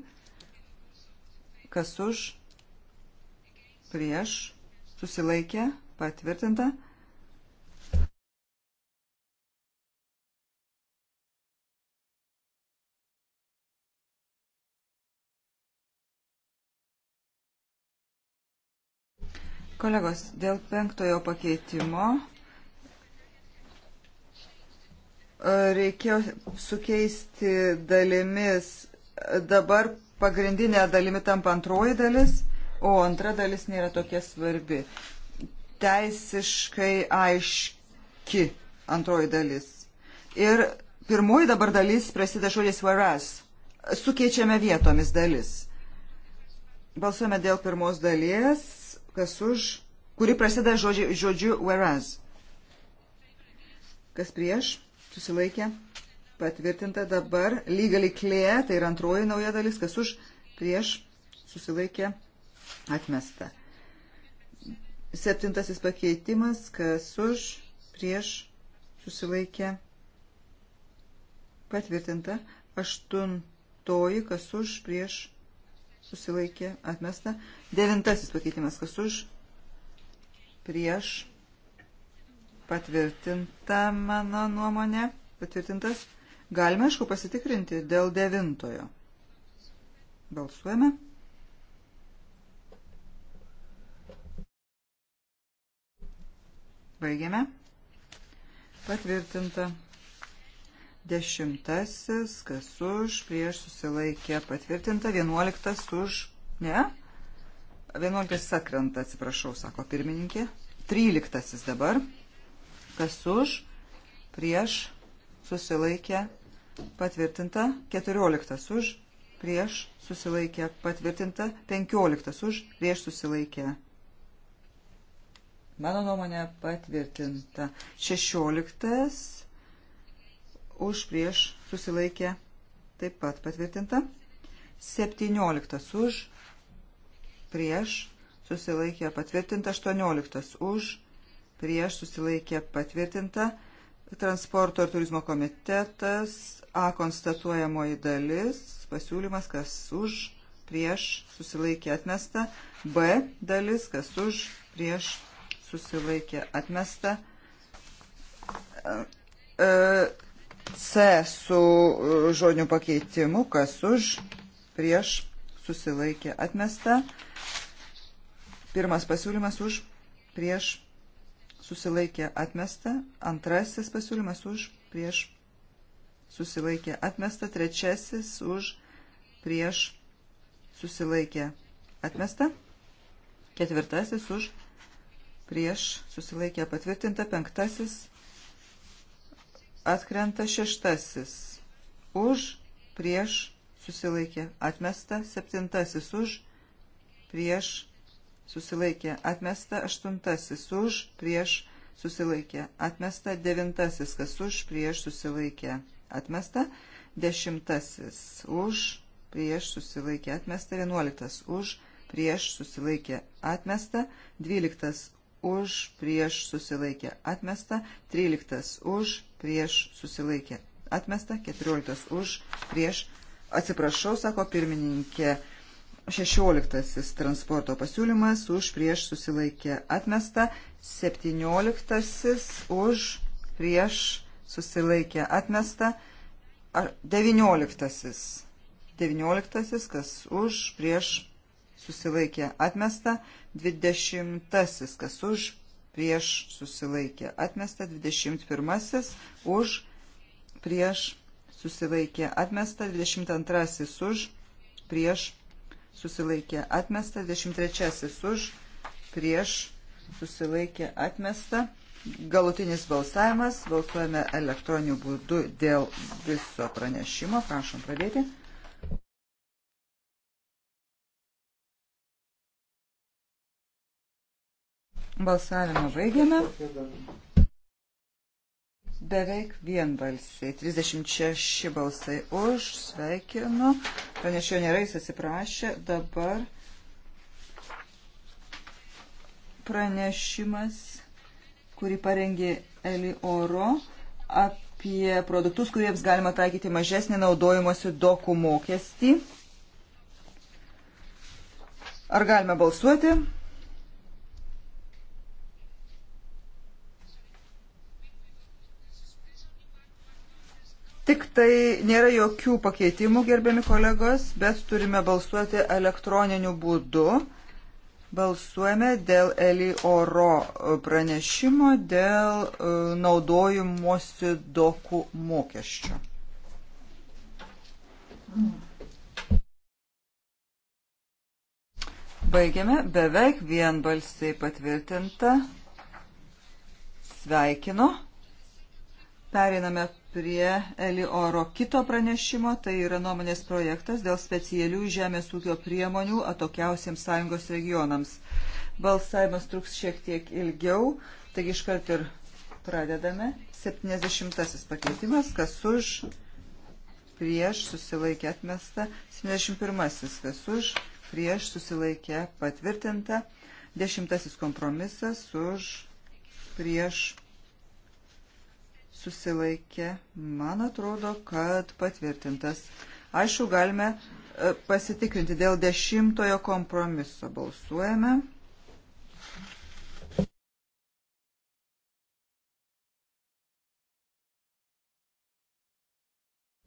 Kas už? Prieš susilaikę patvirtinta. Kolegos, dėl penktojo pakeitimo e, reikėjo sukeisti dalimis. Dabar pagrindinė dalimi tampa antroji dalis, o antra dalis nėra tokia svarbi. Teisiškai aiški antroji dalis. Ir pirmoji dabar dalis prasideda žodis varas. Sukeičiame vietomis dalis. Balsuojame dėl pirmos dalies kas už, kuri prasideda žodžiu, žodžiu whereas. Kas prieš, susilaikė, patvirtinta dabar, legally clear, tai yra antroji nauja dalis, kas už, prieš, susilaikė, atmesta. Septintasis pakeitimas, kas už, prieš, susilaikė, patvirtinta. Aštuntoji, kas už, prieš, susilaikė, atmesta. Devintasis pakeitimas, kas už, prieš, patvirtinta mano nuomonė, patvirtintas. Galime, aišku, pasitikrinti dėl devintojo. Balsuojame. Baigiame. Patvirtinta. Dešimtasis, kas už, prieš susilaikė patvirtinta, vienuoliktas už, ne? Vienuoliktasis atkrenta, atsiprašau, sako pirmininkė. Tryliktasis dabar, kas už, prieš susilaikė patvirtinta, keturioliktas už, prieš susilaikė patvirtinta, penkioliktas už, prieš susilaikė. Mano nuomonė patvirtinta. Šešioliktas už prieš susilaikė taip pat patvirtinta. 17 už prieš susilaikė patvirtinta. 18 už prieš susilaikė patvirtinta. Transporto ir turizmo komitetas A konstatuojamoji dalis pasiūlymas, kas už prieš susilaikė atmesta. B dalis, kas už prieš susilaikė atmesta. E, e C su e, žodiniu pakeitimu, kas už, prieš, susilaikė, atmesta. Pirmas pasiūlymas už, prieš, susilaikė, atmesta. Antrasis pasiūlymas už, prieš, susilaikė, atmesta. Trečiasis už, prieš, susilaikė, atmesta. Ketvirtasis už, prieš, susilaikė, patvirtinta. Penktasis Atkrenta šeštasis. Už, prieš, susilaikė. Atmesta septintasis. Už, prieš, susilaikė. Atmesta aštuntasis. Už, prieš, susilaikė. Atmesta devintasis. Kas už, prieš, susilaikė. Atmesta dešimtasis. Už, prieš, susilaikė. Atmesta vienuoliktas. Už, prieš, susilaikė. Atmesta dvyliktas už, prieš susilaikė atmesta, 13 už, prieš susilaikė atmesta, 14 už, prieš, atsiprašau, sako pirmininkė, 16 transporto pasiūlymas už, prieš susilaikė atmesta, 17 už, prieš susilaikė atmesta, 19 19 kas už, prieš susilaikė atmesta, 20 kas už, prieš susilaikė atmesta, 21 už, prieš susilaikė atmesta, 22 už, prieš susilaikė atmesta, 23 už, prieš susilaikė atmesta. Galutinis balsavimas, balsuojame elektroniniu būdu dėl viso pranešimo, prašom pradėti. Balsavimą baigiame. Beveik vienbalsiai. 36 balsai už. Sveikinu. Pranešėjo nėra, jis atsiprašė. Dabar pranešimas, kurį parengė Eli Oro apie produktus, kuriems galima taikyti mažesnį naudojimosi dokų mokestį. Ar galime balsuoti? Tik tai nėra jokių pakeitimų, gerbiami kolegos, bet turime balsuoti elektroniniu būdu. Balsuojame dėl Eli Oro e, pranešimo dėl e, naudojimuosi dokų mokesčio. Baigiame beveik vienbalsiai patvirtinta. Sveikinu. Periname prie Eli Oro kito pranešimo, tai yra nuomonės projektas dėl specialių žemės ūkio priemonių atokiausiems sąjungos regionams. Balsavimas truks šiek tiek ilgiau, taigi iškart ir pradedame. 70 pakeitimas, kas už, prieš, susilaikė atmesta. 71 kas už, prieš, susilaikė patvirtinta. 10 kompromisas už, prieš, susilaikė, man atrodo, kad patvirtintas. Aišku, galime e, pasitikrinti dėl dešimtojo kompromiso. Balsuojame.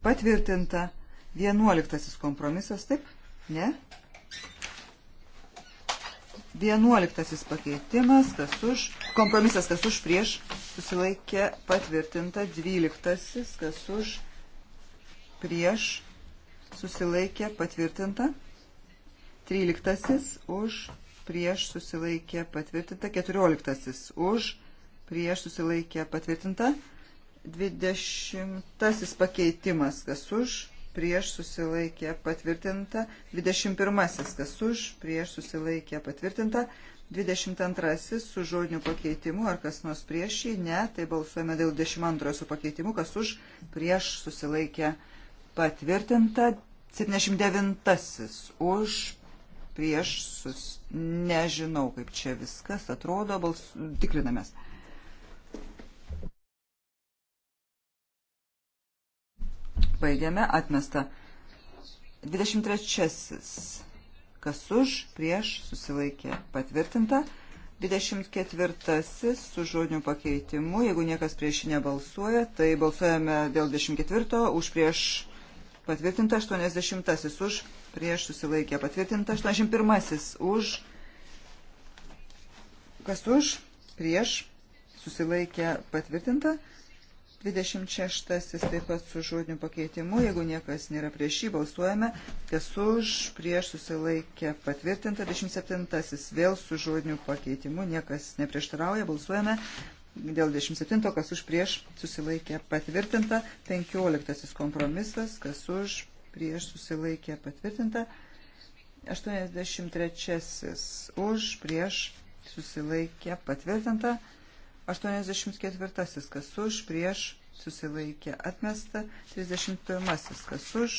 Patvirtinta vienuoliktasis kompromisas, taip? Ne? Vienuoliktasis pakeitimas, kas už, kompromisas, kas už prieš, susilaikė patvirtinta. Dvyliktasis, kas už prieš, susilaikė patvirtinta. Tryliktasis už prieš susilaikė patvirtinta. Keturioliktasis už prieš susilaikė patvirtinta. Dvidešimtasis pakeitimas, kas už prieš susilaikė patvirtinta, 21 kas už, prieš susilaikė patvirtinta, 22 su žodiniu pakeitimu, ar kas nors prieš jį, ne, tai balsuojame dėl 22 su pakeitimu, kas už, prieš susilaikė patvirtinta, 79 už, prieš, sus... nežinau kaip čia viskas atrodo, bals... tikrinamės. Baigiame. Atmesta. 23. Kas už, prieš, susilaikė. Patvirtinta. 24 su žodiniu pakeitimu. Jeigu niekas prieš jį nebalsuoja, tai balsuojame dėl 24, už prieš patvirtinta 80, už prieš susilaikė patvirtinta 81, už kas už, prieš susilaikė patvirtinta 26 taip pat su žodiniu pakeitimu, jeigu niekas nėra prieš jį, balsuojame, kas už, prieš susilaikė patvirtinta, 27 vėl su žodiniu pakeitimu, niekas neprieštarauja, balsuojame, dėl 27, kas už, prieš susilaikė patvirtinta, 15 kompromisas, kas už, prieš susilaikė patvirtinta, 83 už, prieš susilaikė patvirtinta. 84. Kas už, prieš, susilaikė atmesta. 31. Kas už,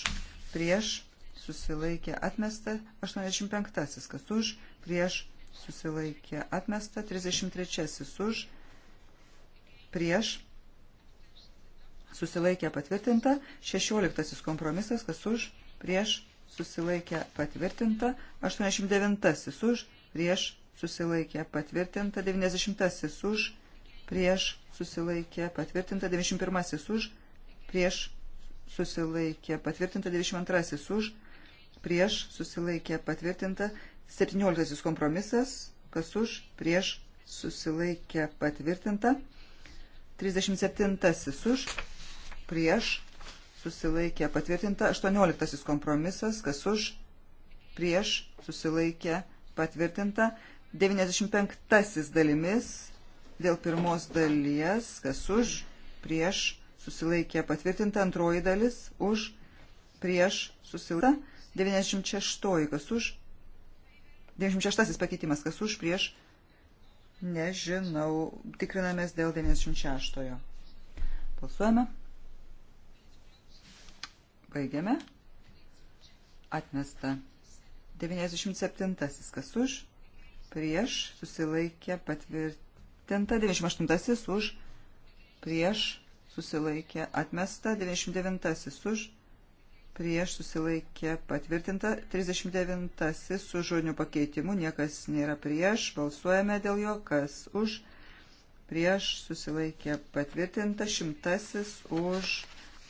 prieš, susilaikė atmesta. 85. Kas už, prieš, susilaikė atmesta. 33. Už, prieš, susilaikė patvirtinta. 16. Kompromisas. Kas už, prieš, susilaikė patvirtinta. 89. Už, prieš, susilaikė patvirtinta. 90. Už, prieš susilaikė patvirtinta 91 už, prieš susilaikė patvirtinta 92 už, prieš susilaikė patvirtinta 17 kompromisas, kas už, prieš susilaikė patvirtinta 37 už, prieš susilaikė patvirtinta 18 kompromisas, kas už, prieš susilaikė patvirtinta 95 dalimis Dėl pirmos dalies, kas už, prieš, susilaikė patvirtinta. Antroji dalis, už, prieš, susilaikė. 96, kas už. 96 pakeitimas, kas už, prieš. Nežinau, tikrinamės dėl 96. Balsuojame. Baigiame. Atmesta. 97. Kas už? Prieš susilaikė patvirtinti. 98 už, prieš susilaikė atmesta, 99 už, prieš susilaikė patvirtinta, 39 su žodiniu pakeitimu, niekas nėra prieš, balsuojame dėl jo, kas už, prieš susilaikė patvirtinta, šimtasis už,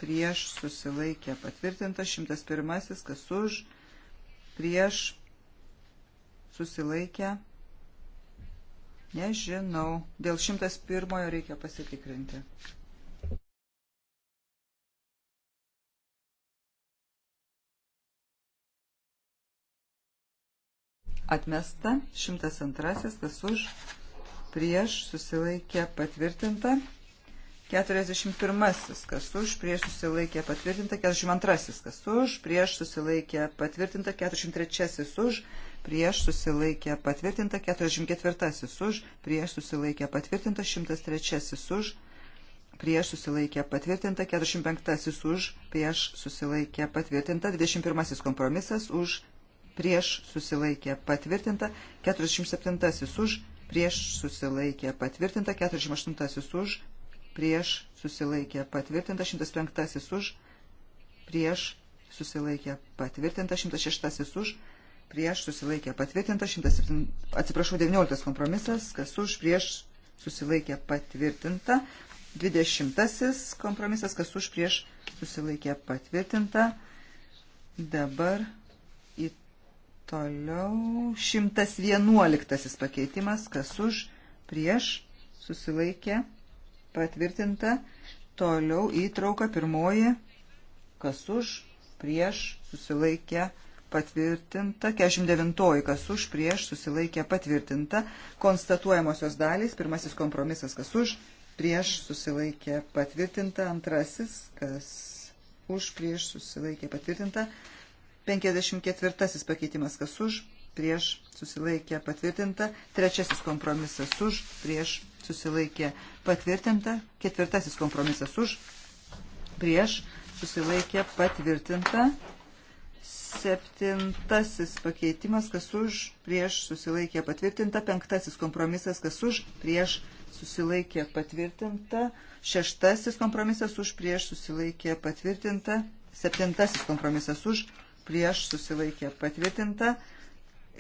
prieš susilaikė patvirtinta, šimtas pirmasis, kas už, prieš susilaikė patvirtinta Nežinau. Dėl 101 reikia pasitikrinti. Atmesta 102, kas už, prieš, susilaikė, patvirtinta 41 kas už, prieš susilaikė patvirtinta, 42 kas už, prieš susilaikė patvirtinta, 43 už, prieš susilaikė patvirtinta, 44 už, prieš susilaikė patvirtinta, 103 už, prieš susilaikė patvirtinta, 45 už, prieš susilaikė patvirtinta, 21 kompromisas už, prieš susilaikė patvirtinta, 47 už, prieš susilaikė patvirtinta, 48 už, prieš susilaikė patvirtinta, 105 už, prieš susilaikė patvirtinta, 106 už, prieš susilaikė patvirtinta, 107, atsiprašau, 19 kompromisas, kas už, prieš susilaikė patvirtinta, 20 kompromisas, kas už, prieš susilaikė patvirtinta, dabar į toliau 111 pakeitimas, kas už, prieš susilaikė patvirtinta patvirtinta. Toliau įtrauka pirmoji, kas už, prieš, susilaikė, patvirtinta. 49, kas už, prieš, susilaikė, patvirtinta. Konstatuojamosios dalys, pirmasis kompromisas, kas už, prieš, susilaikė, patvirtinta. Antrasis, kas už, prieš, susilaikė, patvirtinta. 54 pakeitimas, kas už, prieš susilaikė patvirtinta, trečiasis kompromisas už, prieš susilaikė patvirtinta, ketvirtasis kompromisas už, prieš susilaikė patvirtinta, septintasis pakeitimas, kas už, prieš susilaikė patvirtinta, penktasis kompromisas, kas už, prieš susilaikė patvirtinta, šeštasis kompromisas už, prieš susilaikė patvirtinta, septintasis kompromisas už, prieš susilaikė patvirtinta,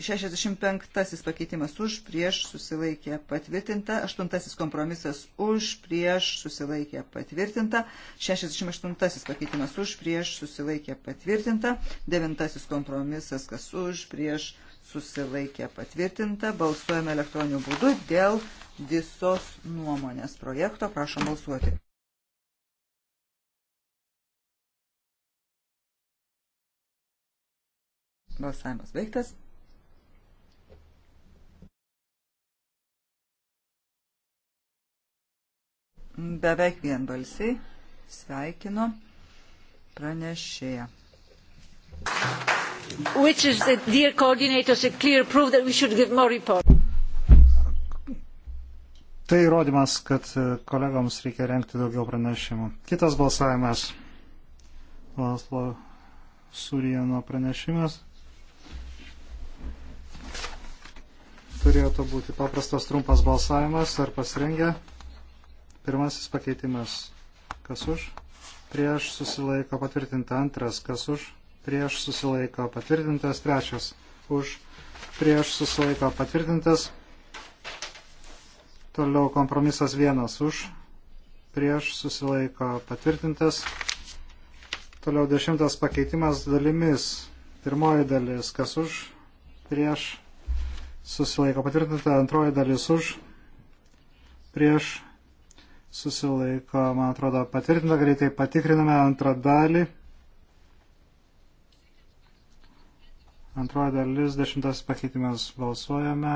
65 pakeitimas už, prieš susilaikė patvirtinta, 8 kompromisas už, prieš susilaikė patvirtinta, 68 pakeitimas už, prieš susilaikė patvirtinta, 9 kompromisas kas už, prieš susilaikė patvirtinta, balsuojame elektroniniu būdu dėl visos nuomonės projekto, prašom balsuoti. Balsavimas baigtas. Beveik vienbalsiai sveikinu pranešėją. Which is the dear coordinators a clear proof that we should give more report. Tai įrodymas, kad e, kolegoms reikia renkti daugiau pranešimų. Kitas balsavimas. Laslo Surijano pranešimas. Turėtų būti paprastas trumpas balsavimas. Ar pasirengę? Pirmasis pakeitimas, kas už, prieš susilaiko patvirtinta antras, kas už, prieš susilaiko patvirtintas trečias, už, prieš susilaiko patvirtintas. Toliau kompromisas vienas už, prieš susilaiko patvirtintas. Toliau dešimtas pakeitimas dalimis. Pirmoji dalis, kas už, prieš susilaiko patvirtinta, antroji dalis už, prieš susilaiko, man atrodo, patvirtinta, greitai patikriname antrą dalį. Antroji dalis, dešimtas pakeitimas, balsuojame.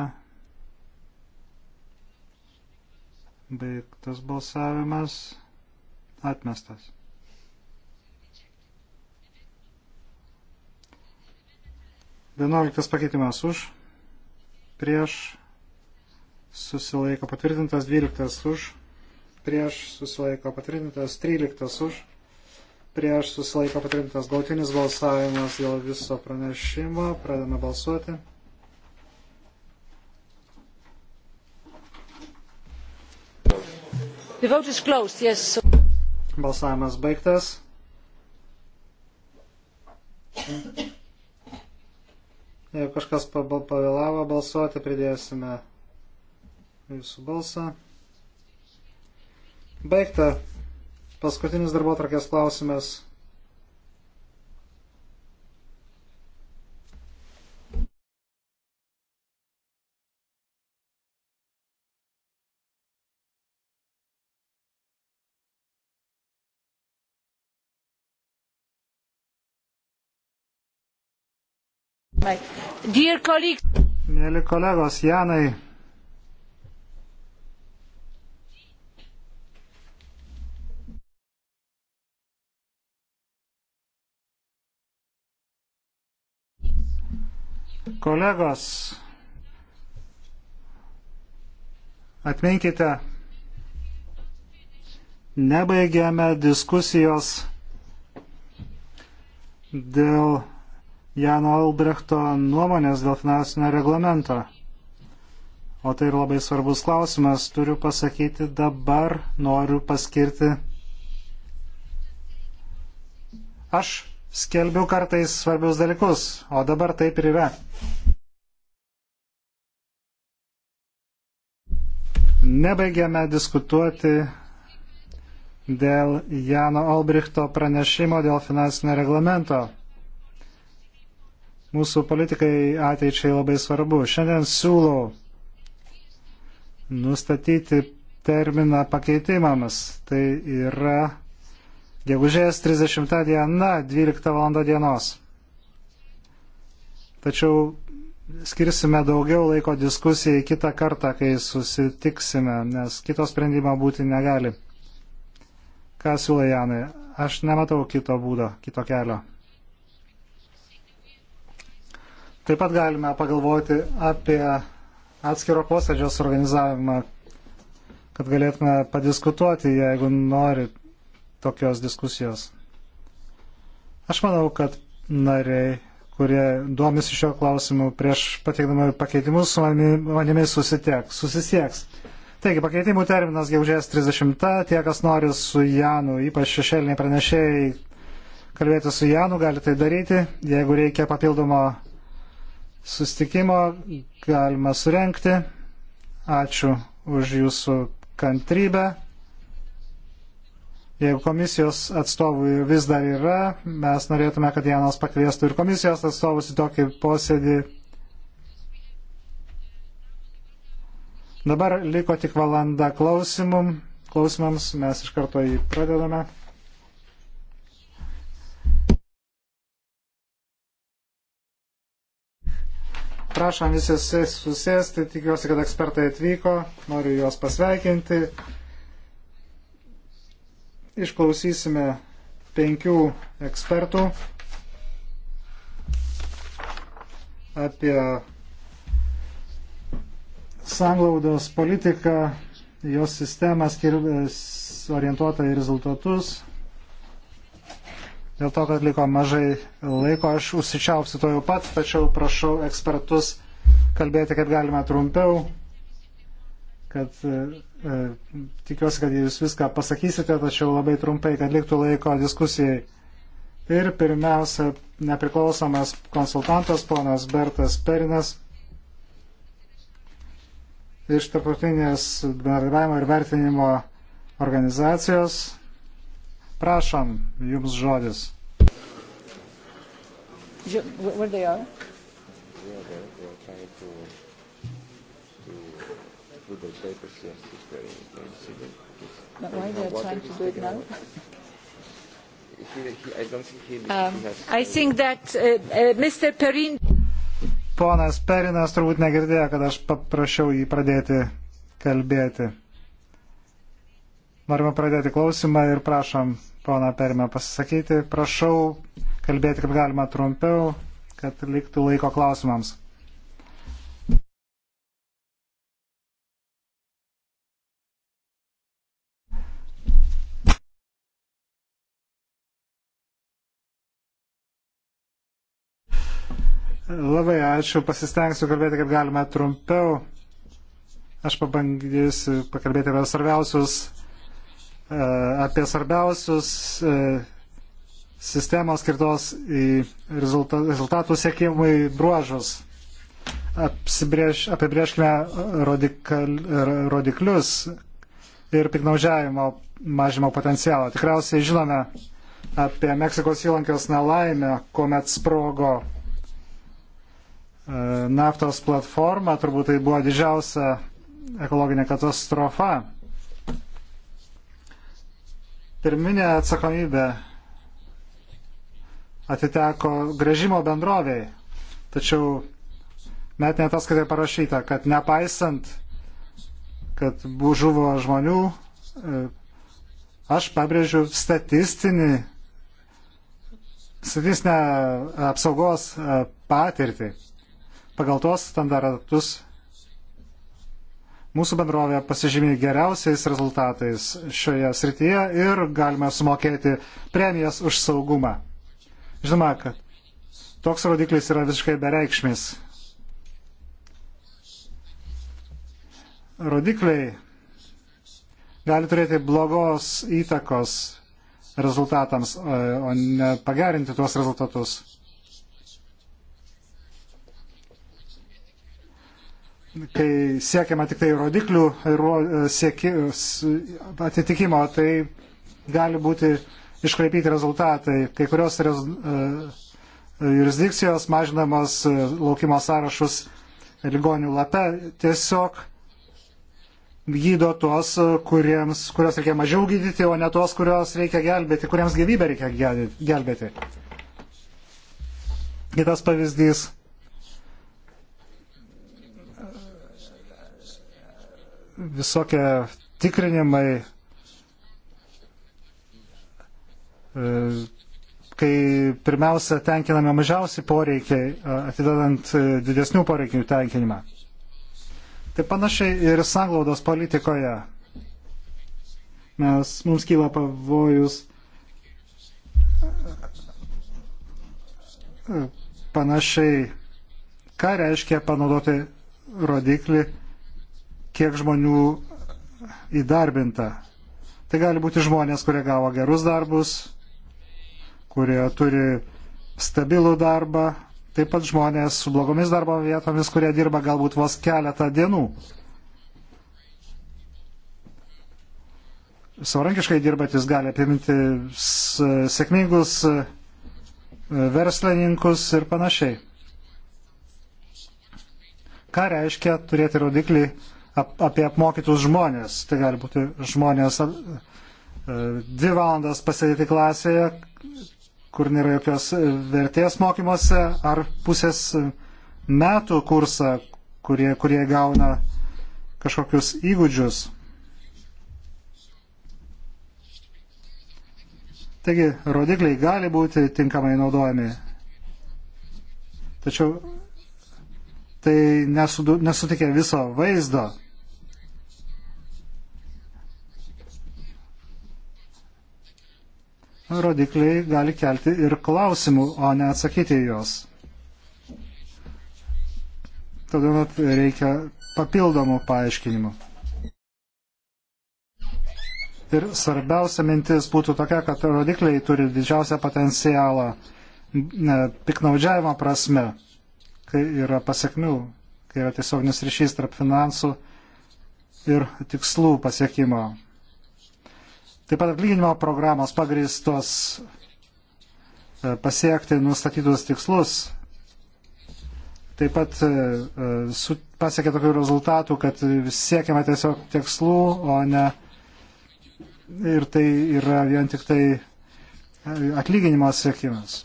Baigtas balsavimas, atmestas. Vienuoliktas pakeitimas už, prieš, susilaiko patvirtintas, dvyliktas už prieš susilaiko patvirtintas, 13 už, prieš susilaiko patvirtintas gautinis balsavimas dėl viso pranešimo, pradame balsuoti. The vote is closed, yes. Balsavimas baigtas. Jeigu kažkas pavėlavo balsuoti, pridėsime jūsų balsą. Baigta. Paskutinis darbo trakės klausimas. Mėly kolegos, Janai, Kolegos, atminkite, nebaigėme diskusijos dėl Jano Albrechto nuomonės dėl finansinio reglamento. O tai ir labai svarbus klausimas, turiu pasakyti, dabar noriu paskirti. Aš skelbiu kartais svarbius dalykus, o dabar taip ir yra. Nebaigėme diskutuoti dėl Jano Olbrichto pranešimo dėl finansinio reglamento. Mūsų politikai ateičiai labai svarbu. Šiandien siūlau nustatyti terminą pakeitimams. Tai yra Gegužės 30 diena, 12 val. dienos. Tačiau skirsime daugiau laiko diskusijai kitą kartą, kai susitiksime, nes kito sprendimo būti negali. Ką siūlai, Janai? Aš nematau kito būdo, kito kelio. Taip pat galime pagalvoti apie atskiro posėdžio suorganizavimą, kad galėtume padiskutuoti, jeigu norit tokios diskusijos. Aš manau, kad nariai, kurie duomisi šio klausimu prieš pateikdami pakeitimus, su manimi susitiek, susisieks. Taigi, pakeitimų terminas gegužės 30, tie, kas nori su Janu, ypač šešėliniai pranešėjai, kalbėti su Janu, gali tai daryti. Jeigu reikia papildomo sustikimo, galima surenkti. Ačiū už jūsų kantrybę. Jeigu komisijos atstovų vis dar yra, mes norėtume, kad Janas pakviestų ir komisijos atstovus į tokį posėdį. Dabar liko tik valanda klausimum. klausimams, mes iš karto jį pradedame. Prašom visi susėsti, tikiuosi, kad ekspertai atvyko, noriu juos pasveikinti. Išklausysime penkių ekspertų apie sanglaudos politiką, jos sistemą orientuotą į rezultatus. Dėl to, kad liko mažai laiko, aš užsičiaupsiu to jau pat, tačiau prašau ekspertus kalbėti kaip galima trumpiau kad e, e, tikiuosi, kad jūs viską pasakysite, tačiau labai trumpai, kad liktų laiko diskusijai. Ir pirmiausia, nepriklausomas konsultantas ponas Bertas Perinas iš tarptautinės bendradarbiavimo ir vertinimo organizacijos. Prašom, jums žodis. Je, where they are? through the papers, yes, it's very, very simple. It's but why they are trying to do it now? He, he, I don't think he, um, he has... I think that uh, uh, Mr. Perin... Ponas Perinas turbūt negirdėjo, kad aš paprašiau jį pradėti kalbėti. Norime pradėti klausimą ir prašom poną Perimą pasisakyti. Prašau kalbėti kaip galima trumpiau, kad liktų laiko klausimams. Labai ačiū, pasistengsiu kalbėti kaip galima trumpiau. Aš pabandysiu pakalbėti apie svarbiausius, e, apie svarbiausius e, sistemos skirtos į rezultatų siekimui bruožus. Apsibrėž, apibrieškime rodikal, rodiklius ir piknaužiavimo mažimo potencialą. Tikriausiai žinome apie Meksikos įlankios nelaimę, kuomet sprogo naftos platforma, turbūt tai buvo didžiausia ekologinė katastrofa. Pirminė atsakomybė atiteko grežimo bendroviai, tačiau net netaskaitai parašyta, kad nepaisant, kad žuvo žmonių, e, aš pabrėžiu statistinį, statistinę apsaugos e, patirtį. Pagal tuos standartus mūsų bendrovė pasižymė geriausiais rezultatais šioje srityje ir galime sumokėti premijas už saugumą. Žinoma, kad toks rodiklis yra visiškai bereikšmis. Rodikliai gali turėti blogos įtakos rezultatams, o ne pagerinti tuos rezultatus. kai siekiama tik tai rodiklių e, sieki, atitikimo, tai gali būti iškraipyti rezultatai. Kai kurios rez, e, e, jurisdikcijos mažinamos laukimo sąrašus ligonių lape tiesiog gydo tuos, kuriems, kurios reikia mažiau gydyti, o ne tuos, kurios reikia gelbėti, kuriems gyvybę reikia gelbėti. Kitas pavyzdys visokie tikrinimai, e, kai pirmiausia tenkiname mažiausi poreikiai, atidedant e, didesnių poreikių tenkinimą. Tai panašiai ir sanglaudos politikoje. Mes, mums kyla pavojus e, panašiai, ką reiškia panaudoti rodiklį kiek žmonių įdarbinta. Tai gali būti žmonės, kurie gavo gerus darbus, kurie turi stabilų darbą, taip pat žmonės su blogomis darbo vietomis, kurie dirba galbūt vos keletą dienų. Savarankiškai dirbantis gali apimti sėkmingus e, verslininkus ir panašiai. Ką reiškia turėti rodiklį ap, apie apmokytus žmonės. Tai gali būti žmonės e, dvi valandas pasėdėti klasėje, kur nėra jokios vertės mokymuose, ar pusės metų kursą, kurie, kurie gauna kažkokius įgūdžius. Taigi, rodikliai gali būti tinkamai naudojami. Tačiau tai nesutikė viso vaizdo. rodikliai gali kelti ir klausimų, o ne atsakyti juos. Todėl reikia papildomų paaiškinimų. Ir svarbiausia mintis būtų tokia, kad rodikliai turi didžiausią potencialą e, piknaudžiavimo prasme, kai yra pasiekmių, kai yra tiesioginis ryšys tarp finansų ir tikslų pasiekimo. Taip pat atlyginimo programos pagristos e, pasiekti nustatytus tikslus. Taip pat e, e, pasiekė tokių rezultatų, kad siekiama tiesiog tikslų, o ne ir tai yra vien tik tai atlyginimo siekimas.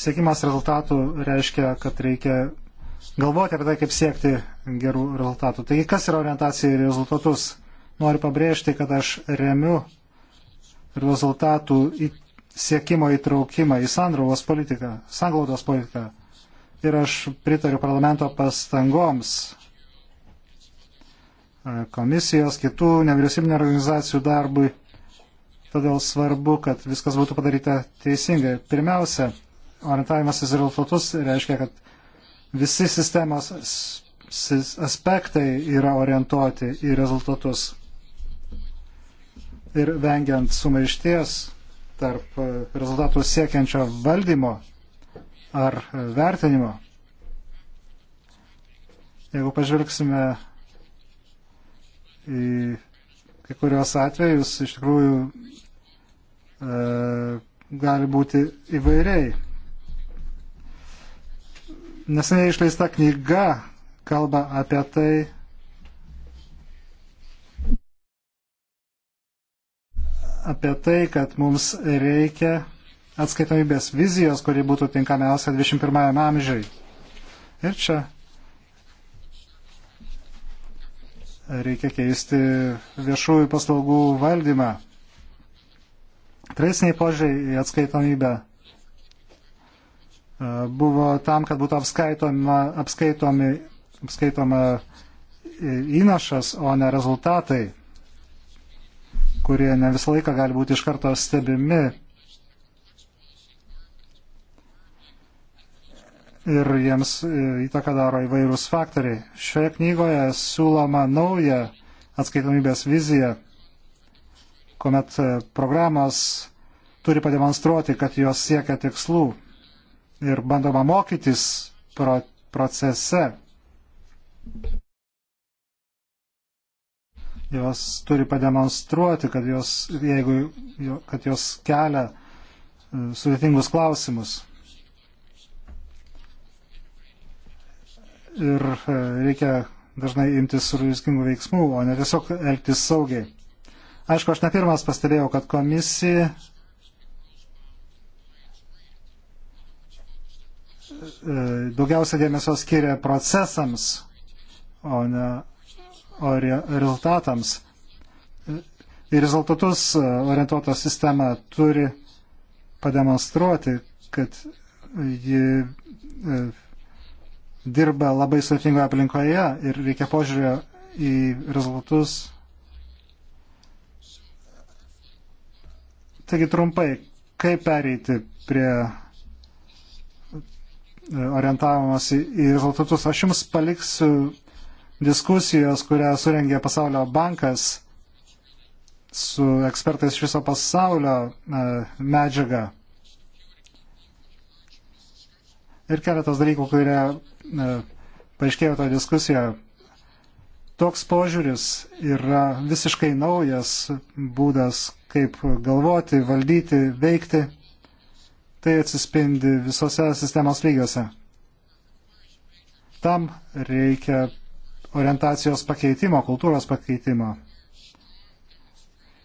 Siekimas rezultatų reiškia, kad reikia galvoti apie tai, kaip siekti gerų rezultatų. Taigi, kas yra orientacija į rezultatus? Noriu pabrėžti, kad aš remiu rezultatų į siekimo įtraukimą į sandraugos politiką, sanglaudos politiką. Ir aš pritariu parlamento pastangoms e, komisijos, kitų nevyriausybinio organizacijų darbui. Todėl svarbu, kad viskas būtų padaryta teisingai. Pirmiausia, orientavimas į rezultatus reiškia, kad visi sistemos aspektai yra orientuoti į rezultatus. Ir vengiant sumaišties tarp e, rezultatų siekiančio valdymo ar e, vertinimo. Jeigu pažvelgsime į kai kurios atvejus, iš tikrųjų e, gali būti įvairiai. Neseniai išleista knyga kalba apie tai, apie tai, kad mums reikia atskaitomybės vizijos, kuri būtų tinkamiausia 21 amžiai. Ir čia reikia keisti viešųjų paslaugų valdymą. Tradiciniai požiūriai į atskaitomybę E, buvo tam, kad būtų apskaitoma, apskaitomi, apskaitoma e, įnašas, o ne rezultatai, kurie ne visą laiką gali būti iš karto stebimi. Ir jiems e, įtaką daro įvairūs faktoriai. Šioje knygoje siūloma nauja atskaitomybės vizija, kuomet programos turi pademonstruoti, kad jos siekia tikslų ir bandoma mokytis pro, procese. Jos turi pademonstruoti, kad jos, jeigu, kad jos kelia e, sudėtingus klausimus. Ir e, reikia dažnai imtis rizikingų veiksmų, o ne tiesiog elgtis saugiai. Aišku, aš ne pirmas pastebėjau, kad komisija E, daugiausia dėmesio skiria procesams, o ne o re, rezultatams. E, į rezultatus e, orientuota sistema turi pademonstruoti, kad ji dirba labai sudėtingoje aplinkoje ir reikia požiūrio į rezultatus. Taigi trumpai, kaip pereiti prie orientavimas į, į rezultatus. Aš jums paliksiu diskusijos, kurią surengė Pasaulio bankas su ekspertais iš viso pasaulio e, medžiaga. Ir keletas dalykų, kurie e, paaiškėjo to diskusijoje. Toks požiūris yra visiškai naujas būdas, kaip galvoti, valdyti, veikti Tai atsispindi visose sistemos lygiuose. Tam reikia orientacijos pakeitimo, kultūros pakeitimo.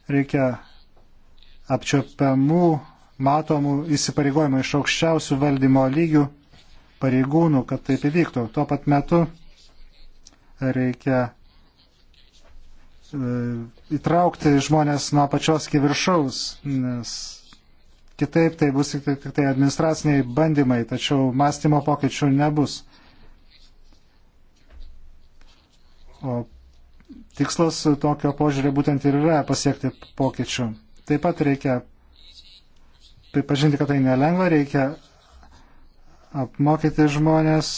Reikia apčiopiamų, matomų įsipareigojimų iš aukščiausių valdymo lygių pareigūnų, kad taip įvyktų. Tuo pat metu reikia e, įtraukti žmonės nuo pačios iki viršaus, nes Kitaip tai bus tik, tik tai administraciniai bandymai, tačiau mąstymo pokyčių nebus. O tikslas tokio požiūrė būtent ir yra pasiekti pokyčių. Taip pat reikia pripažinti, kad tai nelengva, reikia apmokyti žmonės.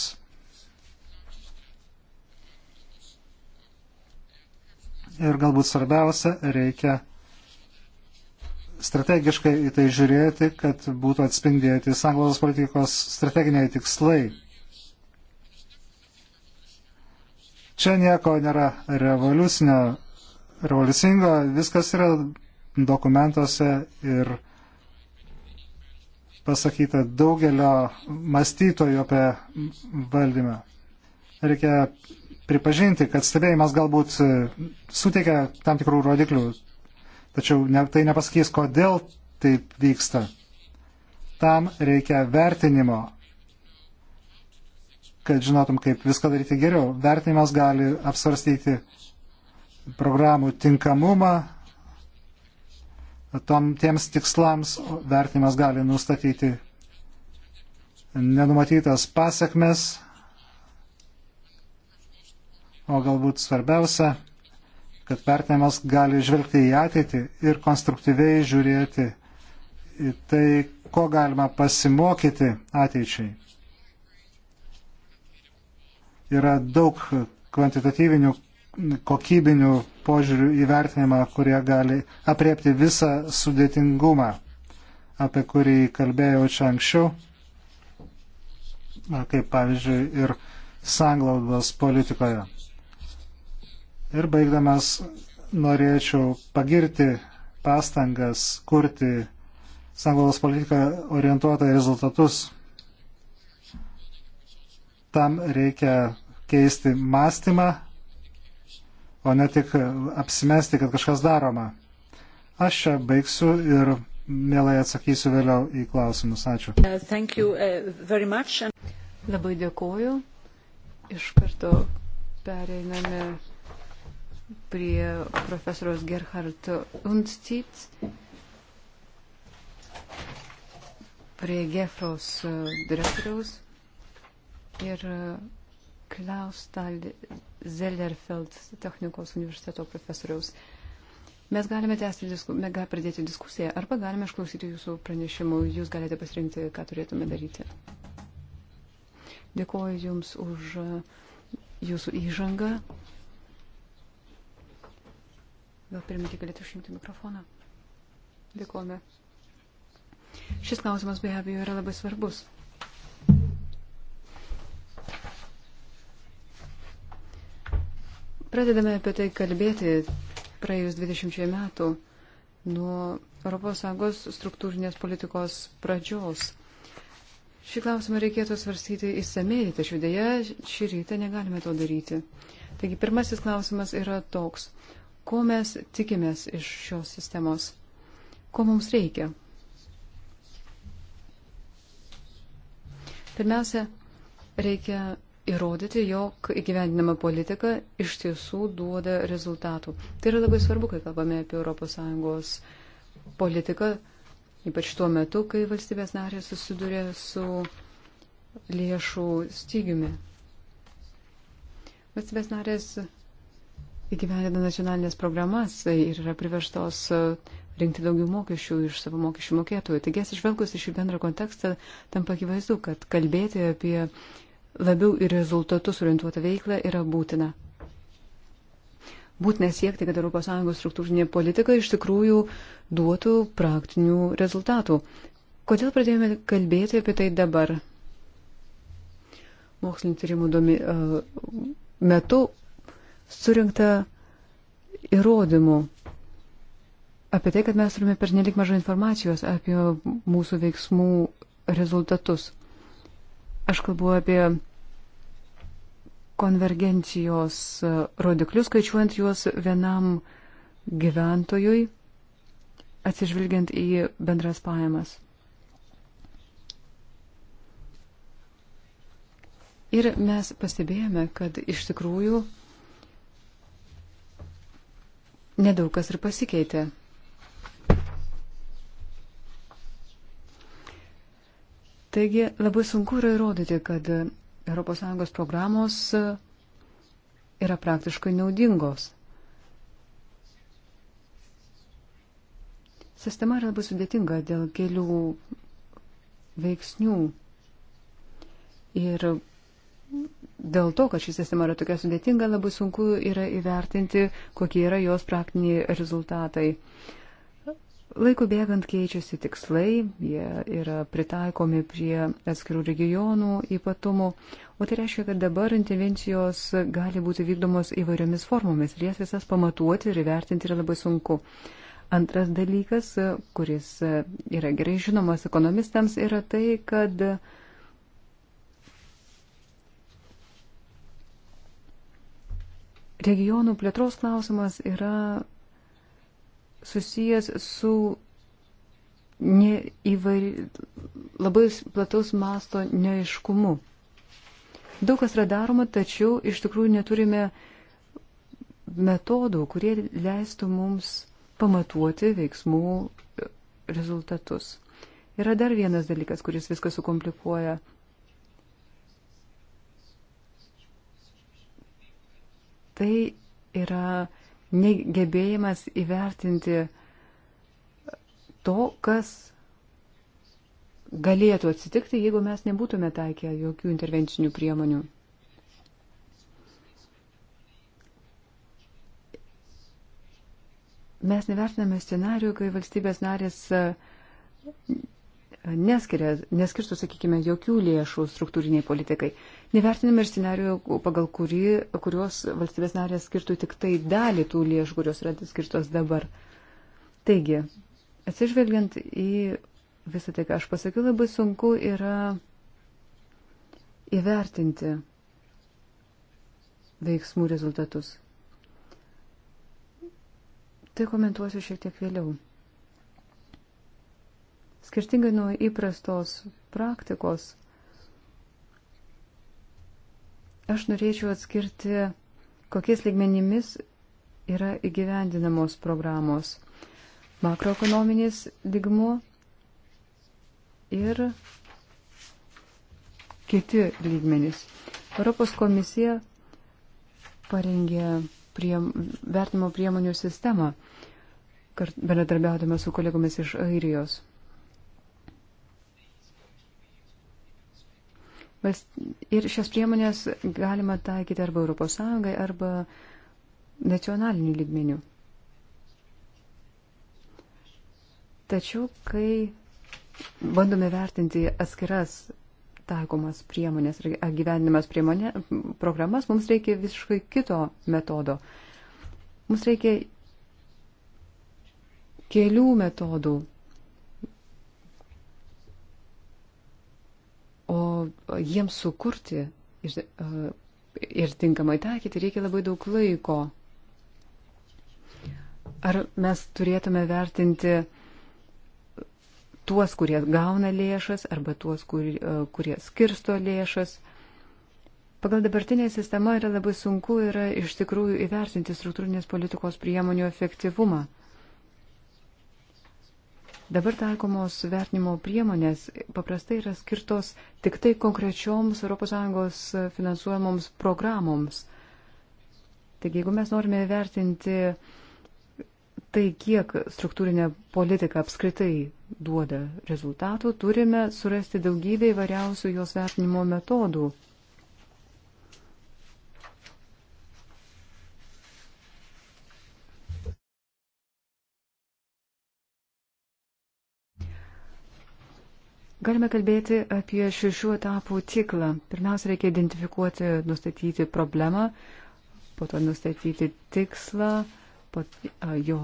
Ir galbūt svarbiausia, reikia strategiškai į tai žiūrėti, kad būtų atspindėti sanglaudos politikos strateginiai tikslai. Čia nieko nėra revoliucinio, revoliucingo, viskas yra dokumentuose ir pasakyta daugelio mąstytojų apie valdymą. Reikia pripažinti, kad stebėjimas galbūt suteikia tam tikrų rodiklių, Tačiau ne, tai nepasakys, kodėl taip vyksta. Tam reikia vertinimo, kad žinotum, kaip viską daryti geriau. Vertinimas gali apsvarstyti programų tinkamumą tom, tiems tikslams, vertinimas gali nustatyti nenumatytas pasiekmes, o galbūt svarbiausia, kad vertinimas gali žvelgti į ateitį ir konstruktyviai žiūrėti į tai, ko galima pasimokyti ateičiai. Yra daug kvantitatyvinių, kokybinių požiūrių įvertinimą, kurie gali apriepti visą sudėtingumą, apie kurį kalbėjau čia anksčiau, kaip pavyzdžiui ir sanglaudos politikoje. Ir baigdamas norėčiau pagirti pastangas kurti sanglaudos politiką orientuotą į rezultatus. Tam reikia keisti mąstymą, o ne tik apsimesti, kad kažkas daroma. Aš čia baigsiu ir mielai atsakysiu vėliau į klausimus. Ačiū. Uh, uh, Labai dėkoju. Iš karto pereiname prie profesoriaus Gerhard Unstit, prie Gefros e, direktoriaus ir e, Klaus Tal Zellerfeld technikos universiteto profesoriaus. Mes galime tęsti, disku, galime pradėti diskusiją arba galime išklausyti jūsų pranešimų. Jūs galite pasirinkti, ką turėtume daryti. Dėkuoju Jums už e, Jūsų įžangą. Gal pirmininkė galėtų išjungti mikrofoną? Dėkojame. Šis klausimas be abejo yra labai svarbus. Pradedame apie tai kalbėti praėjus 20 metų nuo ES struktūrinės politikos pradžios. Šį klausimą reikėtų svarstyti įsamei, tačiau dėja šį rytą negalime to daryti. Taigi pirmasis klausimas yra toks. Ko mes tikimės iš šios sistemos? Ko mums reikia? Pirmiausia, reikia įrodyti, jog įgyvendinama politika iš tiesų duoda rezultatų. Tai yra labai svarbu, kai kalbame apie ES politiką, ypač tuo metu, kai valstybės narės susiduria su lėšų stygiumi. Valstybės narės įgyvendina nacionalinės programas ir yra priverstos e, rinkti daugiau mokesčių iš savo mokesčių mokėtojų. Taigi, atsižvelgus į šį bendrą kontekstą, tampa akivaizdu, kad kalbėti apie labiau į rezultatus orientuotą veiklą yra būtina. Būtina siekti, kad ES struktūrinė politika iš tikrųjų duotų praktinių rezultatų. Kodėl pradėjome kalbėti apie tai dabar? Mokslinio tyrimų domi, e, metu surinkta įrodymų apie tai, kad mes turime pernelik mažai informacijos apie mūsų veiksmų rezultatus. Aš kalbu apie konvergencijos e, rodiklius, skaičiuojant juos vienam gyventojui, atsižvelgiant į bendras pajamas. Ir mes pastebėjome, kad iš tikrųjų nedaug kas ir pasikeitė. Taigi labai sunku yra įrodyti, kad ES programos yra praktiškai naudingos. Sistema yra labai sudėtinga dėl kelių veiksnių. Ir dėl to, kad ši sistema yra tokia sudėtinga, labai sunku yra įvertinti, kokie yra jos praktiniai rezultatai. Laiko bėgant keičiasi tikslai, jie yra pritaikomi prie atskirų regionų ypatumų, o tai reiškia, kad dabar intervencijos gali būti vykdomos įvairiomis formomis ir jas visas pamatuoti ir įvertinti yra labai sunku. Antras dalykas, kuris yra gerai žinomas ekonomistams, yra tai, kad uh, regionų plėtros klausimas yra susijęs su neįvairi, labai plataus masto neaiškumu. Daug kas yra daroma, tačiau iš tikrųjų neturime metodų, kurie leistų mums pamatuoti veiksmų rezultatus. Yra dar vienas dalykas, kuris viską sukomplikuoja. Tai yra negebėjimas įvertinti to, kas galėtų atsitikti, jeigu mes nebūtume taikę jokių intervencinių priemonių. Mes nevertiname scenarių, kai valstybės narės neskiria, neskirtų, sakykime, jokių lėšų struktūriniai politikai. Nevertiname ir scenarijų, pagal kurį, kurios valstybės narės skirtų tik tai dalį tų lėšų, kurios yra skirtos dabar. Taigi, atsižvelgiant į visą tai, ką aš pasakiau, labai sunku yra įvertinti veiksmų rezultatus. Tai komentuosiu šiek tiek vėliau. Skirtingai nuo įprastos praktikos, aš norėčiau atskirti, kokiais lygmenimis yra įgyvendinamos programos. Makroekonominis lygmuo ir kiti lygmenys. Europos komisija parengė prie, vertimo priemonių sistemą, bendradarbiaudama su kolegomis iš Airijos. Ir šias priemonės galima taikyti arba ES, arba nacionaliniu lygmeniu. Tačiau, kai bandome vertinti atskiras taikomas priemonės ir gyvenimas priemonė, programas, mums reikia visiškai kito metodo. Mums reikia kelių metodų O jiems sukurti ir, e, ir tinkamai taikyti reikia labai daug laiko. Ar mes turėtume vertinti tuos, kurie gauna lėšas arba tuos, kur, e, kurie skirsto lėšas? Pagal dabartinę sistemą yra labai sunku yra iš tikrųjų įvertinti struktūrinės politikos priemonių efektyvumą. Dabar taikomos vertinimo priemonės paprastai yra skirtos tik tai konkrečioms ES finansuojamoms programoms. Taigi, jeigu mes norime vertinti tai, kiek struktūrinė politika apskritai duoda rezultatų, turime surasti daugybę įvairiausių jos vertinimo metodų. Galime kalbėti apie šešių etapų ciklą. Pirmiausia, reikia identifikuoti, nustatyti problemą, po to nustatyti tikslą, po jo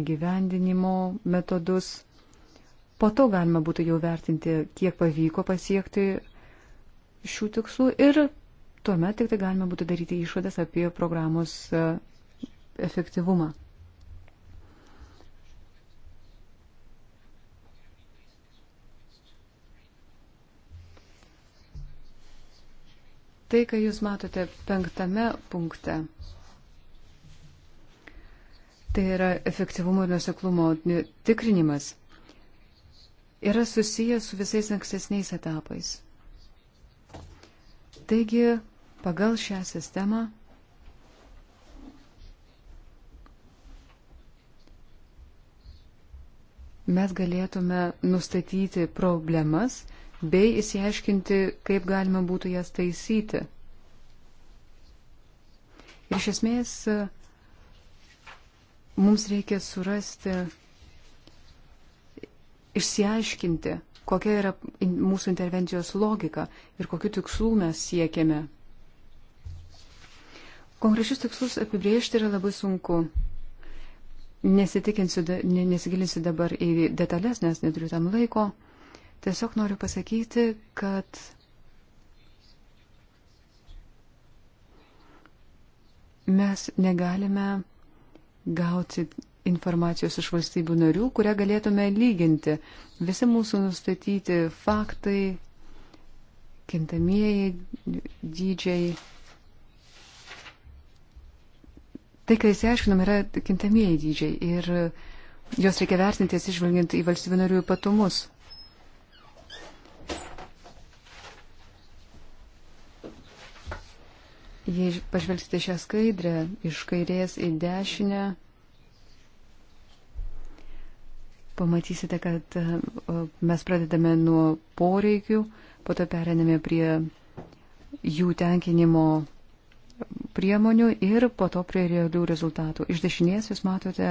įgyvendinimo metodus. Po to galima būtų jau vertinti, kiek pavyko pasiekti šių tikslų ir tuomet tik tai galima būtų daryti išvadas apie programos efektyvumą. tai, ką jūs matote penktame punkte. Tai yra efektyvumo ir nuseklumo tikrinimas. Yra susijęs su visais ankstesniais etapais. Taigi, pagal šią sistemą mes galėtume nustatyti problemas bei įsiaiškinti, kaip galima būtų jas taisyti. Ir iš esmės mums reikia surasti, išsiaiškinti, kokia yra mūsų intervencijos logika ir kokiu tikslu mes siekiame. Konkrečius tikslus apibriežti yra labai sunku. Nesitikinsiu, nesigilinsiu dabar į detalės, nes neturiu tam laiko. Tiesiog noriu pasakyti, kad mes negalime gauti informacijos iš valstybių narių, kurią galėtume lyginti. Visi mūsų nustatyti faktai, kintamieji dydžiai. Tai, ką įsiaiškinom, yra kintamieji dydžiai ir juos reikia vertinti atsižvelgiant į valstybių narių ypatumus. Jei pažvelgsite šią skaidrę iš kairės į dešinę, pamatysite, kad e, mes pradedame nuo poreikių, po to perėmėme prie jų tenkinimo priemonių ir po to prie realių rezultatų. Iš dešinės jūs matote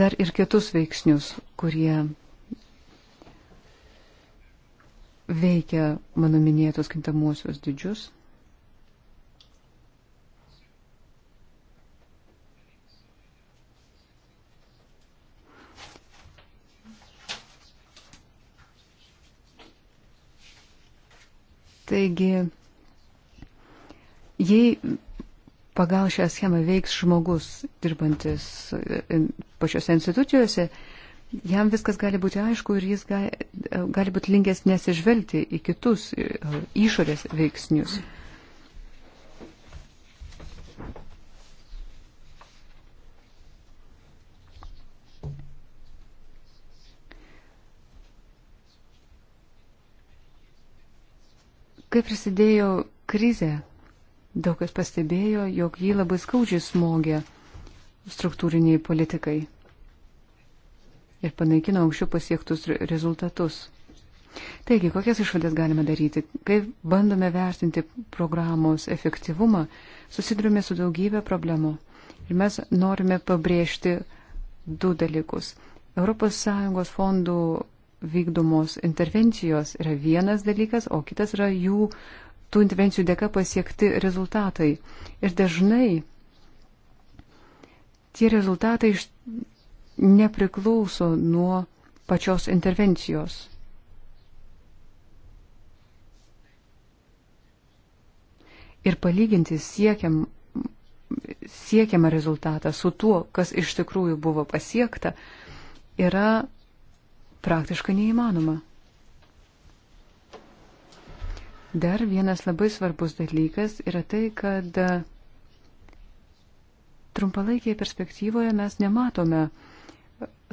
dar ir kitus veiksnius, kurie veikia mano minėtos kintamuosios dydžius. Taigi, jei pagal šią schemą veiks žmogus dirbantis e, e, pačiose institucijose, jam viskas gali būti aišku ir jis gali, gali būti linkęs nesižvelgti į kitus e, išorės veiksnius. Kai prasidėjo krizė, daug kas pastebėjo, jog jį labai skaudžiai smogė struktūriniai politikai ir panaikino anksčiau pasiektus rezultatus. Taigi, kokias išvadas galime daryti? Kai bandome vertinti programos efektyvumą, susidurime su daugybė problemų. Ir mes norime pabrėžti du dalykus. ES fondų vykdomos intervencijos yra vienas dalykas, o kitas yra jų tų intervencijų dėka pasiekti rezultatai. Ir dažnai tie rezultatai iš, nepriklauso nuo pačios intervencijos. Ir palyginti siekiam, siekiamą rezultatą su tuo, kas iš tikrųjų buvo pasiekta, yra praktiškai neįmanoma. Dar vienas labai svarbus dalykas yra tai, kad e, trumpalaikėje perspektyvoje mes nematome uh,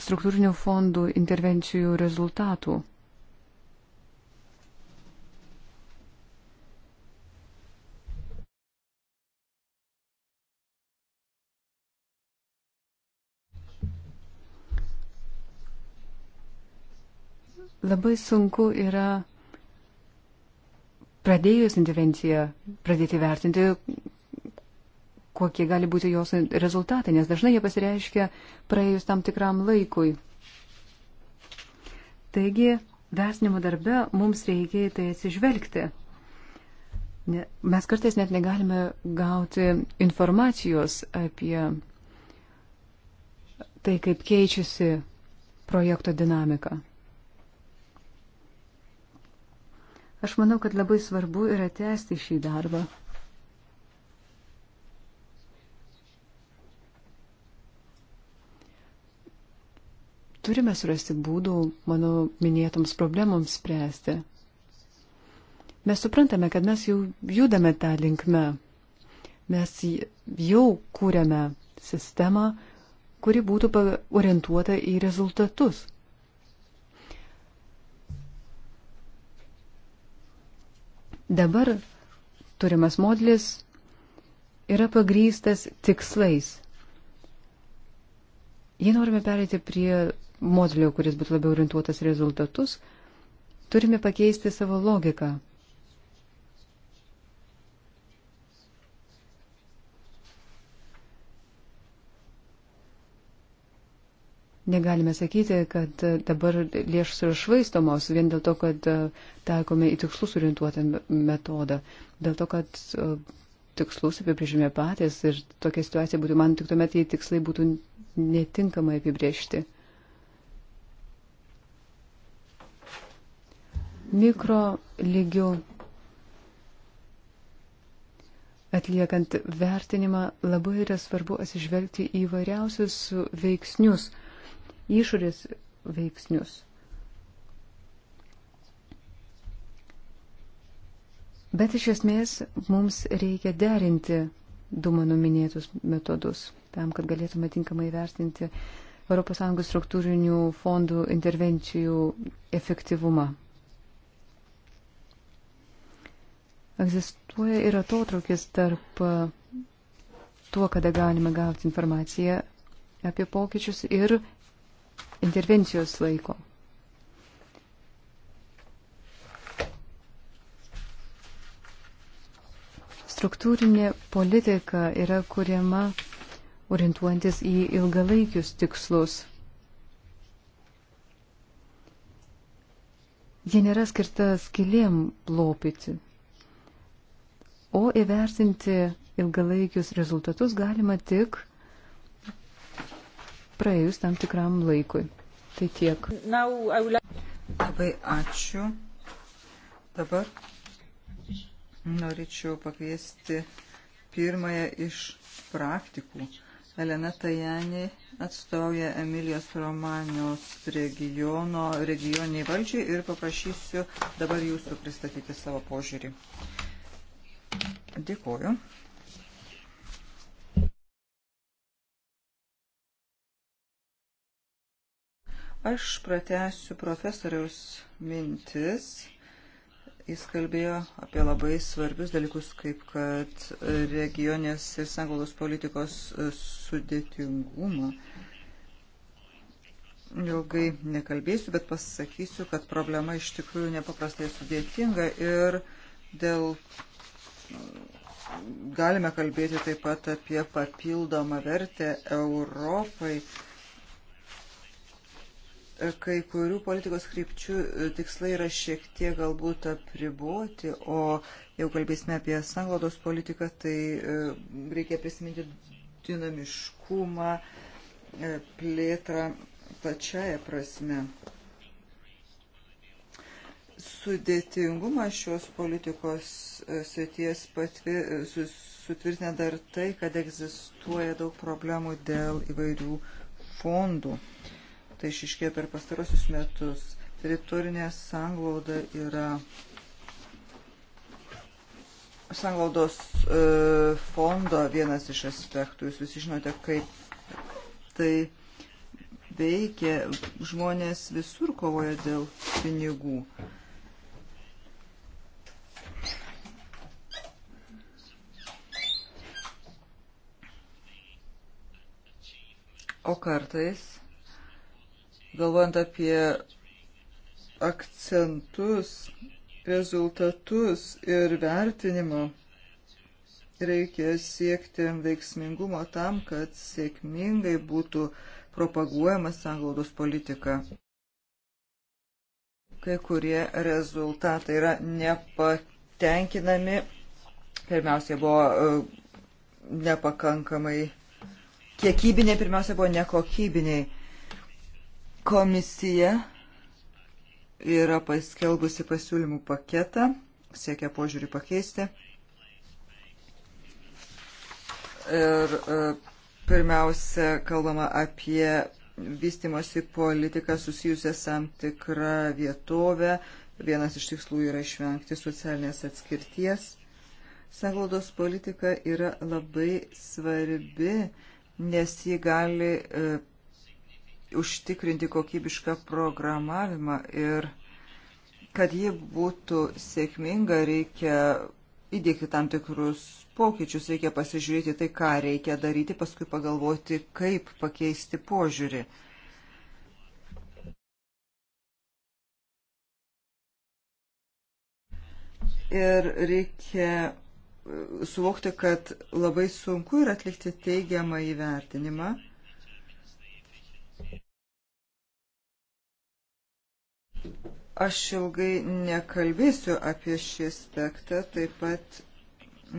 struktūrinių fondų intervencijų rezultatų. Labai sunku yra pradėjus intervenciją pradėti vertinti, kokie gali būti jos rezultatai, nes dažnai jie pasireiškia praėjus tam tikram laikui. Taigi, vertinimo darbe mums reikia į tai atsižvelgti. Mes kartais net negalime gauti informacijos apie tai, kaip keičiasi projekto dinamika. Aš manau, kad labai svarbu yra tęsti šį darbą. Turime surasti būdų mano minėtoms problemams spręsti. Mes suprantame, kad mes jau judame tą linkmę. Mes jau kūrėme sistemą, kuri būtų orientuota į rezultatus. Dabar turimas modelis yra pagrystas tikslais. Jei norime perėti prie modelio, kuris būtų labiau orientuotas rezultatus, turime pakeisti savo logiką. Negalime sakyti, kad dabar lėšus yra švaistomos vien dėl to, kad e, taikome į tikslus orientuotą metodą, dėl to, kad e, tikslus apibrėžime patys ir tokia situacija būtų man tik tuomet, jei tikslai būtų netinkamai apibrėžti. mikro lygių, atliekant vertinimą, labai yra svarbu atsižvelgti į vairiausius veiksnius, išorės veiksnius. Bet iš esmės mums reikia derinti du mano minėtus metodus, tam, kad galėtume tinkamai vertinti ES struktūrinių fondų intervencijų efektyvumą. Egzistuoja ir atotrukis tarp e, tuo, kada galime gauti informaciją apie pokyčius ir intervencijos laiko. Struktūrinė politika yra kuriama orientuojantis į ilgalaikius tikslus. Ji nėra skirta skilėm lopyti, o įvertinti ilgalaikius rezultatus galima tik praėjus tam tikram laikui. Tai tiek. Labai ačiū. Dabar norėčiau pakviesti pirmąją iš praktikų. Elena Tajanė atstovauja Emilijos Romanios regiono, regioniai valdžiai ir paprašysiu dabar jūsų pristatyti savo požiūrį. Dėkuoju. Aš pratęsiu profesoriaus mintis. Jis kalbėjo apie labai svarbius dalykus, kaip kad regionės ir sanglaudos politikos sudėtingumą. Ilgai nekalbėsiu, bet pasakysiu, kad problema iš tikrųjų nepaprastai sudėtinga ir dėl galime kalbėti taip pat apie papildomą vertę Europai. Kai kurių politikos krypčių tikslai yra šiek tiek galbūt apriboti, o jau kalbėsime apie sanglaudos politiką, tai e, reikia prisiminti dinamiškumą, e, plėtrą plačiaja prasme sudėtingumą šios politikos e, sėties sutvirtina dar tai, kad egzistuoja daug problemų dėl įvairių fondų. Tai išiškėjo per pastarosius metus. Teritorinė sanglauda yra sanglaudos e, fondo vienas iš aspektų. Jūs visi žinote, kaip tai veikia. Žmonės visur kovoja dėl pinigų. O kartais, galvojant apie akcentus, rezultatus ir vertinimo, reikia siekti veiksmingumo tam, kad sėkmingai būtų propaguojama sanglaudos politika kai kurie rezultatai yra nepatenkinami. Pirmiausia, buvo e, nepakankamai kiekybiniai, pirmiausia, buvo nekokybiniai. Komisija yra paskelbusi pasiūlymų paketą, siekia požiūrį pakeisti. Ir e, pirmiausia, kalbama apie vystimosi politiką susijusią tam tikrą vietovę. Vienas iš tikslų yra išvengti socialinės atskirties. Sanglaudos politika yra labai svarbi nes ji gali e, užtikrinti kokybišką programavimą ir kad ji būtų sėkminga, reikia įdėkti tam tikrus pokyčius, reikia pasižiūrėti tai, ką reikia daryti, paskui pagalvoti, kaip pakeisti požiūrį. Ir reikia suvokti, kad labai sunku yra atlikti teigiamą įvertinimą. Aš ilgai nekalbėsiu apie šį aspektą, taip pat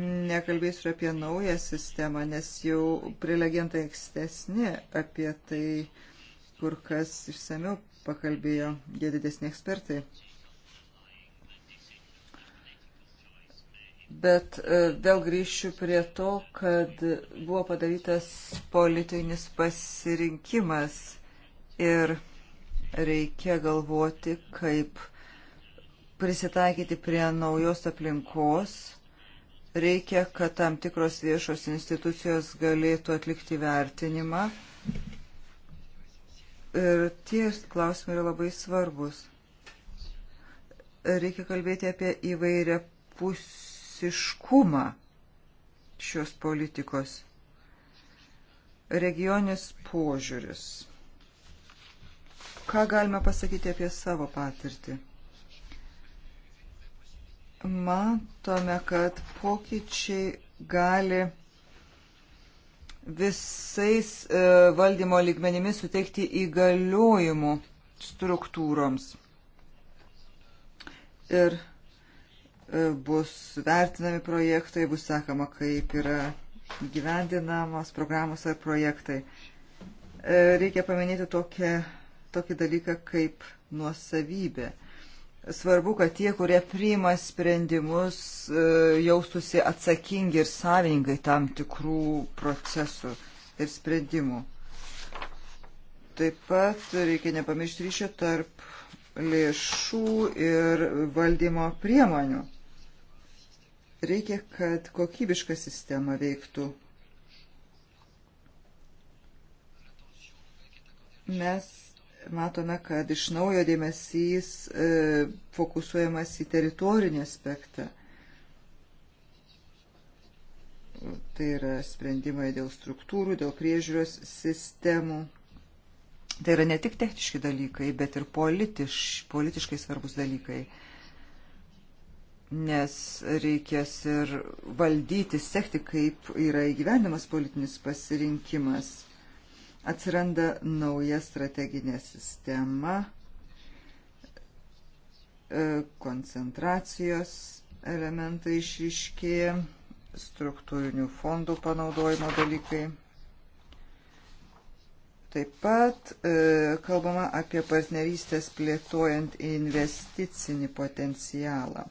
nekalbėsiu apie naują sistemą, nes jau prelegentai ankstesni apie tai kur kas išsamiau pakalbėjo jie didesni ekspertai. Bet e, vėl grįšiu prie to, kad buvo padarytas politinis pasirinkimas ir reikia galvoti, kaip prisitaikyti prie naujos aplinkos. Reikia, kad tam tikros viešos institucijos galėtų atlikti vertinimą. Ir tie klausimai yra labai svarbus. Reikia kalbėti apie įvairią pusę vienpusiškumą šios politikos. Regionis požiūris. Ką galime pasakyti apie savo patirtį? Matome, kad pokyčiai gali visais e, valdymo lygmenimis suteikti įgaliojimų struktūroms. Ir bus vertinami projektai, bus sakoma, kaip yra gyvendinamos programos ar projektai. E, reikia paminėti tokią, tokį dalyką kaip nuosavybė. Svarbu, kad tie, kurie priima sprendimus, e, jaustusi atsakingi ir savingai tam tikrų procesų ir sprendimų. Taip pat reikia nepamiršti ryšio tarp lėšų ir valdymo priemonių. Reikia, kad kokybiška sistema veiktų. Mes matome, kad iš naujo dėmesys e, fokusuojamas į teritorinį aspektą. Tai yra sprendimai dėl struktūrų, dėl priežiūros sistemų. Tai yra ne tik techniški dalykai, bet ir politiš, politiškai svarbus dalykai. E, nes reikės ir valdyti, sekti, kaip yra įgyvendamas politinis pasirinkimas. Atsiranda nauja strateginė sistema e, koncentracijos elementai išryškėja, struktūrinių fondų panaudojimo dalykai. Taip pat e, kalbama apie partnerystės plėtojant investicinį potencialą.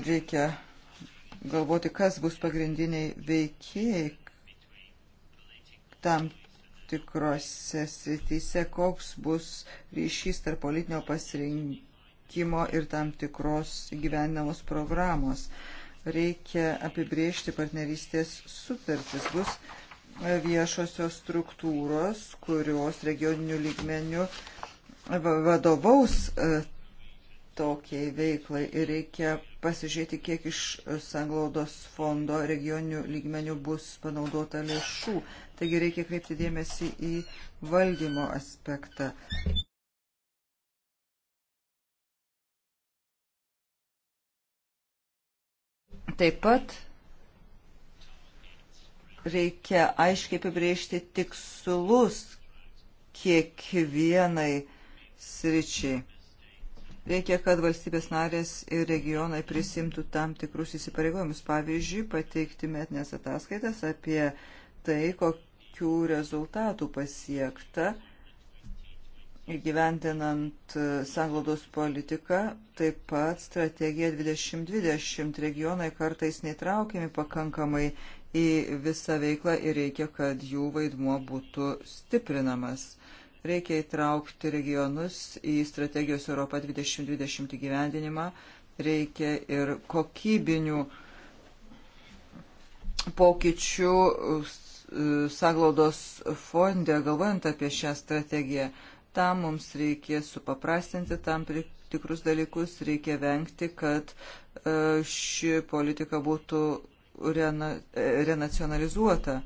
reikia galvoti, kas bus pagrindiniai veikėjai tam tikrose srityse, koks bus ryšys tarp politinio pasirinkimo ir tam tikros gyvenamos programos. Reikia apibriežti partnerystės sutartis. Bus e, viešosios struktūros, kurios regioninių lygmenių vadovaus e, tokiai veiklai ir reikia pasižiūrėti, kiek iš sanglaudos fondo regioninių lygmenių bus panaudota lėšų. Taigi reikia kreipti dėmesį į valdymo aspektą. Taip pat reikia aiškiai apibriežti tikslus kiekvienai sričiai. Reikia, kad valstybės narės ir regionai prisimtų tam tikrus įsipareigojimus, pavyzdžiui, pateikti metinės ataskaitas apie tai, kokių rezultatų pasiekta įgyventinant sanglaudos politiką, taip pat strategija 2020 regionai kartais netraukiami pakankamai į visą veiklą ir reikia, kad jų vaidmuo būtų stiprinamas Reikia įtraukti regionus į strategijos Europa 2020 gyvendinimą. Reikia ir kokybinių pokyčių e, saglaudos fonde, galvojant apie šią strategiją. Tam mums reikės supaprastinti tam tikrus dalykus, reikia vengti, kad e, ši politika būtų rena, e, renacionalizuota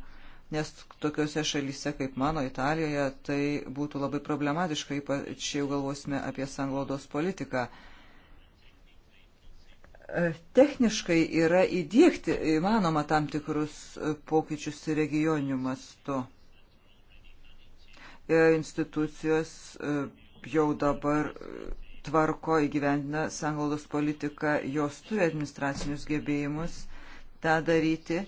nes tokiuose šalyse kaip mano Italijoje tai būtų labai problematiška, ypač jau galvosime apie sanglaudos politiką. E, techniškai yra įdėkti įmanoma tam tikrus e, pokyčius regioniniu mastu. E, institucijos jau dabar tvarko įgyvendina sanglaudos politiką, jos turi administracinius gebėjimus tą daryti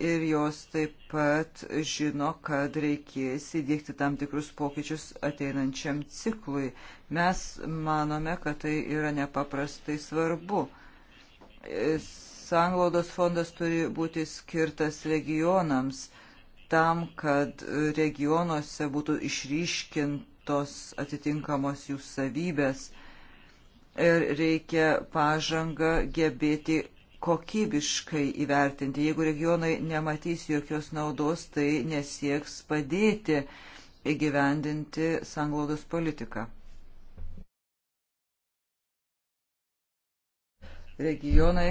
ir jos taip pat žino, kad reikės įdėkti tam tikrus pokyčius ateinančiam ciklui. Mes manome, kad tai yra nepaprastai svarbu. Sanglaudos fondas turi būti skirtas regionams tam, kad regionuose būtų išryškintos atitinkamos jų savybės ir reikia pažangą gebėti kokybiškai įvertinti. Jeigu regionai nematys jokios naudos, tai nesieks padėti įgyvendinti sanglaudos politiką. Regionai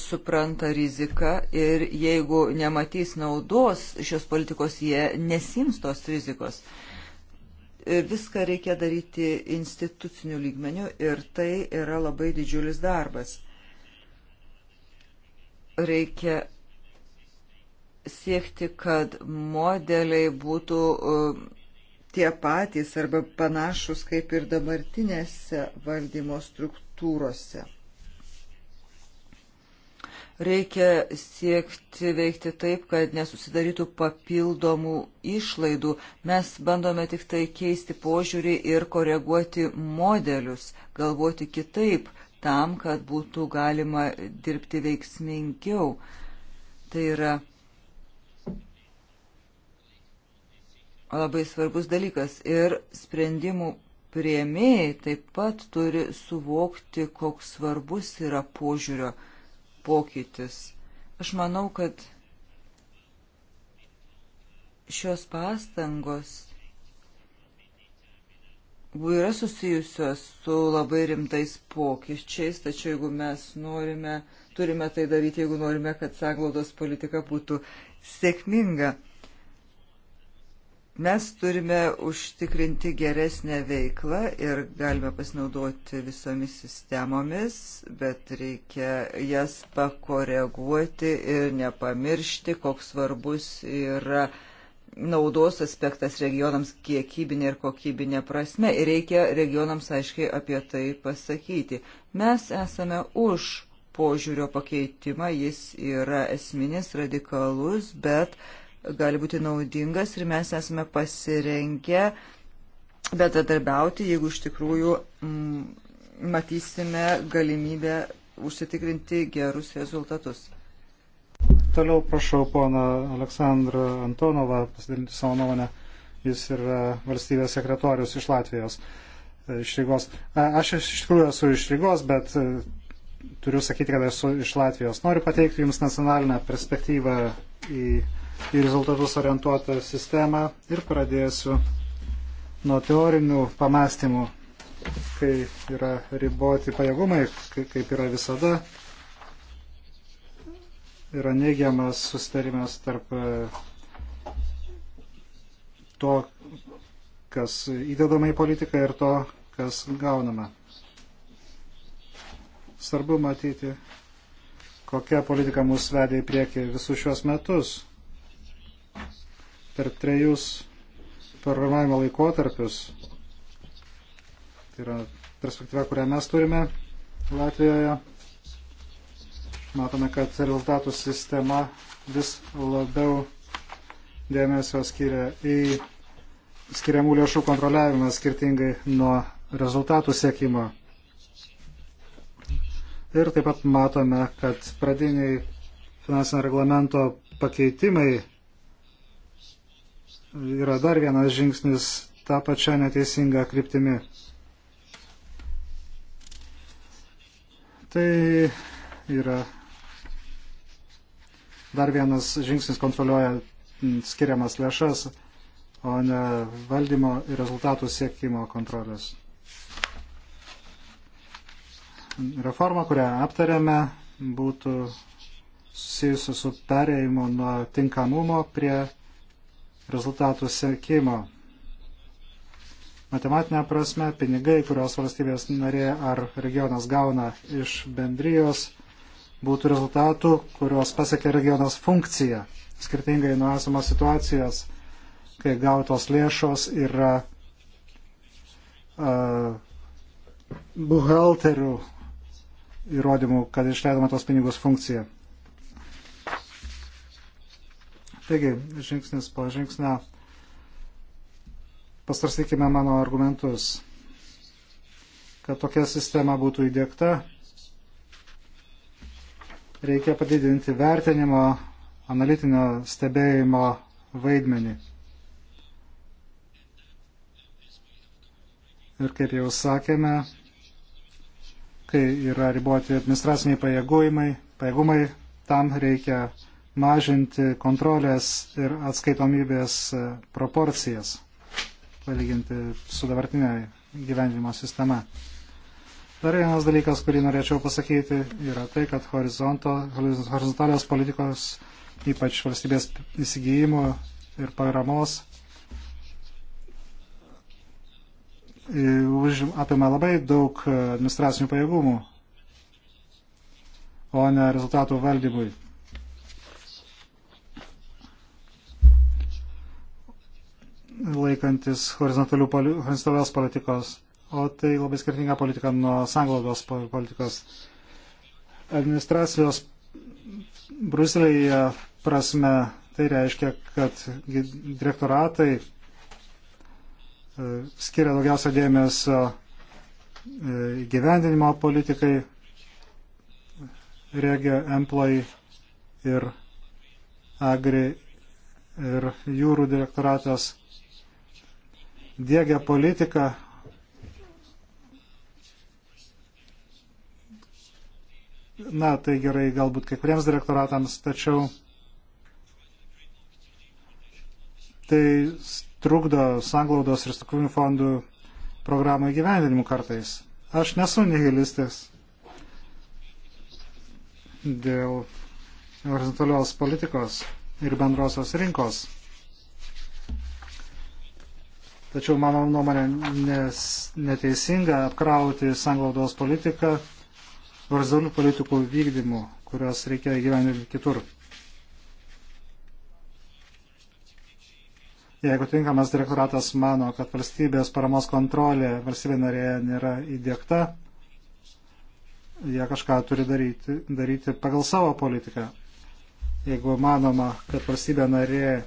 supranta riziką ir jeigu nematys naudos šios politikos, jie nesims tos rizikos viską reikia daryti instituciniu lygmeniu ir tai yra labai didžiulis darbas. Reikia siekti, kad modeliai būtų e, tie patys arba panašus kaip ir dabartinėse valdymo struktūrose. Reikia siekti veikti taip, kad nesusidarytų papildomų išlaidų. Mes bandome tik tai keisti požiūrį ir koreguoti modelius, galvoti kitaip tam, kad būtų galima dirbti veiksmingiau. Tai yra labai svarbus dalykas. Ir sprendimų prieimėjai taip pat turi suvokti, koks svarbus yra požiūrio pokytis. Aš manau, kad šios pastangos yra susijusios su labai rimtais pokyčiais, tačiau jeigu mes norime, turime tai daryti, jeigu norime, kad sanglaudos politika būtų sėkminga. Mes turime užtikrinti geresnę veiklą ir galime pasinaudoti visomis sistemomis, bet reikia jas pakoreguoti ir nepamiršti, koks svarbus yra uh, naudos aspektas regionams kiekybinė ir kokybinė prasme ir reikia regionams aiškiai apie tai pasakyti. Mes esame už požiūrio pakeitimą, jis yra esminis, radikalus, bet gali būti naudingas ir mes esame pasirengę bendradarbiauti, jeigu iš tikrųjų m, mm, matysime galimybę užsitikrinti gerus rezultatus. Toliau prašau poną Aleksandrą Antonovą pasidalinti savo nuomonę. Jis yra valstybės sekretorius iš Latvijos, e, iš Rygos. Aš iš tikrųjų esu iš Rygos, bet e, turiu sakyti, kad esu iš Latvijos. Noriu pateikti Jums nacionalinę perspektyvą į, į rezultatus orientuotą sistemą ir pradėsiu nuo teorinių pamastymų, kai yra riboti pajėgumai, kaip yra visada yra neigiamas sustarimas tarp e, to, kas įdedama į politiką ir to, kas gaunama. Svarbu matyti, kokia politika mus vedė į priekį visus šiuos metus. Per trejus programavimo laikotarpius, tai yra perspektyva, kurią mes turime Latvijoje, matome, kad rezultatų sistema vis labiau dėmesio skiria į skiriamų lėšų kontroliavimą skirtingai nuo rezultatų siekimo. Ir taip pat matome, kad pradiniai finansinio reglamento pakeitimai yra dar vienas žingsnis tą pačią neteisingą kryptimį. Tai yra dar vienas žingsnis kontroliuoja skiriamas lėšas, o ne valdymo ir rezultatų siekimo kontrolės. Reforma, kurią aptarėme, būtų susijusi su perėjimu nuo tinkamumo prie rezultatų siekimo. Matematinė prasme, pinigai, kurios valstybės narė ar regionas gauna iš bendrijos, būtų rezultatų, kuriuos pasiekė regionas funkcija, skirtingai nuo esamos situacijos, kai gautos lėšos yra uh, buhalterių įrodymų, kad išleidama tos pinigus funkcija. Taigi, žingsnis po žingsnio pastarstykime mano argumentus, kad tokia sistema būtų įdėkta reikia padidinti vertinimo, analitinio stebėjimo vaidmenį. Ir kaip jau sakėme, kai yra riboti administraciniai pajėgumai, pajėgumai tam reikia mažinti kontrolės ir atskaitomybės e, proporcijas, palyginti su dabartinė gyvenimo sistema. Dar vienas dalykas, kurį norėčiau pasakyti, yra tai, kad horizontalios politikos, ypač valstybės įsigijimo ir paramos, apima labai daug administracinių pajėgumų, o ne rezultatų valdymui. Laikantis horizontalios politikos o tai labai skirtinga politika nuo sanglaudos politikos. Administracijos Bruselėje prasme tai reiškia, kad direktoratai e, skiria daugiausia dėmesio e, gyvendinimo politikai, regio employ ir agri ir jūrų direktoratas dėgia politiką, na, tai gerai galbūt kai kuriems direktoratams, tačiau tai trukdo sanglaudos ir struktūrinių fondų programų įgyvendinimu kartais. Aš nesu nihilistas dėl horizontalios politikos ir bendrosios rinkos. Tačiau mano nuomonė nes, neteisinga apkrauti sanglaudos politiką horizontalių politikų vykdymu, kurios reikia gyveninti kitur. Jeigu tinkamas direktoratas mano, kad valstybės paramos kontrolė valstybė narėje nėra įdėkta, jie kažką turi daryti, daryti pagal savo politiką. Jeigu manoma, kad valstybė narė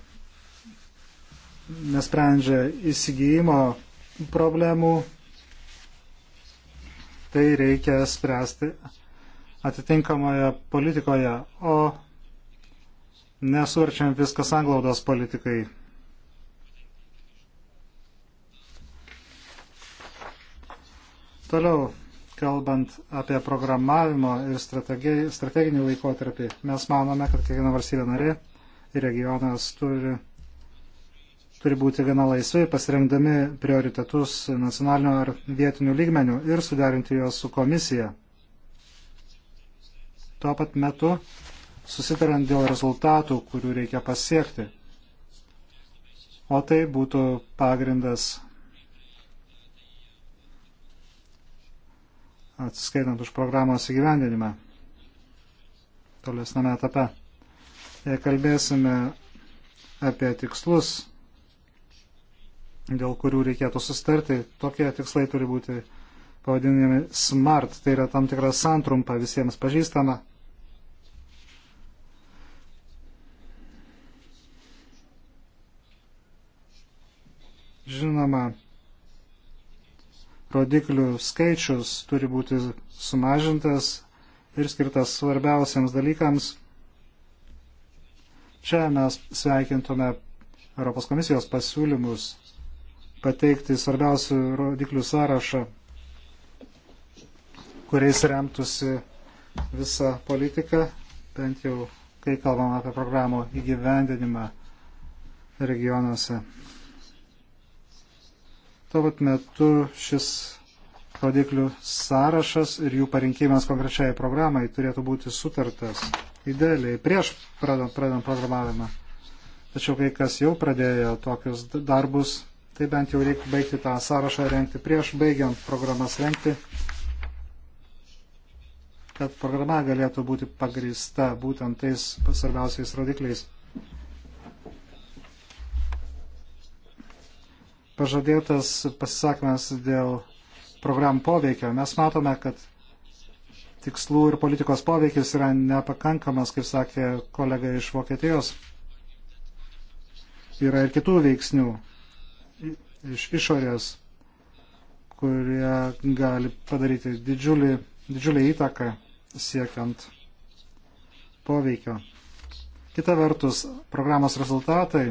nesprendžia įsigijimo problemų, tai reikia spręsti atitinkamoje politikoje, o nesuverčiam viskas anglaudos politikai. Toliau, kalbant apie programavimo ir strateginį laikotarpį, mes manome, kad kiekviena valstybė narė ir regionas turi turi būti gana laisvai pasirinkdami prioritetus nacionalinio ar vietinių lygmenių ir suderinti juos su komisija. Tuo pat metu susitarant dėl rezultatų, kurių reikia pasiekti. O tai būtų pagrindas atsiskaitant už programos įgyvendinimą tolesname etape. Jei kalbėsime apie tikslus, dėl kurių reikėtų sustarti. Tokie tikslai turi būti pavadinami SMART, tai yra tam tikra santrumpa visiems pažįstama. Žinoma, rodiklių skaičius turi būti sumažintas ir skirtas svarbiausiams dalykams. Čia mes sveikintume Europos komisijos pasiūlymus pateikti svarbiausių rodiklių sąrašą, kuriais remtųsi visa politika, bent jau kai kalbam apie programų įgyvendinimą regionuose. Tuo pat metu šis rodiklių sąrašas ir jų parinkimas konkrečiai programai turėtų būti sutartas idealiai prieš pradant, pradant programavimą. Tačiau kai kas jau pradėjo tokius darbus, tai bent jau reikia baigti tą sąrašą renkti prieš baigiant programas renkti, kad programa galėtų būti pagrįsta būtent tais svarbiausiais rodikliais. Pažadėtas pasisakymas dėl programų poveikio. Mes matome, kad tikslų ir politikos poveikis yra nepakankamas, kaip sakė kolega iš Vokietijos. Yra ir kitų veiksnių, iš išorės, kurie gali padaryti didžiulį, didžiulį įtaką siekiant poveikio. Kita vertus, programos rezultatai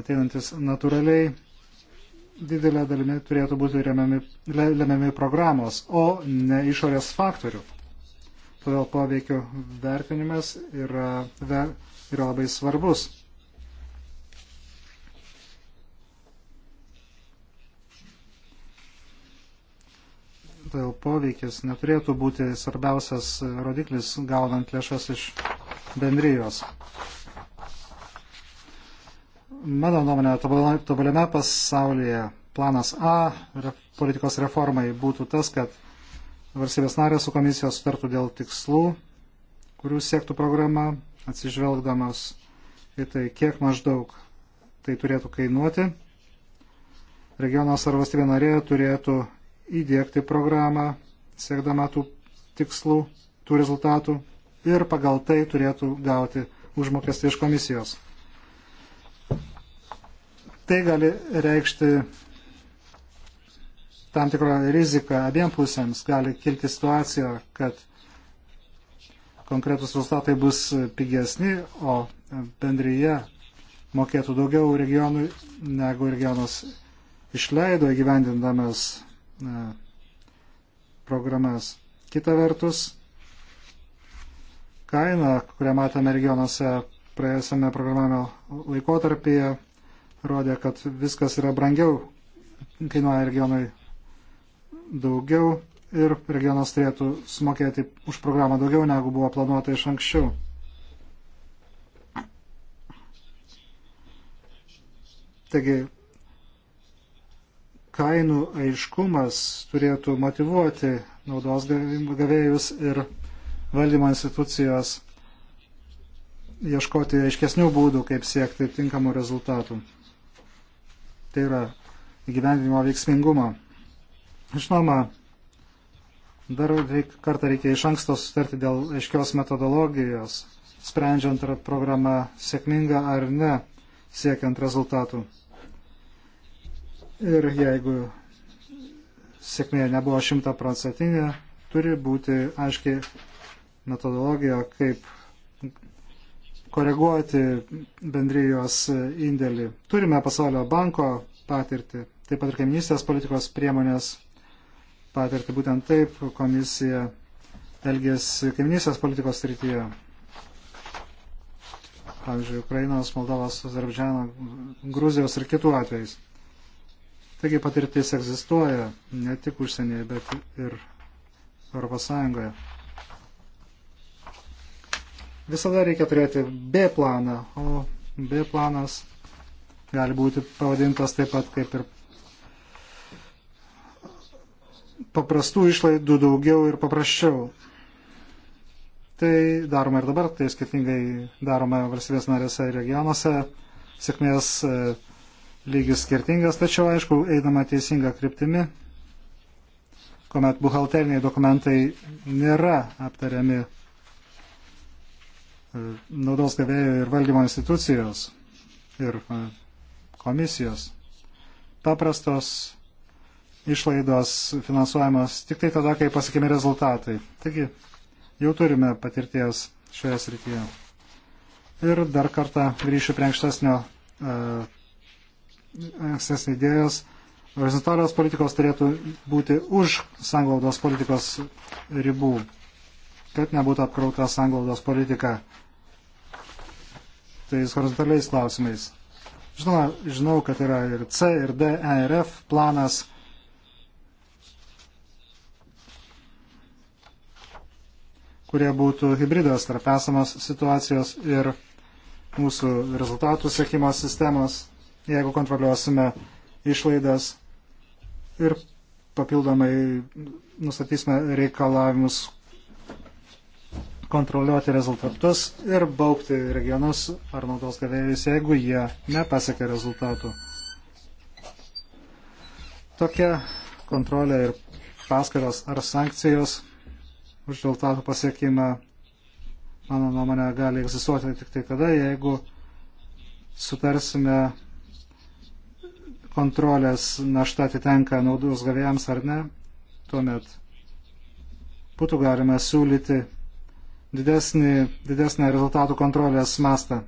ateinantis natūraliai didelė dalimi turėtų būti remiami, lemiami programos, o ne išorės faktorių. Todėl poveikio vertinimas yra, yra labai svarbus. todėl poveikis neturėtų būti svarbiausias rodiklis gaunant lėšas iš bendrijos. Mano nuomonė, tobuliame pasaulyje planas A politikos reformai būtų tas, kad valstybės narės su komisijos sutartų dėl tikslų, kurių siektų programa, atsižvelgdamas į tai, kiek maždaug tai turėtų kainuoti regionas ar valstybė narė turėtų įdėkti programą, siekdama tų tikslų, tų rezultatų ir pagal tai turėtų gauti užmokestį iš komisijos. Tai gali reikšti tam tikrą riziką abiem pusėms. Gali kilti situacija, kad konkretus rezultatai bus pigesni, o bendryje mokėtų daugiau regionui, negu regionas išleido įgyvendindamas E, programas. Kita vertus, kaina, kurią matome regionuose praėjusiame programavimo laikotarpyje, rodė, kad viskas yra brangiau, kainuoja regionui daugiau ir regionas turėtų sumokėti už programą daugiau, negu buvo planuota iš anksčiau. Taigi, kainų aiškumas turėtų motivuoti naudos gavėjus ir valdymo institucijos ieškoti aiškesnių būdų, kaip siekti tinkamų rezultatų. Tai yra įgyvendinimo veiksmingumo. Žinoma, dar reik, kartą reikia iš anksto sutarti dėl aiškios metodologijos, sprendžiant ar programa sėkminga ar ne, siekiant rezultatų. Ir jeigu sėkmė nebuvo šimtaprocentinė, turi būti aiškiai metodologija, kaip koreguoti bendrijos indėlį. Turime pasaulio banko patirtį, taip pat ir kaiminystės politikos priemonės patirtį. Būtent taip komisija elgėsi kaiminystės politikos srityje. Pavyzdžiui, Ukrainos, Moldovos, Azerbaidžiano, Gruzijos ir kitų atvejais. Taigi patirtis egzistuoja ne tik užsienyje, bet ir Europos Sąjungoje. Visada reikia turėti B planą, o B planas gali būti pavadintas taip pat kaip ir paprastų išlaidų daugiau ir paprasčiau. Tai daroma ir dabar, tai skirtingai daroma valstybės narėse ir regionuose. Sėkmės e, lygis skirtingas, tačiau aišku, einama teisinga kryptimi, kuomet buhalteriniai dokumentai nėra aptariami e, naudos gavėjų ir valdymo institucijos ir e, komisijos. Paprastos išlaidos finansuojamos tik tai tada, kai pasiekimi rezultatai. Taigi, jau turime patirties šioje srityje. Ir dar kartą grįšiu prie ankstesnio e, esas idėjas horizontalios politikos turėtų būti už sanglaudos politikos ribų, kad nebūtų apkrauta sanglaudos politika tais horizontaliais klausimais. Žinoma, žinau, kad yra ir C, ir D, E, ir F planas. kurie būtų hybridas tarp esamos situacijos ir mūsų rezultatų sėkimo sistemos jeigu kontroliuosime išlaidas ir papildomai nustatysime reikalavimus kontroliuoti rezultatus ir baukti regionus ar naudos gavėjus, jeigu jie nepasiekia rezultatų. Tokia kontrolė ir paskatos ar sankcijos už rezultatų pasiekimą, mano nuomonė, gali egzistuoti tik tai tada, jeigu sutarsime kontrolės našta atitenka naudos gavėjams ar ne, tuomet būtų galima siūlyti didesnį, didesnį rezultatų kontrolės mastą.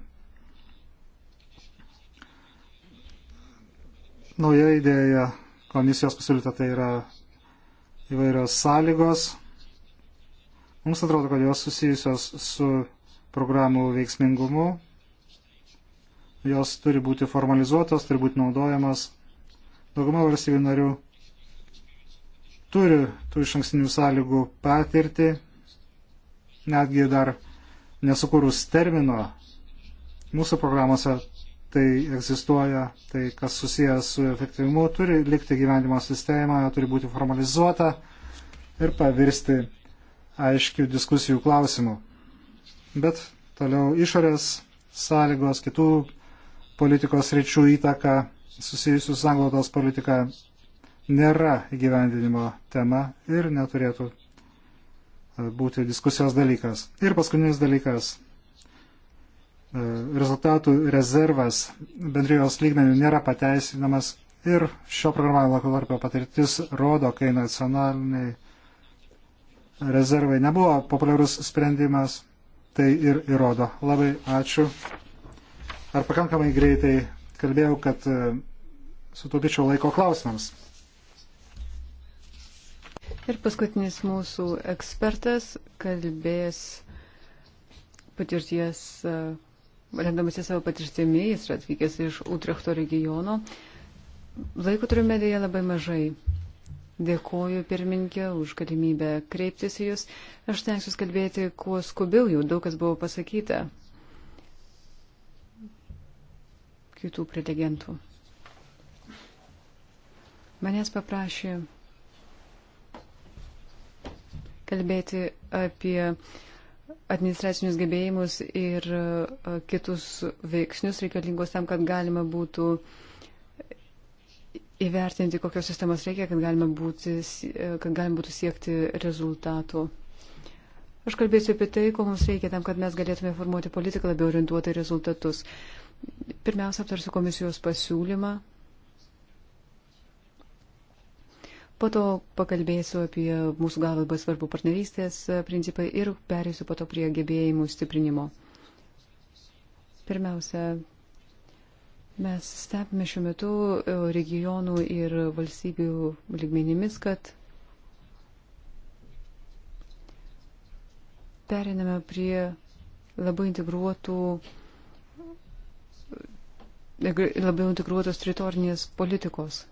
Nauja idėja komisijos pasiūlyta tai yra įvairios sąlygos. Mums atrodo, kad jos susijusios su programų veiksmingumu jos turi būti formalizuotos, turi būti naudojamos. Dauguma valstybių narių turi tų iš ankstinių sąlygų patirti, netgi dar nesukūrus termino. Mūsų programuose tai egzistuoja, tai kas susijęs su efektyvimu turi likti gyvenimo sistemoje, turi būti formalizuota ir pavirsti aiškių diskusijų klausimų. Bet toliau išorės sąlygos, kitų politikos ryčių įtaka susijusių su anglotos politika nėra įgyvendinimo tema ir neturėtų e, būti diskusijos dalykas. Ir paskutinis dalykas. E, rezultatų rezervas bendrijos lygmenių nėra pateisinamas ir šio programavimo laikotarpio patirtis rodo, kai nacionaliniai rezervai nebuvo populiarus sprendimas, tai ir įrodo. Labai ačiū ar pakankamai greitai kalbėjau, kad e, sutaupyčiau laiko klausimams. Ir paskutinis mūsų ekspertas kalbės patirties, e, remdamasi savo patirtimi, jis yra atvykęs iš Utrechto regiono. Laiko turime dėja labai mažai. Dėkoju pirmininkė už galimybę kreiptis į Jūs. Aš tenksiu kalbėti kuo skubiau, jau daug kas buvo pasakyta. kitų prelegentų. Manęs paprašė kalbėti apie administracinius gebėjimus ir e, kitus veiksnius reikalingus tam, kad galima būtų įvertinti, kokios sistemos reikia, kad galima, būti, e, kad galima būtų siekti rezultatų. Aš kalbėsiu apie tai, ko mums reikia tam, kad mes galėtume formuoti politiką labiau orientuotą į rezultatus. Pirmiausia, aptarsiu komisijos pasiūlymą. Po to pakalbėsiu apie mūsų galvą labai svarbu partnerystės principai ir perėsiu po to prie gebėjimų stiprinimo. Pirmiausia, mes stebime šiuo metu regionų ir valstybių lygmenimis, kad periname prie labai integruotų labiau integruotos teritorinės politikos.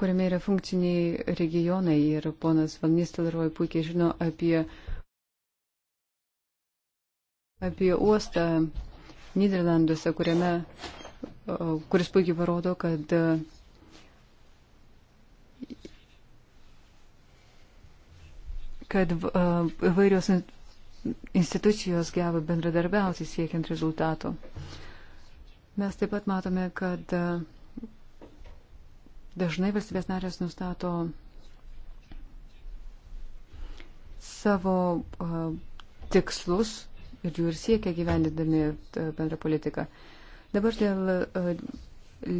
kuriame yra funkciniai regionai ir ponas Valnistelroj puikiai žino apie, apie uostą Niderlanduose, kuriame, kuris puikiai parodo, kad kad įvairios institucijos geba bendradarbiauti siekiant rezultato. Mes taip pat matome, kad e, dažnai valstybės narės nustato savo e, tikslus ir jų ir siekia gyvendindami e, bendrą politiką. Dabar dėl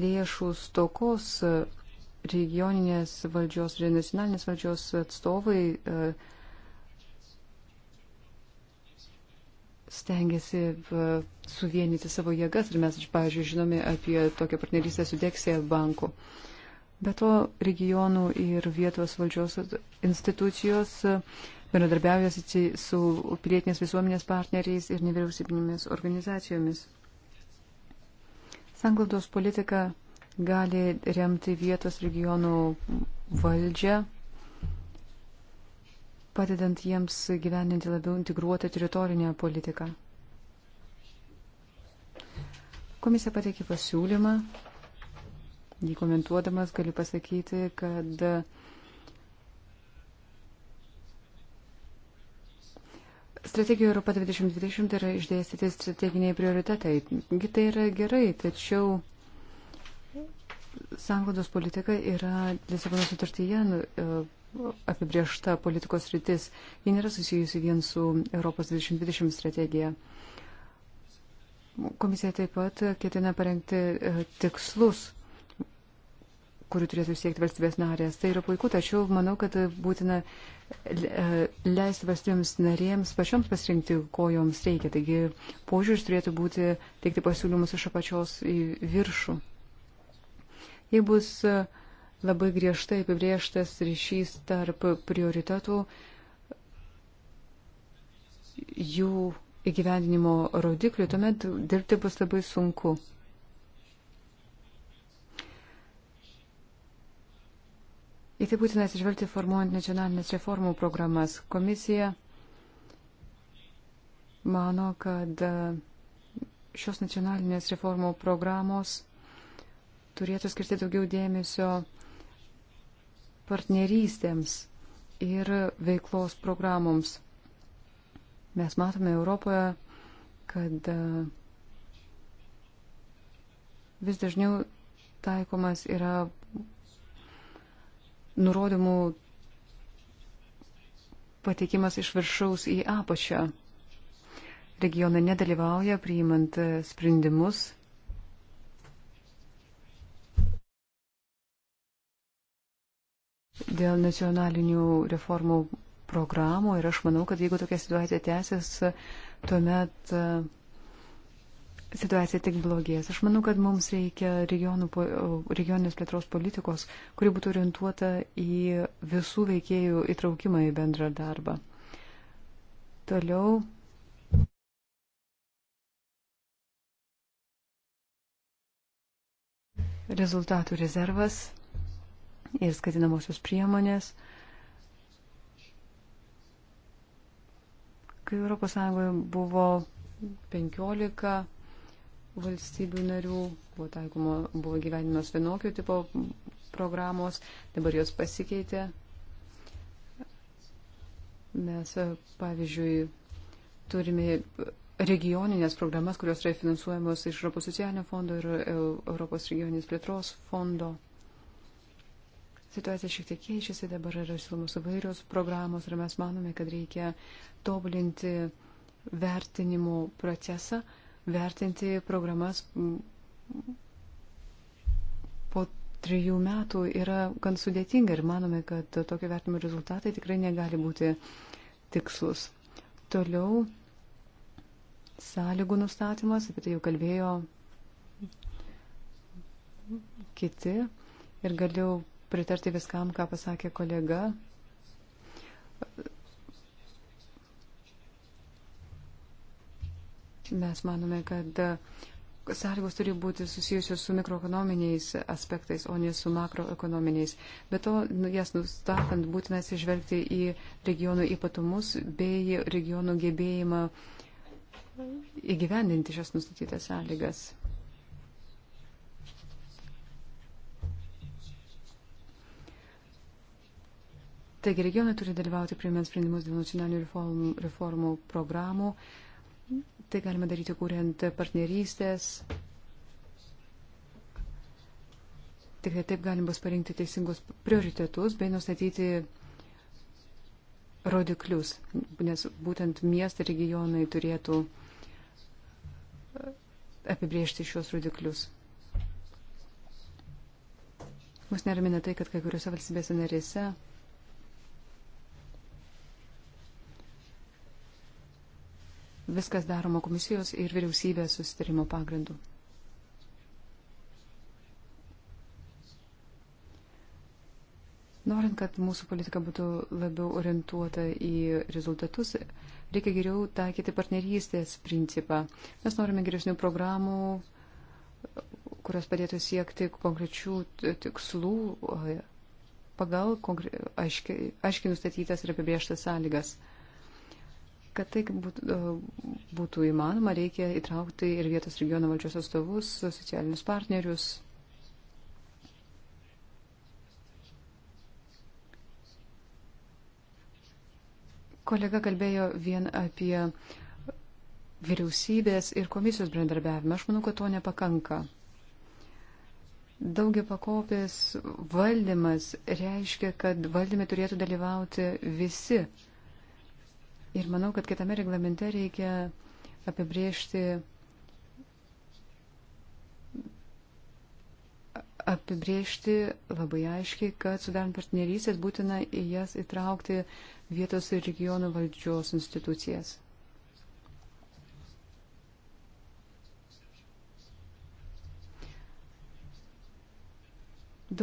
lėšų stokos regioninės valdžios ir nacionalinės valdžios atstovai uh, stengiasi suvienyti savo jėgas ir mes, pavyzdžiui, žinome apie tokią partnerystę su Deksija banku. Be to, regionų ir vietos valdžios institucijos e, bendradarbiauja su pilietinės visuomenės partneriais ir nevyriausybinėmis organizacijomis. Sanglaudos politika gali remti vietos regionų valdžią padedant jiems gyveninti labiau integruotą teritorinę politiką. Komisija pateikė pasiūlymą. Jį komentuodamas galiu pasakyti, kad Strategijoje Europa 2020 yra išdėstyti strateginiai prioritetai. Tai yra gerai, tačiau sanglaudos politika yra Lisabono sutartyje nu, e, apibriešta politikos rytis, ji nėra susijusi vien su Europos 2020 strategija. Komisija taip pat ketina parengti e, tikslus, kurių turėtų siekti valstybės narės. Tai yra puiku, tačiau manau, kad būtina e, leisti valstybėms narėms pačioms pasirinkti, ko joms reikia. Taigi požiūris turėtų būti teikti pasiūlymus iš apačios į viršų. Jei bus uh, labai griežtai apibrieštas ryšys tarp prioritetų, jų įgyvendinimo rodiklių, tuomet dirbti bus labai sunku. Į tai būtina atsižvelgti formuojant nacionalinės reformų programas. Komisija mano, kad e, šios nacionalinės reformų programos turėtų skirti daugiau dėmesio partnerystėms ir veiklos programoms. Mes matome Europoje, kad e, vis dažniau taikomas yra nurodymų pateikimas iš viršaus į apačią. Regionai nedalyvauja priimant sprendimus dėl nacionalinių reformų programų ir aš manau, kad jeigu tokia situacija tęsis, tuomet e, situacija tik blogės. Aš manau, kad mums reikia regionų, e, regioninės plėtros politikos, kuri būtų orientuota į visų veikėjų įtraukimą į bendrą darbą. Toliau. Rezultatų rezervas ir skatinamosios priemonės. Kai ES buvo 15 valstybių narių, buvo, taikomo, buvo gyvenimas vienokio tipo programos, dabar jos pasikeitė. Mes, pavyzdžiui, turime regioninės programas, kurios yra finansuojamos iš Europos socialinio fondo ir Europos regioninės plėtros fondo. Situacija šiek tiek keičiasi, dabar yra siūlomos įvairios programos ir mes manome, kad reikia tobulinti vertinimo procesą, vertinti programas po trijų metų yra gan sudėtinga ir manome, kad tokio vertinimo rezultatai tikrai negali būti tikslus. Toliau sąlygų nustatymas, apie tai jau kalbėjo kiti ir galiu pritarti viskam, ką pasakė kolega. Mes manome, kad sąlygos turi būti susijusios su mikroekonominiais aspektais, o ne su makroekonominiais. Be to, nu, jas nustatant, būtina atsižvelgti į regionų ypatumus bei regionų gebėjimą įgyvendinti šias nustatytas sąlygas. Taigi regionai turi dalyvauti priimant sprendimus dėl nacionalinių reformų, reformų programų. Tai galima daryti kūrent partnerystės. Tik tai taip galim bus parinkti teisingus prioritetus bei nustatyti rodiklius, nes būtent miestai regionai turėtų apibriežti šios rodiklius. Mus neramina tai, kad kai kuriuose valstybėse narėse viskas daroma komisijos ir vyriausybės susitarimo pagrindu. Norint, kad mūsų politika būtų labiau orientuota į rezultatus, reikia geriau taikyti partnerystės principą. Mes norime geresnių programų, kurios padėtų siekti konkrečių tikslų pagal aiškiai aiški nustatytas ir apibrieštas sąlygas. Kad tai būtų, e, būtų įmanoma, reikia įtraukti ir vietos regiono valdžios atstovus, socialinius partnerius. Kolega kalbėjo vien apie vyriausybės ir komisijos bendradarbiavimą. Aš manau, kad to nepakanka. Daugia pakopės valdymas reiškia, kad valdyme turėtų dalyvauti visi Ir manau, kad kitame reglamente reikia apibriežti apibriežti labai aiškiai, kad sudarant partnerystės būtina į jas įtraukti vietos ir regionų valdžios institucijas.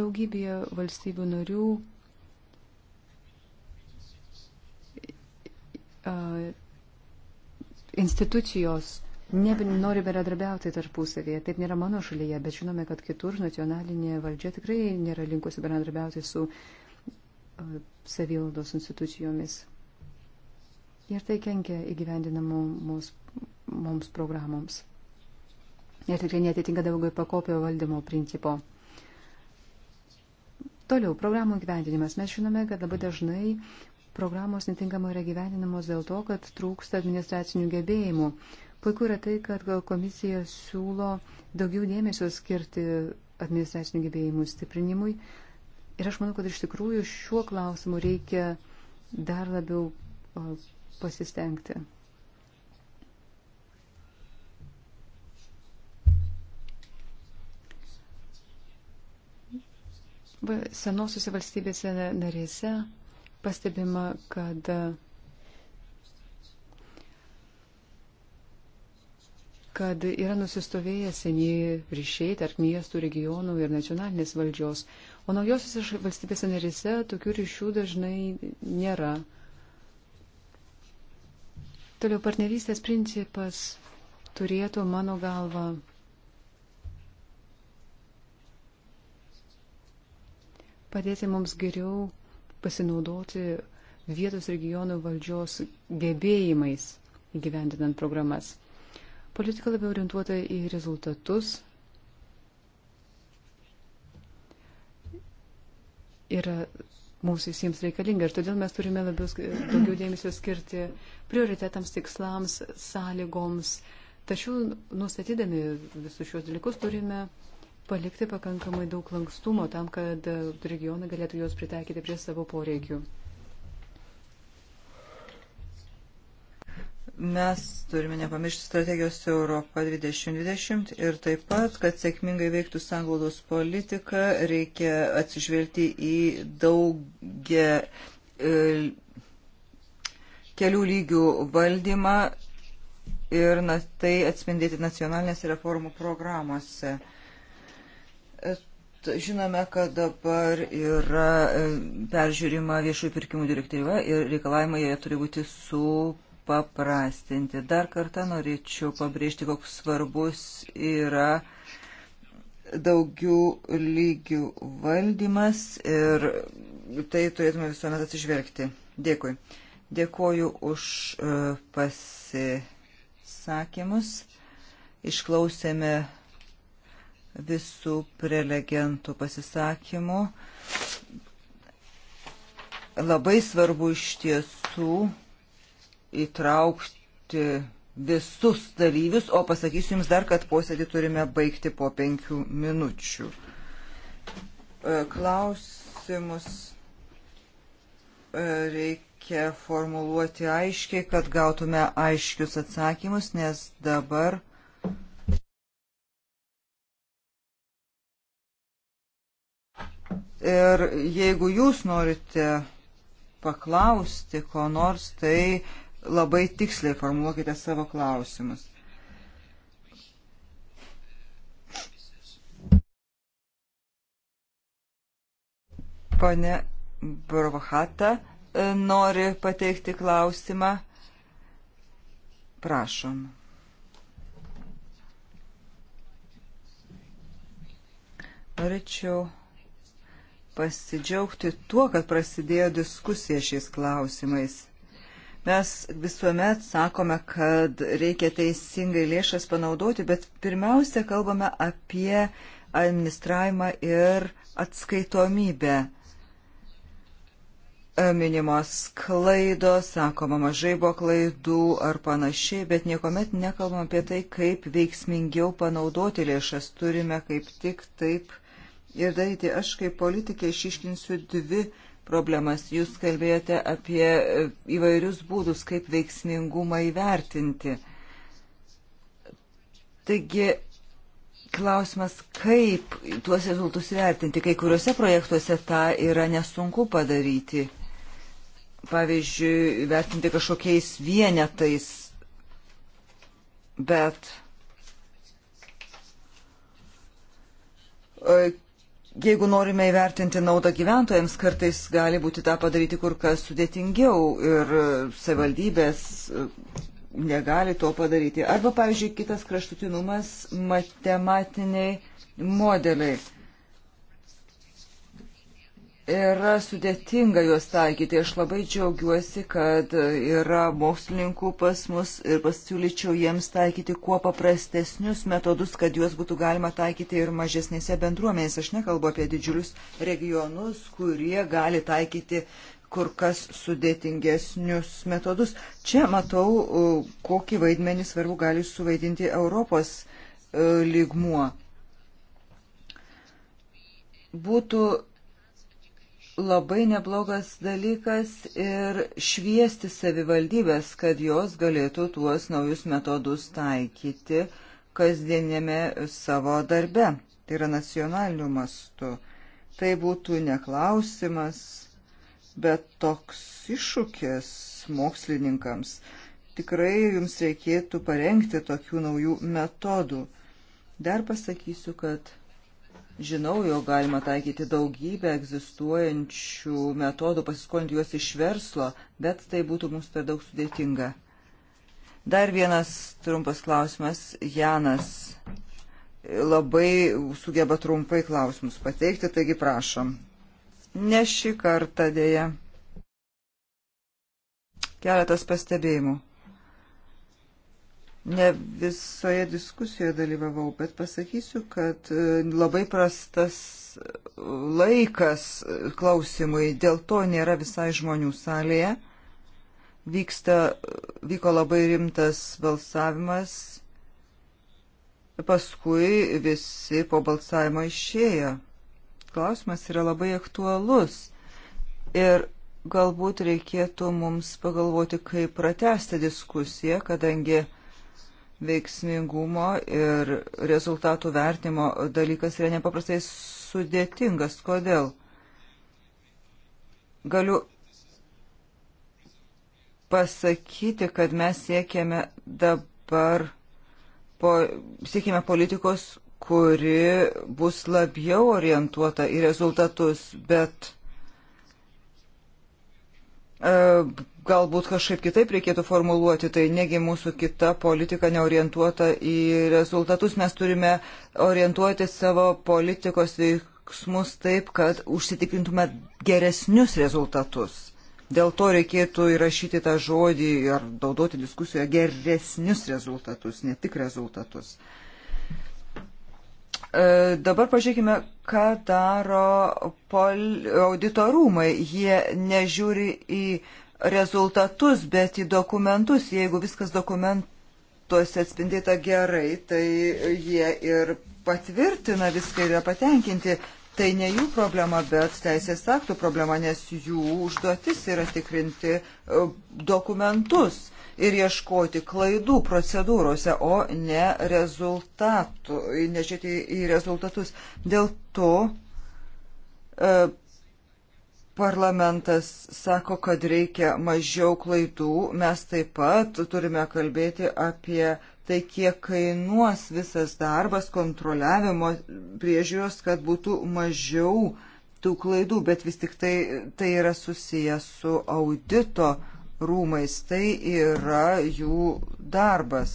Daugybėje valstybių narių institucijos nori bendradarbiauti tarpusavėje. Taip nėra mano šalyje, bet žinome, kad kitur nacionalinė valdžia tikrai nėra linkusi bendradarbiauti su savivaldos institucijomis. Ir tai kenkia įgyvendinamoms mums programoms. Ir tikrai netitinka daugai pakopio valdymo principo. Toliau, programų gyvendinimas. Mes žinome, kad labai dažnai programos netinkamai yra gyveninamos dėl to, kad trūksta administracinių gebėjimų. Puiku yra tai, kad komisija siūlo daugiau dėmesio skirti administracinių gebėjimų stiprinimui. Ir aš manau, kad iš tikrųjų šiuo klausimu reikia dar labiau pasistengti. Senosiuose valstybėse narėse pastebima, kad kad yra nusistovėję seniai ryšiai tarp miestų, regionų ir nacionalinės valdžios, o naujosios valstybėse narise tokių ryšių dažnai nėra. Toliau partnerystės principas turėtų, mano galva, padėti mums geriau pasinaudoti vietos regionų valdžios gebėjimais įgyvendinant programas. Politika labiau orientuota į rezultatus. Yra mums visiems reikalinga ir todėl mes turime labiau, daugiau dėmesio skirti prioritetams, tikslams, sąlygoms. Tačiau nustatydami visus šios dalykus turime palikti pakankamai daug lankstumo tam, kad e, regionai galėtų juos pritaikyti prie savo poreikių. Mes turime nepamiršti strategijos Europa 2020 ir taip pat, kad sėkmingai veiktų sanglaudos politika, reikia atsižvelgti į daugia e, kelių lygių valdymą ir tai atspindėti nacionalinės reformų programuose. Žinome, kad dabar yra e, peržiūrima viešųjų pirkimų direktyva ir reikalavimai jie turi būti supaprastinti. Dar kartą norėčiau pabrėžti, koks svarbus yra daugių lygių valdymas ir tai turėtume visuomet atsižvelgti. Dėkui. Dėkoju už e, pasisakymus. Išklausėme visų prelegentų pasisakymų. Labai svarbu iš tiesų įtraukti visus dalyvius, o pasakysiu Jums dar, kad posėdį turime baigti po penkių minučių. E, klausimus e, reikia formuluoti aiškiai, kad gautume aiškius atsakymus, nes dabar Ir jeigu jūs norite paklausti ko nors, tai labai tiksliai formuluokite savo klausimus. Pane Brovahata e, nori pateikti klausimą. Prašom. Norėčiau pasidžiaugti tuo, kad prasidėjo diskusija šiais klausimais. Mes visuomet sakome, kad reikia teisingai lėšas panaudoti, bet pirmiausia kalbame apie administravimą ir atskaitomybę. E, minimos klaidos, sakoma, mažai buvo klaidų ar panašiai, bet niekuomet nekalbam apie tai, kaip veiksmingiau panaudoti lėšas. Turime kaip tik taip ir daryti. Aš kaip politikė išiškinsiu dvi problemas. Jūs kalbėjote apie e, įvairius būdus, kaip veiksmingumą įvertinti. Taigi, klausimas, kaip tuos rezultus vertinti. Kai kuriuose projektuose tą yra nesunku padaryti. Pavyzdžiui, vertinti kažkokiais vienetais, bet Jeigu norime įvertinti naudą gyventojams, kartais gali būti tą padaryti kur kas sudėtingiau ir e, savivaldybės e, negali to padaryti. Arba, pavyzdžiui, kitas kraštutinumas - matematiniai modeliai yra sudėtinga juos taikyti. Aš labai džiaugiuosi, kad yra mokslininkų pas mus ir pasiūlyčiau jiems taikyti kuo paprastesnius metodus, kad juos būtų galima taikyti ir mažesnėse bendruomenėse. Aš nekalbu apie didžiulius regionus, kurie gali taikyti kur kas sudėtingesnius metodus. Čia matau, kokį vaidmenį svarbu gali suvaidinti Europos e, lygmuo. Būtų labai neblogas dalykas ir šviesti savivaldybės, kad jos galėtų tuos naujus metodus taikyti kasdienėme savo darbe, tai yra nacionaliniu mastu. Tai būtų neklausimas, bet toks iššūkis mokslininkams. Tikrai jums reikėtų parengti tokių naujų metodų. Dar pasakysiu, kad Žinau, jo galima taikyti daugybę egzistuojančių metodų, pasiskolinti juos iš verslo, bet tai būtų mums per daug sudėtinga. Dar vienas trumpas klausimas. Janas labai sugeba trumpai klausimus pateikti, taigi prašom. Ne šį kartą dėja. Keletas pastebėjimų ne visoje diskusijoje dalyvavau, bet pasakysiu, kad e, labai prastas e, laikas e, klausimui, dėl to nėra visai žmonių salėje. Vyksta, vyko labai rimtas balsavimas, paskui visi po balsavimo išėjo. Klausimas yra labai aktualus ir galbūt reikėtų mums pagalvoti, kaip pratesti diskusiją, kadangi veiksmingumo ir rezultatų vertimo dalykas yra nepaprastai sudėtingas. Kodėl? Galiu pasakyti, kad mes siekiame dabar, po, siekiame politikos, kuri bus labiau orientuota į rezultatus, bet E, galbūt kažkaip kitaip reikėtų formuluoti, tai negi mūsų kita politika neorientuota į rezultatus, mes turime orientuoti savo politikos veiksmus taip, kad užsitikrintume geresnius rezultatus. Dėl to reikėtų įrašyti tą žodį ar daudoti diskusijoje geresnius rezultatus, ne tik rezultatus. Uh, E, dabar pažiūrėkime, ką daro auditorumai. Jie nežiūri į rezultatus, bet į dokumentus. Jeigu viskas dokumentuose atspindėta gerai, tai jie ir patvirtina viską ir yra patenkinti. Tai ne jų problema, bet teisės aktų problema, nes jų užduotis yra tikrinti e, dokumentus ir ieškoti klaidų procedūrose, o ne rezultatų, nežiūrėti į rezultatus. Dėl to e, parlamentas sako, kad reikia mažiau klaidų. Mes taip pat turime kalbėti apie tai, kiek kainuos visas darbas kontroliavimo priežiūros, kad būtų mažiau tų klaidų, bet vis tik tai, tai yra susijęs su audito rūmais. Tai yra jų darbas.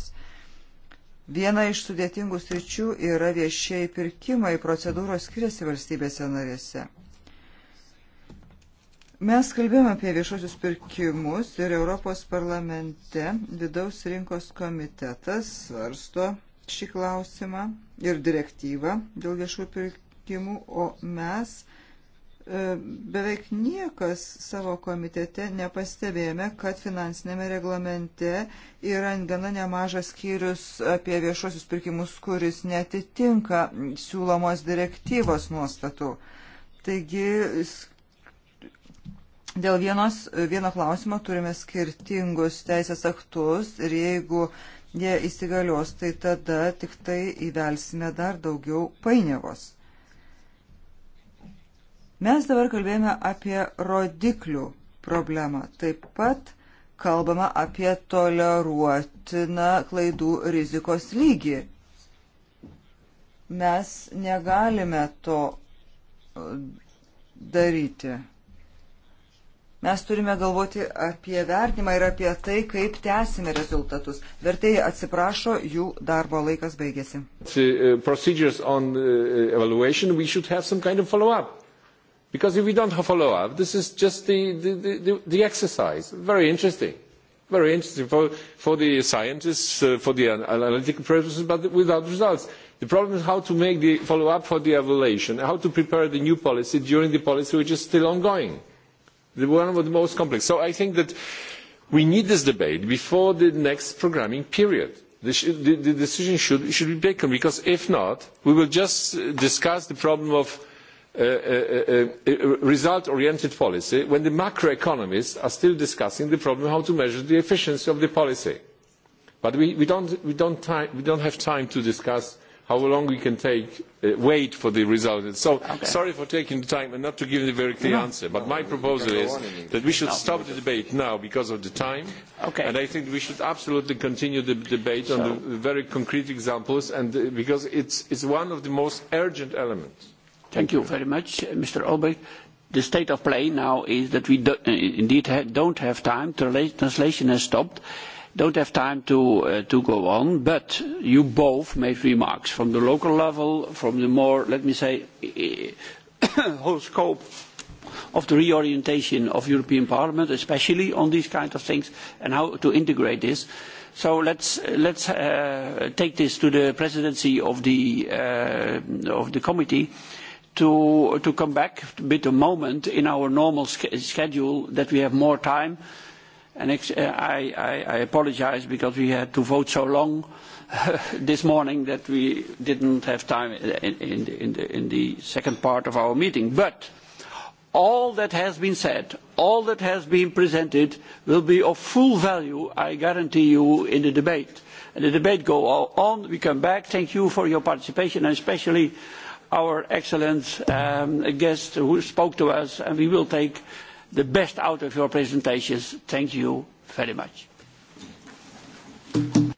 Viena iš sudėtingų sričių yra viešieji pirkimai, procedūros skiriasi valstybėse narėse. Mes kalbėjome apie viešosius pirkimus ir Europos parlamente vidaus rinkos komitetas svarsto šį klausimą ir direktyvą dėl viešųjų pirkimų, o mes E, beveik niekas savo komitete nepastebėjome, kad finansinėme reglamente yra gana nemažas skyrius apie viešuosius pirkimus, kuris netitinka siūlomos direktyvos nuostatų. Taigi dėl vienos, vieno klausimo turime skirtingus teisės aktus ir jeigu jie įsigalios, tai tada tik tai įvelsime dar daugiau painiavos. Mes dabar kalbėjome apie rodiklių problemą. Taip pat kalbama apie toleruotiną klaidų rizikos lygį. Mes negalime to e, daryti. Mes turime galvoti apie vertinimą ir apie tai, kaip tęsime rezultatus. Vertėjai atsiprašo, jų darbo laikas baigėsi. The, e, uh, Because if we don't have follow-up, this is just the, the, the, the exercise. Very interesting. Very interesting for, for the scientists, uh, for the analytical purposes, but without results. The problem is how to make the follow-up for the evaluation, how to prepare the new policy during the policy which is still ongoing. The one of the most complex. So I think that we need this debate before the next programming period. The, sh the, the decision should, should be taken, because if not, we will just discuss the problem of uh, uh, uh, result-oriented policy when the macroeconomists are still discussing the problem how to measure the efficiency of the policy. But we, we, don't, we, don't, time, we don't have time to discuss how long we can take, uh, wait for the result. So okay. sorry for taking the time and not to give a very clear no. answer. But no, my proposal is that we should no, stop the debate now because of the time. Okay. And I think we should absolutely continue the debate so. on the very concrete examples and, uh, because it's, it's one of the most urgent elements. Thank you very much, uh, Mr. Albrecht. The state of play now is that we do, uh, indeed ha don't have time. Translation has stopped. Don't have time to, uh, to go on, but you both made remarks from the local level, from the more, let me say, [COUGHS] whole scope of the reorientation of European Parliament, especially on these kind of things, and how to integrate this. So let's let's uh, take this to the presidency of the uh, of the committee to, to come back with a moment in our normal sch schedule that we have more time. And ex uh, I, I, I apologize because we had to vote so long [LAUGHS] this morning that we didn't have time in, in, in, the, in the second part of our meeting. But all that has been said, all that has been presented will be of full value, I guarantee you, in the debate. And the debate goes on, we come back. Thank you for your participation and especially our excellent um, guest who spoke to us, and we will take the best out of your presentations. Thank you very much. Thank you.